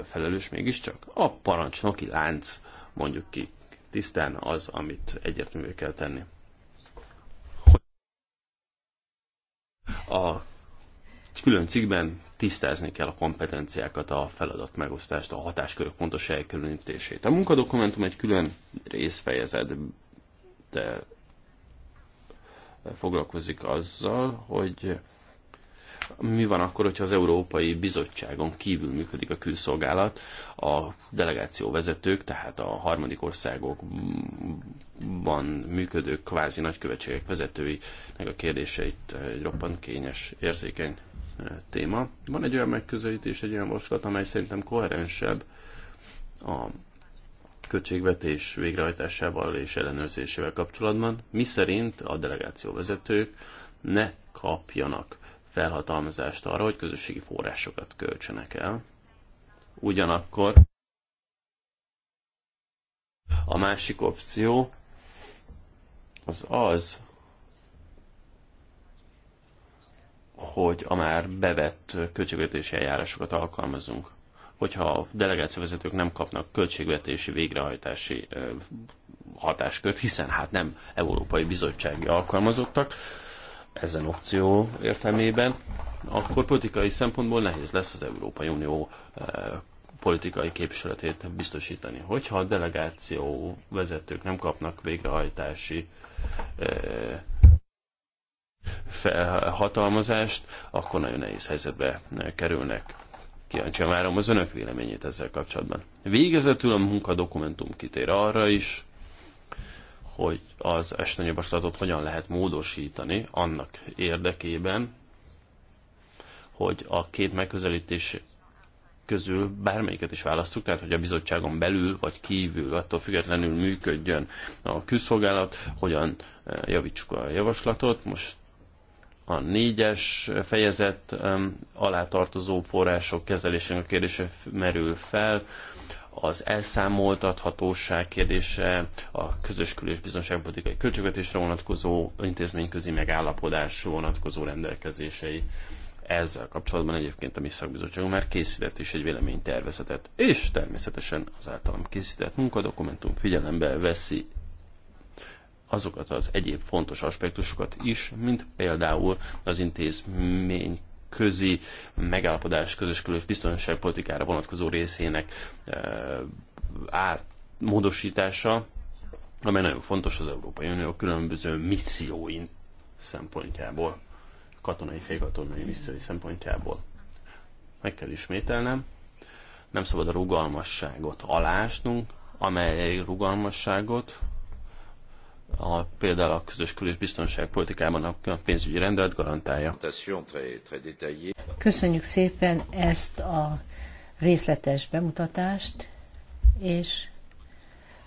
felelős mégiscsak? A parancsnoki lánc, mondjuk ki, tisztán az, amit egyértelművé kell tenni. A külön cikkben tisztázni kell a kompetenciákat, a feladat megosztást, a hatáskörök pontos elkülönítését. A munkadokumentum egy külön részfejezet de foglalkozik azzal, hogy mi van akkor, hogyha az Európai Bizottságon kívül működik a külszolgálat, a delegáció vezetők, tehát a harmadik országokban működő kvázi nagykövetségek vezetőinek a kérdéseit egy roppant kényes, érzékeny téma. Van egy olyan megközelítés, egy olyan vaslat, amely szerintem koherensebb a költségvetés végrehajtásával és ellenőrzésével kapcsolatban, miszerint a delegáció vezetők ne kapjanak felhatalmazást arra, hogy közösségi forrásokat költsenek el. Ugyanakkor a másik opció az az, hogy a már bevett költségvetési eljárásokat alkalmazunk. Hogyha a delegációvezetők nem kapnak költségvetési végrehajtási hatáskört, hiszen hát nem Európai Bizottsági alkalmazottak, ezen opció értelmében, akkor politikai szempontból nehéz lesz az Európai Unió eh, politikai képviseletét biztosítani. Hogyha a delegáció vezetők nem kapnak végrehajtási eh, hatalmazást, akkor nagyon nehéz helyzetbe eh, kerülnek. Kíváncsi várom az önök véleményét ezzel kapcsolatban. Végezetül a munkadokumentum kitér arra is, hogy az Eston javaslatot hogyan lehet módosítani annak érdekében, hogy a két megközelítés közül bármelyiket is választjuk, tehát hogy a bizottságon belül vagy kívül, attól függetlenül működjön a külszolgálat, hogyan eh, javítsuk a javaslatot. Most a négyes fejezet alá tartozó források kezelésének a kérdése merül fel az elszámoltathatóság kérdése, a közös kül- biztonságpolitikai költségvetésre vonatkozó intézményközi megállapodás vonatkozó rendelkezései. Ezzel kapcsolatban egyébként a mi szakbizottságunk már készített is egy véleménytervezetet, és természetesen az általam készített munkadokumentum figyelembe veszi azokat az egyéb fontos aspektusokat is, mint például az intézmény közi megállapodás közös külös biztonságpolitikára vonatkozó részének eh, átmódosítása, módosítása, amely nagyon fontos az Európai Unió különböző misszióin szempontjából, katonai, félkatonai missziói szempontjából. Meg kell ismételnem, nem szabad a rugalmasságot alásnunk, amely rugalmasságot a, például a közös külös biztonságpolitikában a pénzügyi rendelet garantálja. Köszönjük szépen ezt a részletes bemutatást, és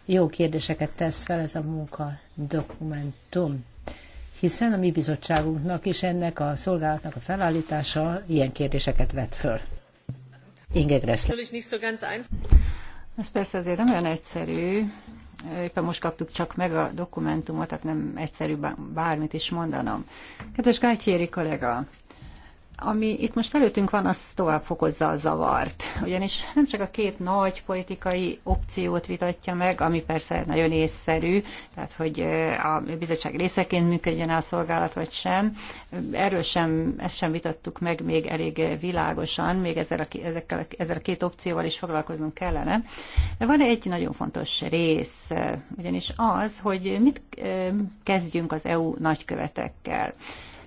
jó kérdéseket tesz fel ez a munka dokumentum, hiszen a mi bizottságunknak is ennek a szolgálatnak a felállítása ilyen kérdéseket vet föl. Inge Gressler. Ez persze azért nem olyan egyszerű, éppen most kaptuk csak meg a dokumentumot, tehát nem egyszerű bármit is mondanom. Kedves Gátyéri kollega, ami itt most előttünk van, az tovább fokozza a zavart. Ugyanis nem csak a két nagy politikai opciót vitatja meg, ami persze nagyon észszerű, tehát hogy a bizottság részeként működjön a szolgálat, vagy sem. Erről sem, ezt sem vitattuk meg még elég világosan, még ezzel a, ezekkel, ezzel a két opcióval is foglalkoznunk kellene. De van egy nagyon fontos rész, ugyanis az, hogy mit kezdjünk az EU nagykövetekkel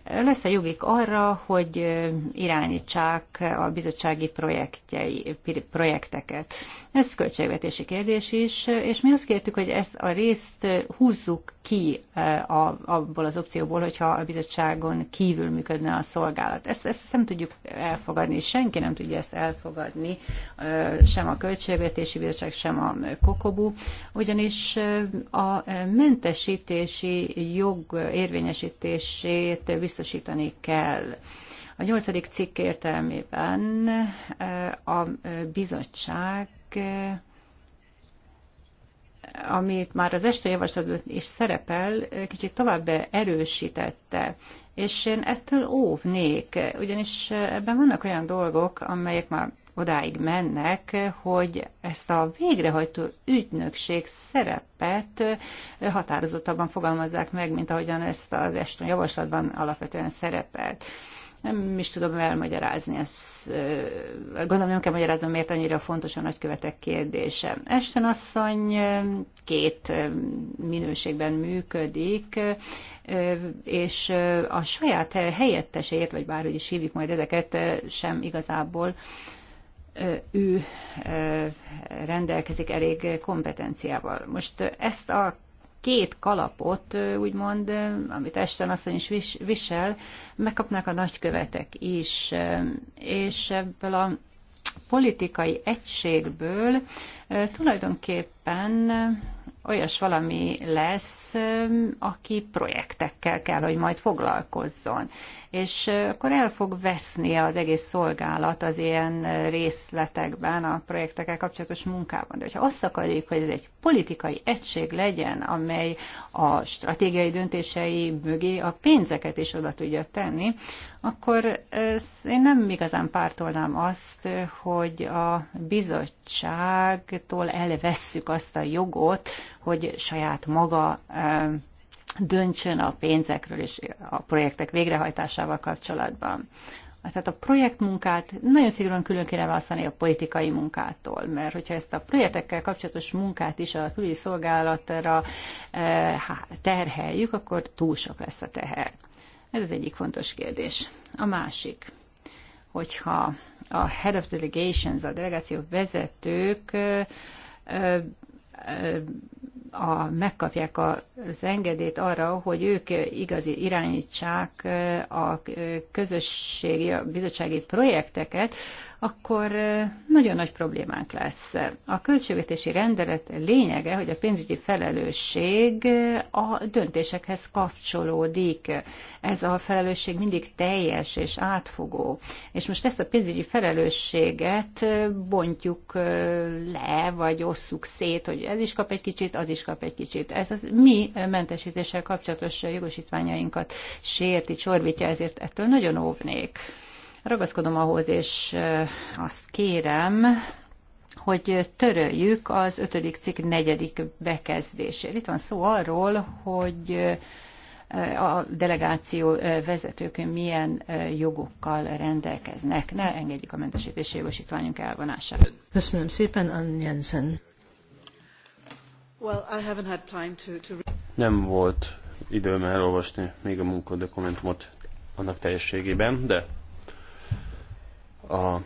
lesz-e jogik arra, hogy irányítsák a bizottsági projektjei, projekteket? Ez költségvetési kérdés is, és mi azt kértük, hogy ezt a részt húzzuk ki abból az opcióból, hogyha a bizottságon kívül működne a szolgálat. Ezt, ezt nem tudjuk elfogadni, senki nem tudja ezt elfogadni, sem a Költségvetési Bizottság, sem a kokobú. ugyanis a mentesítési jog érvényesítését biztos biztosítani kell. A nyolcadik cikk értelmében eh, a eh, bizottság eh, amit már az este javaslatban is szerepel, kicsit tovább erősítette. És én ettől óvnék, ugyanis ebben vannak olyan dolgok, amelyek már odáig mennek, hogy ezt a végrehajtó ügynökség szerepet határozottabban fogalmazzák meg, mint ahogyan ezt az Eston javaslatban alapvetően szerepelt nem is tudom elmagyarázni, ezt, gondolom nem kell magyaráznom, miért annyira fontos a nagykövetek kérdése. Esten asszony két minőségben működik, és a saját helyetteseért, vagy bárhogy is hívjuk majd ezeket, sem igazából ő rendelkezik elég kompetenciával. Most ezt a két kalapot, úgymond, amit Esten asszony is visel, megkapnak a nagykövetek is, és ebből a politikai egységből tulajdonképpen olyas valami lesz, aki projektekkel kell, hogy majd foglalkozzon és akkor el fog veszni az egész szolgálat az ilyen részletekben, a projektekkel kapcsolatos munkában. De ha azt akarjuk, hogy ez egy politikai egység legyen, amely a stratégiai döntései mögé a pénzeket is oda tudja tenni, akkor én nem igazán pártolnám azt, hogy a bizottságtól elvesszük azt a jogot, hogy saját maga döntsön a pénzekről és a projektek végrehajtásával kapcsolatban. Tehát a projektmunkát nagyon szigorúan külön kéne választani a politikai munkától, mert hogyha ezt a projektekkel kapcsolatos munkát is a külügyi szolgálatra eh, terheljük, akkor túl sok lesz a teher. Ez az egyik fontos kérdés. A másik, hogyha a head of delegations, a delegáció vezetők eh, eh, a, megkapják az engedélyt arra, hogy ők igazi irányítsák a közösségi, a bizottsági projekteket, akkor nagyon nagy problémánk lesz. A költségvetési rendelet lényege, hogy a pénzügyi felelősség a döntésekhez kapcsolódik. Ez a felelősség mindig teljes és átfogó. És most ezt a pénzügyi felelősséget bontjuk le, vagy osszuk szét, hogy ez is kap egy kicsit, az is kap egy kicsit. Ez az mi mentesítéssel kapcsolatos jogosítványainkat sérti, csorbítja, ezért ettől nagyon óvnék. Ragaszkodom ahhoz, és azt kérem, hogy töröljük az ötödik cikk negyedik bekezdését. Itt van szó arról, hogy a delegáció vezetők milyen jogokkal rendelkeznek. Ne engedjük a mentesítési jogosítványunk elvonását. Köszönöm szépen, Ann Jensen. Well, I haven't had time to, to... Nem volt időm elolvasni még a munkadokumentumot annak teljességében, de a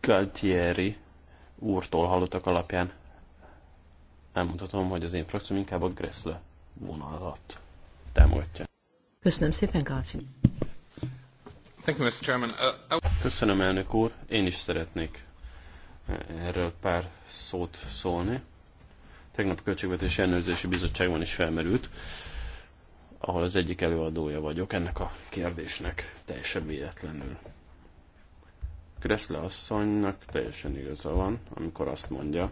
Galtieri úrtól hallottak alapján elmondhatom, hogy az én frakcióm inkább a Gressle vonalat támogatja. Köszönöm szépen, Galfin. Uh, Köszönöm, elnök úr. Én is szeretnék eh, erről pár szót szólni. Tegnap a Költségvetési Ellenőrzési Bizottságban is felmerült ahol az egyik előadója vagyok ennek a kérdésnek teljesen véletlenül. Kreszle asszonynak teljesen igaza van, amikor azt mondja,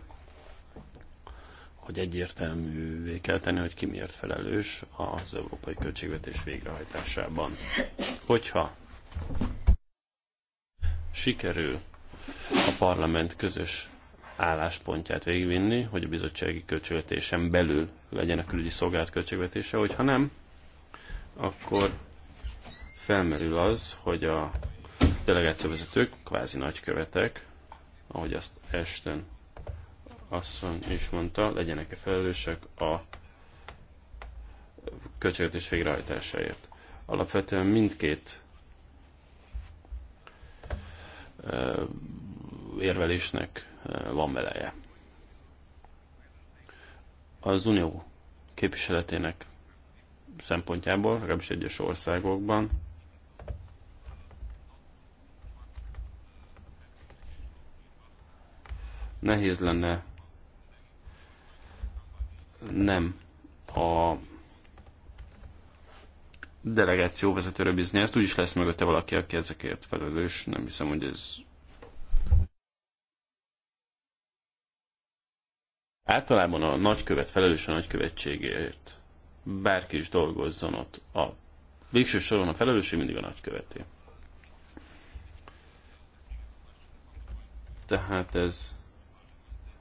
hogy egyértelművé kell tenni, hogy ki miért felelős az európai költségvetés végrehajtásában. Hogyha sikerül a parlament közös álláspontját végigvinni, hogy a bizottsági költségvetésen belül legyen a külügyi szolgált költségvetése, hogyha nem, akkor felmerül az, hogy a delegációvezetők, kvázi nagykövetek, ahogy azt Esten asszony is mondta, legyenek-e felelősek a költségvetés végrehajtásáért. Alapvetően mindkét érvelésnek van beleje. Az unió képviseletének szempontjából, legalábbis egyes országokban. Nehéz lenne nem a delegáció vezetőre bízni, ezt úgyis lesz te valaki, aki ezekért felelős, nem hiszem, hogy ez Általában a nagykövet felelős a nagykövetségért bárki is dolgozzon ott. A végső soron a felelősség mindig a nagyköveté. Tehát ez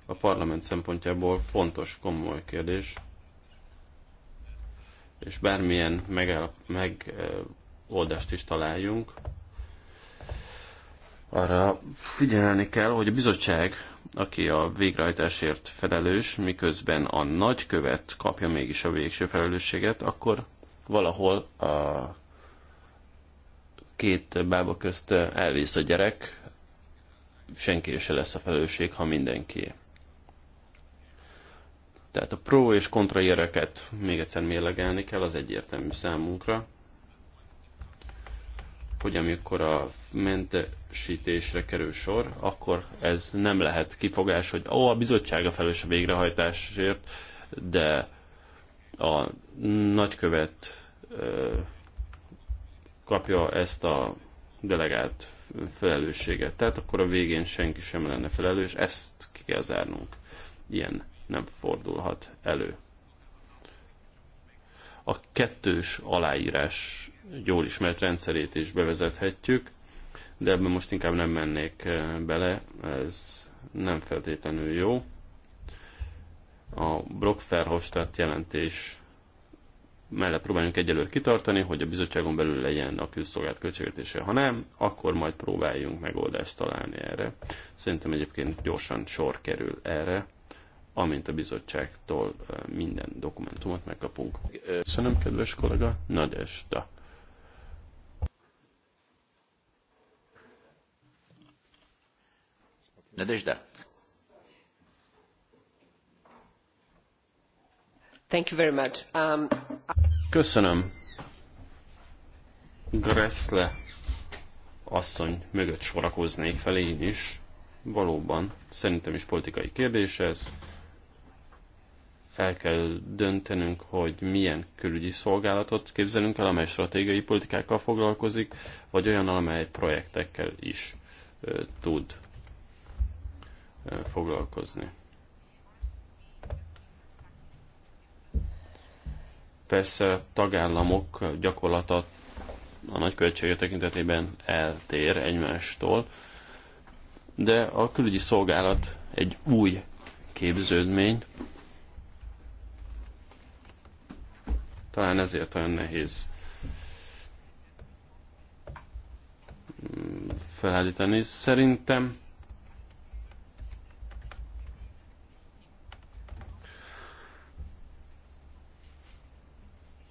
a parlament szempontjából fontos, komoly kérdés, és bármilyen megoldást meg, is találjunk, arra figyelni kell, hogy a bizottság aki a végrehajtásért felelős, miközben a nagykövet kapja mégis a végső felelősséget, akkor valahol a két bába közt elvész a gyerek, senki se lesz a felelősség, ha mindenki. Tehát a pro és kontra éreket még egyszer mérlegelni kell, az egyértelmű számunkra hogy amikor a mentesítésre kerül sor, akkor ez nem lehet kifogás, hogy ó, a bizottsága felelős a végrehajtásért, de a nagykövet ö, kapja ezt a delegált felelősséget. Tehát akkor a végén senki sem lenne felelős, ezt ki kell zárnunk. Ilyen nem fordulhat elő. A kettős aláírás jól ismert rendszerét is bevezethetjük, de ebben most inkább nem mennék eh, bele, ez nem feltétlenül jó. A Brock-Verhofstadt jelentés mellett próbáljunk egyelőre kitartani, hogy a bizottságon belül legyen a külszolgált költségvetése. Ha nem, akkor majd próbáljunk megoldást találni erre. Szerintem egyébként gyorsan sor kerül erre, amint a bizottságtól eh, minden dokumentumot megkapunk. Köszönöm, kedves kollega, Nadesda Nadezhda. Thank you very much. Um... Köszönöm. Gressle asszony mögött sorakoznék fel én is. Valóban, szerintem is politikai kérdés ez. El kell döntenünk, hogy milyen külügyi szolgálatot képzelünk el, amely stratégiai politikákkal foglalkozik, vagy olyan, amely projektekkel is ö, tud foglalkozni. Persze tagállamok gyakorlata a nagykövetségek tekintetében eltér egymástól, de a külügyi szolgálat egy új képződmény, talán ezért olyan nehéz mm, felállítani. Szerintem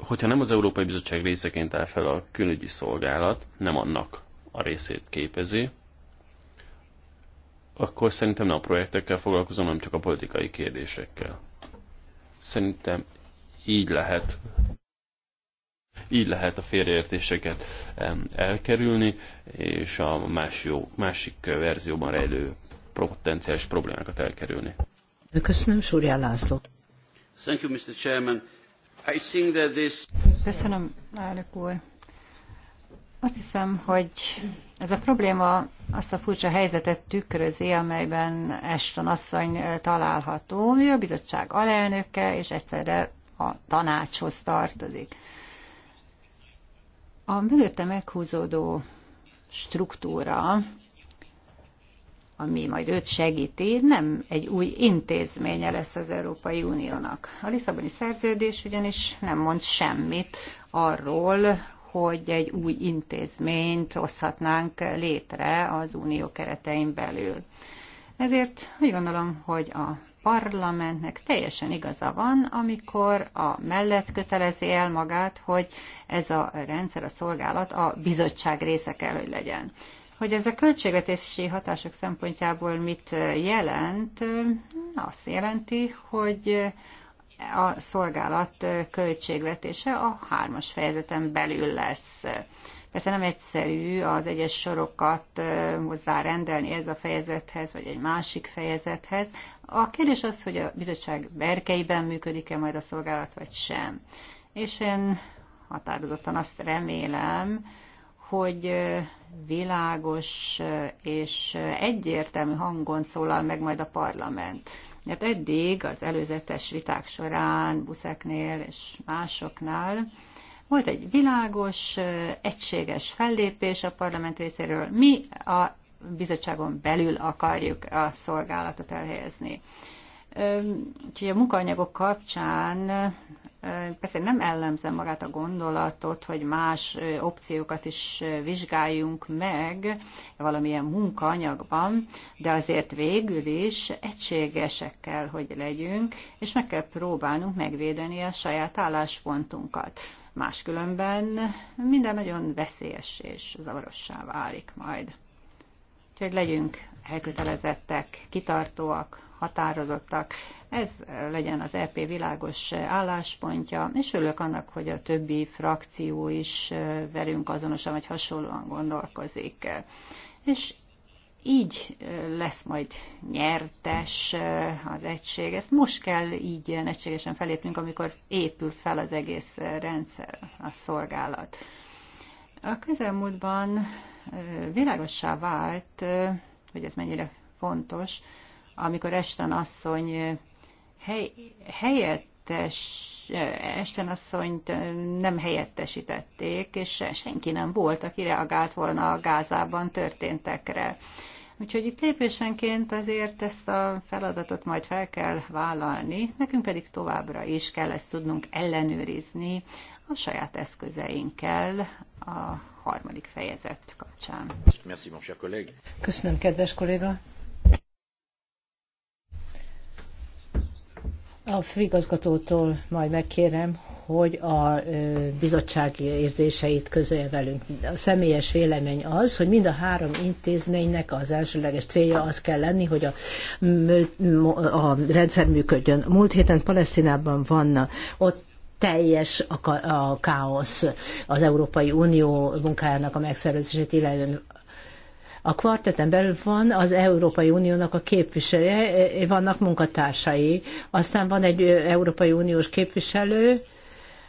hogyha nem az Európai Bizottság részeként áll fel a külügyi szolgálat, nem annak a részét képezi, akkor szerintem nem a projektekkel foglalkozom, hanem csak a politikai kérdésekkel. Szerintem így lehet így lehet a félreértéseket elkerülni, és a más jó, másik verzióban rejlő potenciális problémákat elkerülni. Köszönöm, Súrján László. Thank you, Mr. Chairman. Köszönöm, elnök úr. Azt hiszem, hogy ez a probléma azt a furcsa helyzetet tükrözi, amelyben Ashton asszony található. Ő a bizottság alelnöke, és egyszerre a tanácshoz tartozik. A mögötte meghúzódó struktúra ami majd őt segíti, nem egy új intézménye lesz az Európai Uniónak. A Lisszaboni szerződés ugyanis nem mond semmit arról, hogy egy új intézményt hozhatnánk létre az unió keretein belül. Ezért úgy gondolom, hogy a parlamentnek teljesen igaza van, amikor a mellett kötelezi el magát, hogy ez a rendszer, a szolgálat a bizottság része kell, hogy legyen. Hogy ez a költségvetési hatások szempontjából mit jelent, azt jelenti, hogy a szolgálat költségvetése a hármas fejezeten belül lesz. Persze nem egyszerű az egyes sorokat hozzárendelni ez a fejezethez, vagy egy másik fejezethez. A kérdés az, hogy a bizottság berkeiben működik-e majd a szolgálat, vagy sem. És én határozottan azt remélem, hogy világos és egyértelmű hangon szólal meg majd a parlament. Mert eddig az előzetes viták során, buszeknél és másoknál volt egy világos, egységes fellépés a parlament részéről. Mi a bizottságon belül akarjuk a szolgálatot elhelyezni. Úgyhogy a munkanyagok kapcsán Persze nem ellenzem magát a gondolatot, hogy más opciókat is vizsgáljunk meg valamilyen munkaanyagban, de azért végül is egységesek kell, hogy legyünk, és meg kell próbálnunk megvédeni a saját álláspontunkat. Máskülönben minden nagyon veszélyes és zavarossá válik majd. Úgyhogy legyünk elkötelezettek, kitartóak, határozottak, ez legyen az EP világos álláspontja, és örülök annak, hogy a többi frakció is velünk azonosan vagy hasonlóan gondolkozik. És így lesz majd nyertes az egység. Ezt most kell így egységesen felépnünk, amikor épül fel az egész rendszer, a szolgálat. A közelmúltban világossá vált, hogy ez mennyire fontos, amikor Esten asszony hely, helyettes Esten eh, asszonyt eh, nem helyettesítették, és senki nem volt, aki reagált volna a Gázában történtekre. Úgyhogy itt lépésenként azért ezt a feladatot majd fel kell vállalni, nekünk pedig továbbra is kell ezt tudnunk ellenőrizni a saját eszközeinkkel a harmadik fejezet kapcsán. Köszönöm, kedves kolléga! A főigazgatótól majd megkérem, hogy a bizottság érzéseit közölje velünk. A személyes vélemény az, hogy mind a három intézménynek az elsőleges célja az kell lenni, hogy a, a rendszer működjön. Múlt héten Palesztinában vannak, ott teljes a, a káosz az Európai Unió munkájának a megszervezését illetően a kvarteten belül van az Európai Uniónak a képviselője, eh, vannak munkatársai. Aztán van egy eh, Európai Uniós képviselő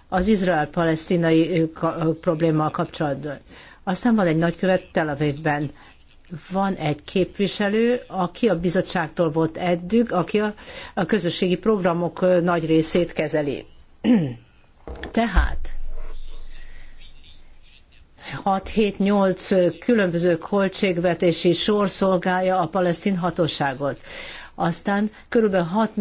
az izrael-palesztinai eh, problémával kapcsolatban. Aztán van egy nagykövet Tel Avivben van egy képviselő, aki a bizottságtól volt eddig, aki a, a közösségi programok nagy részét kezeli. Tehát 6-7-8 különböző költségvetési sor szolgálja a palesztin hatóságot. Aztán körülbelül hat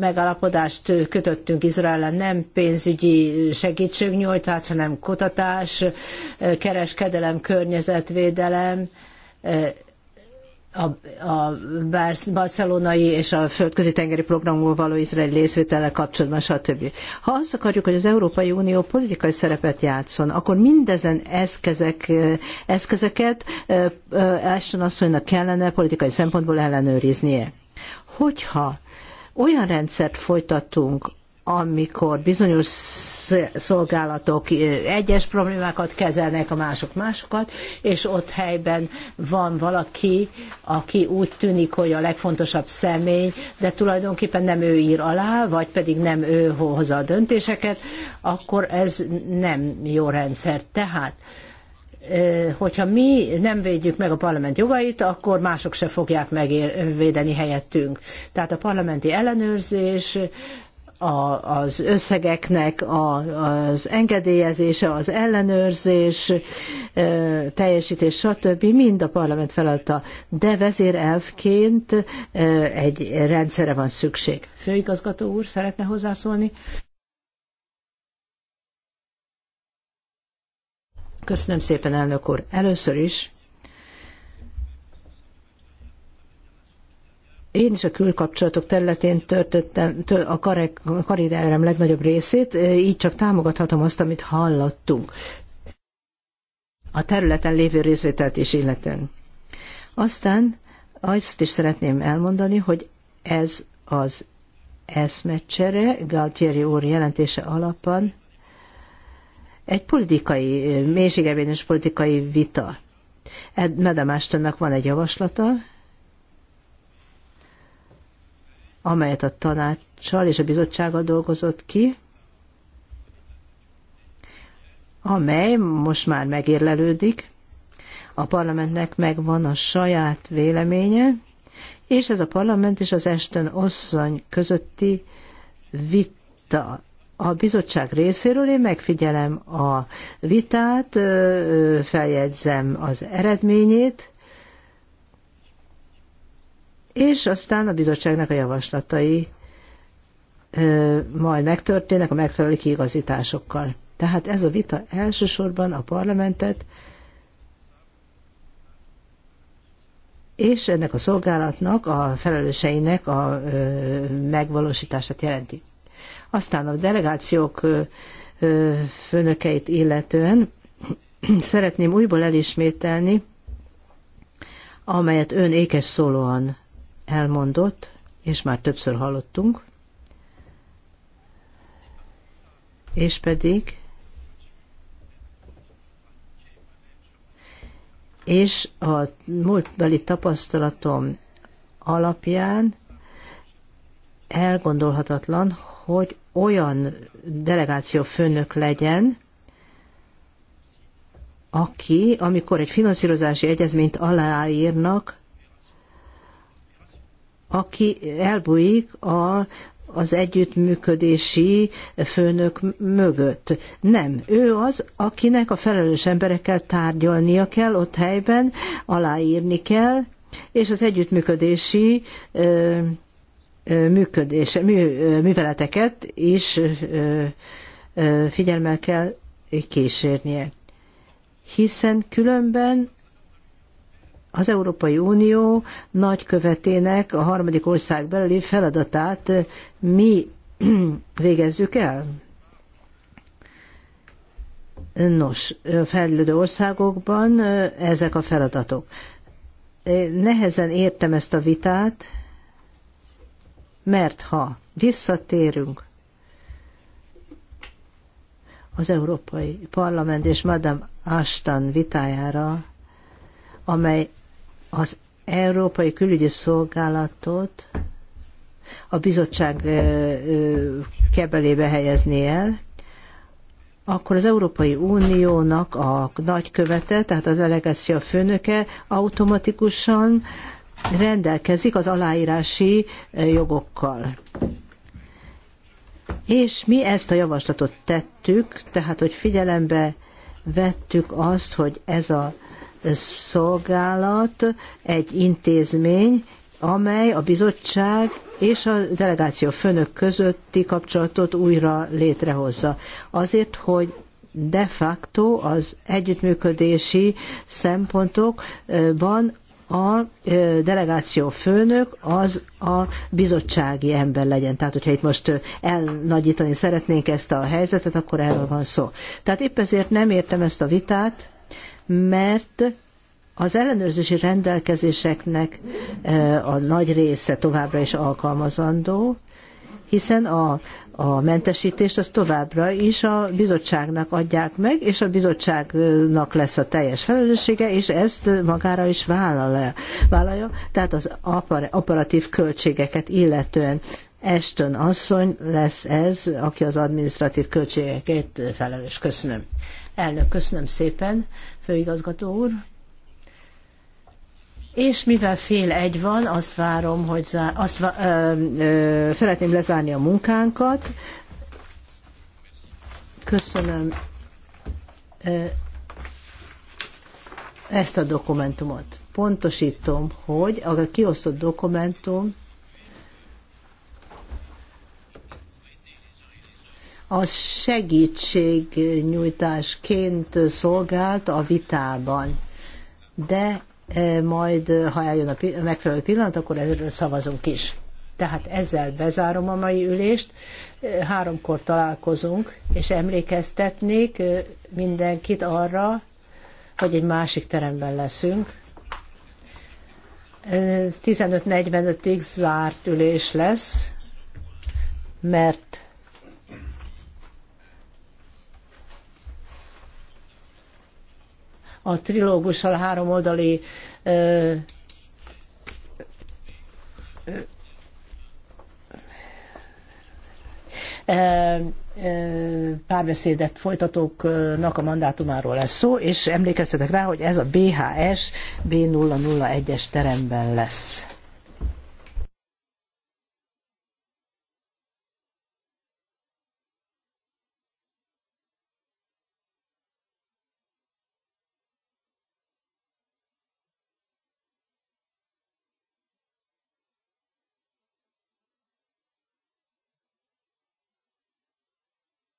megállapodást kötöttünk Izrael nem pénzügyi segítségnyújtás, hanem kutatás, kereskedelem, környezetvédelem, a, a barcelonai és a földközi tengeri programból való izraeli részvétele kapcsolatban, stb. Ha azt akarjuk, hogy az Európai Unió politikai szerepet játszon, akkor mindezen eszközek, eszközeket Ashton asszonynak kellene politikai szempontból ellenőriznie. Hogyha olyan rendszert folytatunk, amikor bizonyos szolgálatok egyes problémákat kezelnek, a mások másokat, és ott helyben van valaki, aki úgy tűnik, hogy a legfontosabb személy, de tulajdonképpen nem ő ír alá, vagy pedig nem ő hozza a döntéseket, akkor ez nem jó rendszer. Tehát hogyha mi nem védjük meg a parlament jogait, akkor mások se fogják megvédeni helyettünk. Tehát a parlamenti ellenőrzés a, az összegeknek a, az engedélyezése, az ellenőrzés, teljesítés, stb. mind a parlament feladata, de vezérelvként egy rendszere van szükség. Főigazgató úr, szeretne hozzászólni? Köszönöm szépen, elnök úr. Először is Én is a külkapcsolatok területén törtöttem a karrierem legnagyobb részét, e, így csak támogathatom azt, amit hallottunk. A területen lévő részvételt is illetően. Aztán azt is szeretném elmondani, hogy ez az eszmecsere, Galtieri úr jelentése alapban egy politikai, mélységevényes politikai vita. Ed Madame van egy javaslata, amelyet a tanácssal és a bizottsággal dolgozott ki, amely most már megérlelődik, a parlamentnek megvan a saját véleménye, és ez a parlament és az Esten osszony közötti vita. A bizottság részéről én megfigyelem a vitát, feljegyzem az eredményét, és aztán a bizottságnak a javaslatai majd megtörténnek a megfelelő kiigazításokkal. Tehát ez a vita elsősorban a parlamentet és ennek a szolgálatnak, a felelőseinek a megvalósítását jelenti. Aztán a delegációk főnökeit illetően szeretném újból elismételni, amelyet ön ékes szólóan elmondott, és már többször hallottunk, és pedig és a múltbeli tapasztalatom alapján elgondolhatatlan, hogy olyan delegáció főnök legyen, aki, amikor egy finanszírozási egyezményt aláírnak, aki elbújik a, az együttműködési főnök mögött. Nem, ő az, akinek a felelős emberekkel tárgyalnia kell ott helyben, aláírni kell, és az együttműködési ö, ö, működése, mű, ö, műveleteket is ö, ö, figyelmel kell kísérnie. Hiszen különben az Európai Unió nagykövetének a harmadik ország belüli feladatát mi végezzük el? Nos, fejlődő országokban ezek a feladatok. Nehezen értem ezt a vitát, mert ha visszatérünk az Európai Parlament és Madame Ashton vitájára, amely az Európai Külügyi Szolgálatot a bizottság kebelébe helyezni el, akkor az Európai Uniónak a nagykövete, tehát az delegáció főnöke automatikusan rendelkezik az aláírási jogokkal. És mi ezt a javaslatot tettük, tehát hogy figyelembe vettük azt, hogy ez a szolgálat egy intézmény, amely a bizottság és a delegáció főnök közötti kapcsolatot újra létrehozza. Azért, hogy de facto az együttműködési szempontokban a delegáció főnök az a bizottsági ember legyen. Tehát, hogyha itt most elnagyítani szeretnénk ezt a helyzetet, akkor erről van szó. Tehát épp ezért nem értem ezt a vitát, mert az ellenőrzési rendelkezéseknek e, a nagy része továbbra is alkalmazandó, hiszen a, a mentesítést az továbbra is a bizottságnak adják meg, és a bizottságnak lesz a teljes felelőssége, és ezt magára is vállalja, vállalja tehát az operatív költségeket illetően. Eston asszony lesz ez, aki az administratív költségekért felelős. Köszönöm. Elnök, köszönöm szépen főigazgató úr. És mivel fél egy van, azt várom, hogy zár, azt, ö, ö, szeretném lezárni a munkánkat. Köszönöm ö, ezt a dokumentumot. Pontosítom, hogy a kiosztott dokumentum az segítségnyújtásként szolgált a vitában. De e, majd, ha eljön a megfelelő pillanat, akkor erről szavazunk is. Tehát ezzel bezárom a mai ülést. E, háromkor találkozunk, és emlékeztetnék e, mindenkit arra, hogy egy másik teremben leszünk. 15.45-ig zárt ülés lesz, mert a trilógussal három oldali ö, párbeszédet folytatóknak a mandátumáról lesz szó, és emlékeztetek rá, hogy ez a BHS B001-es teremben lesz.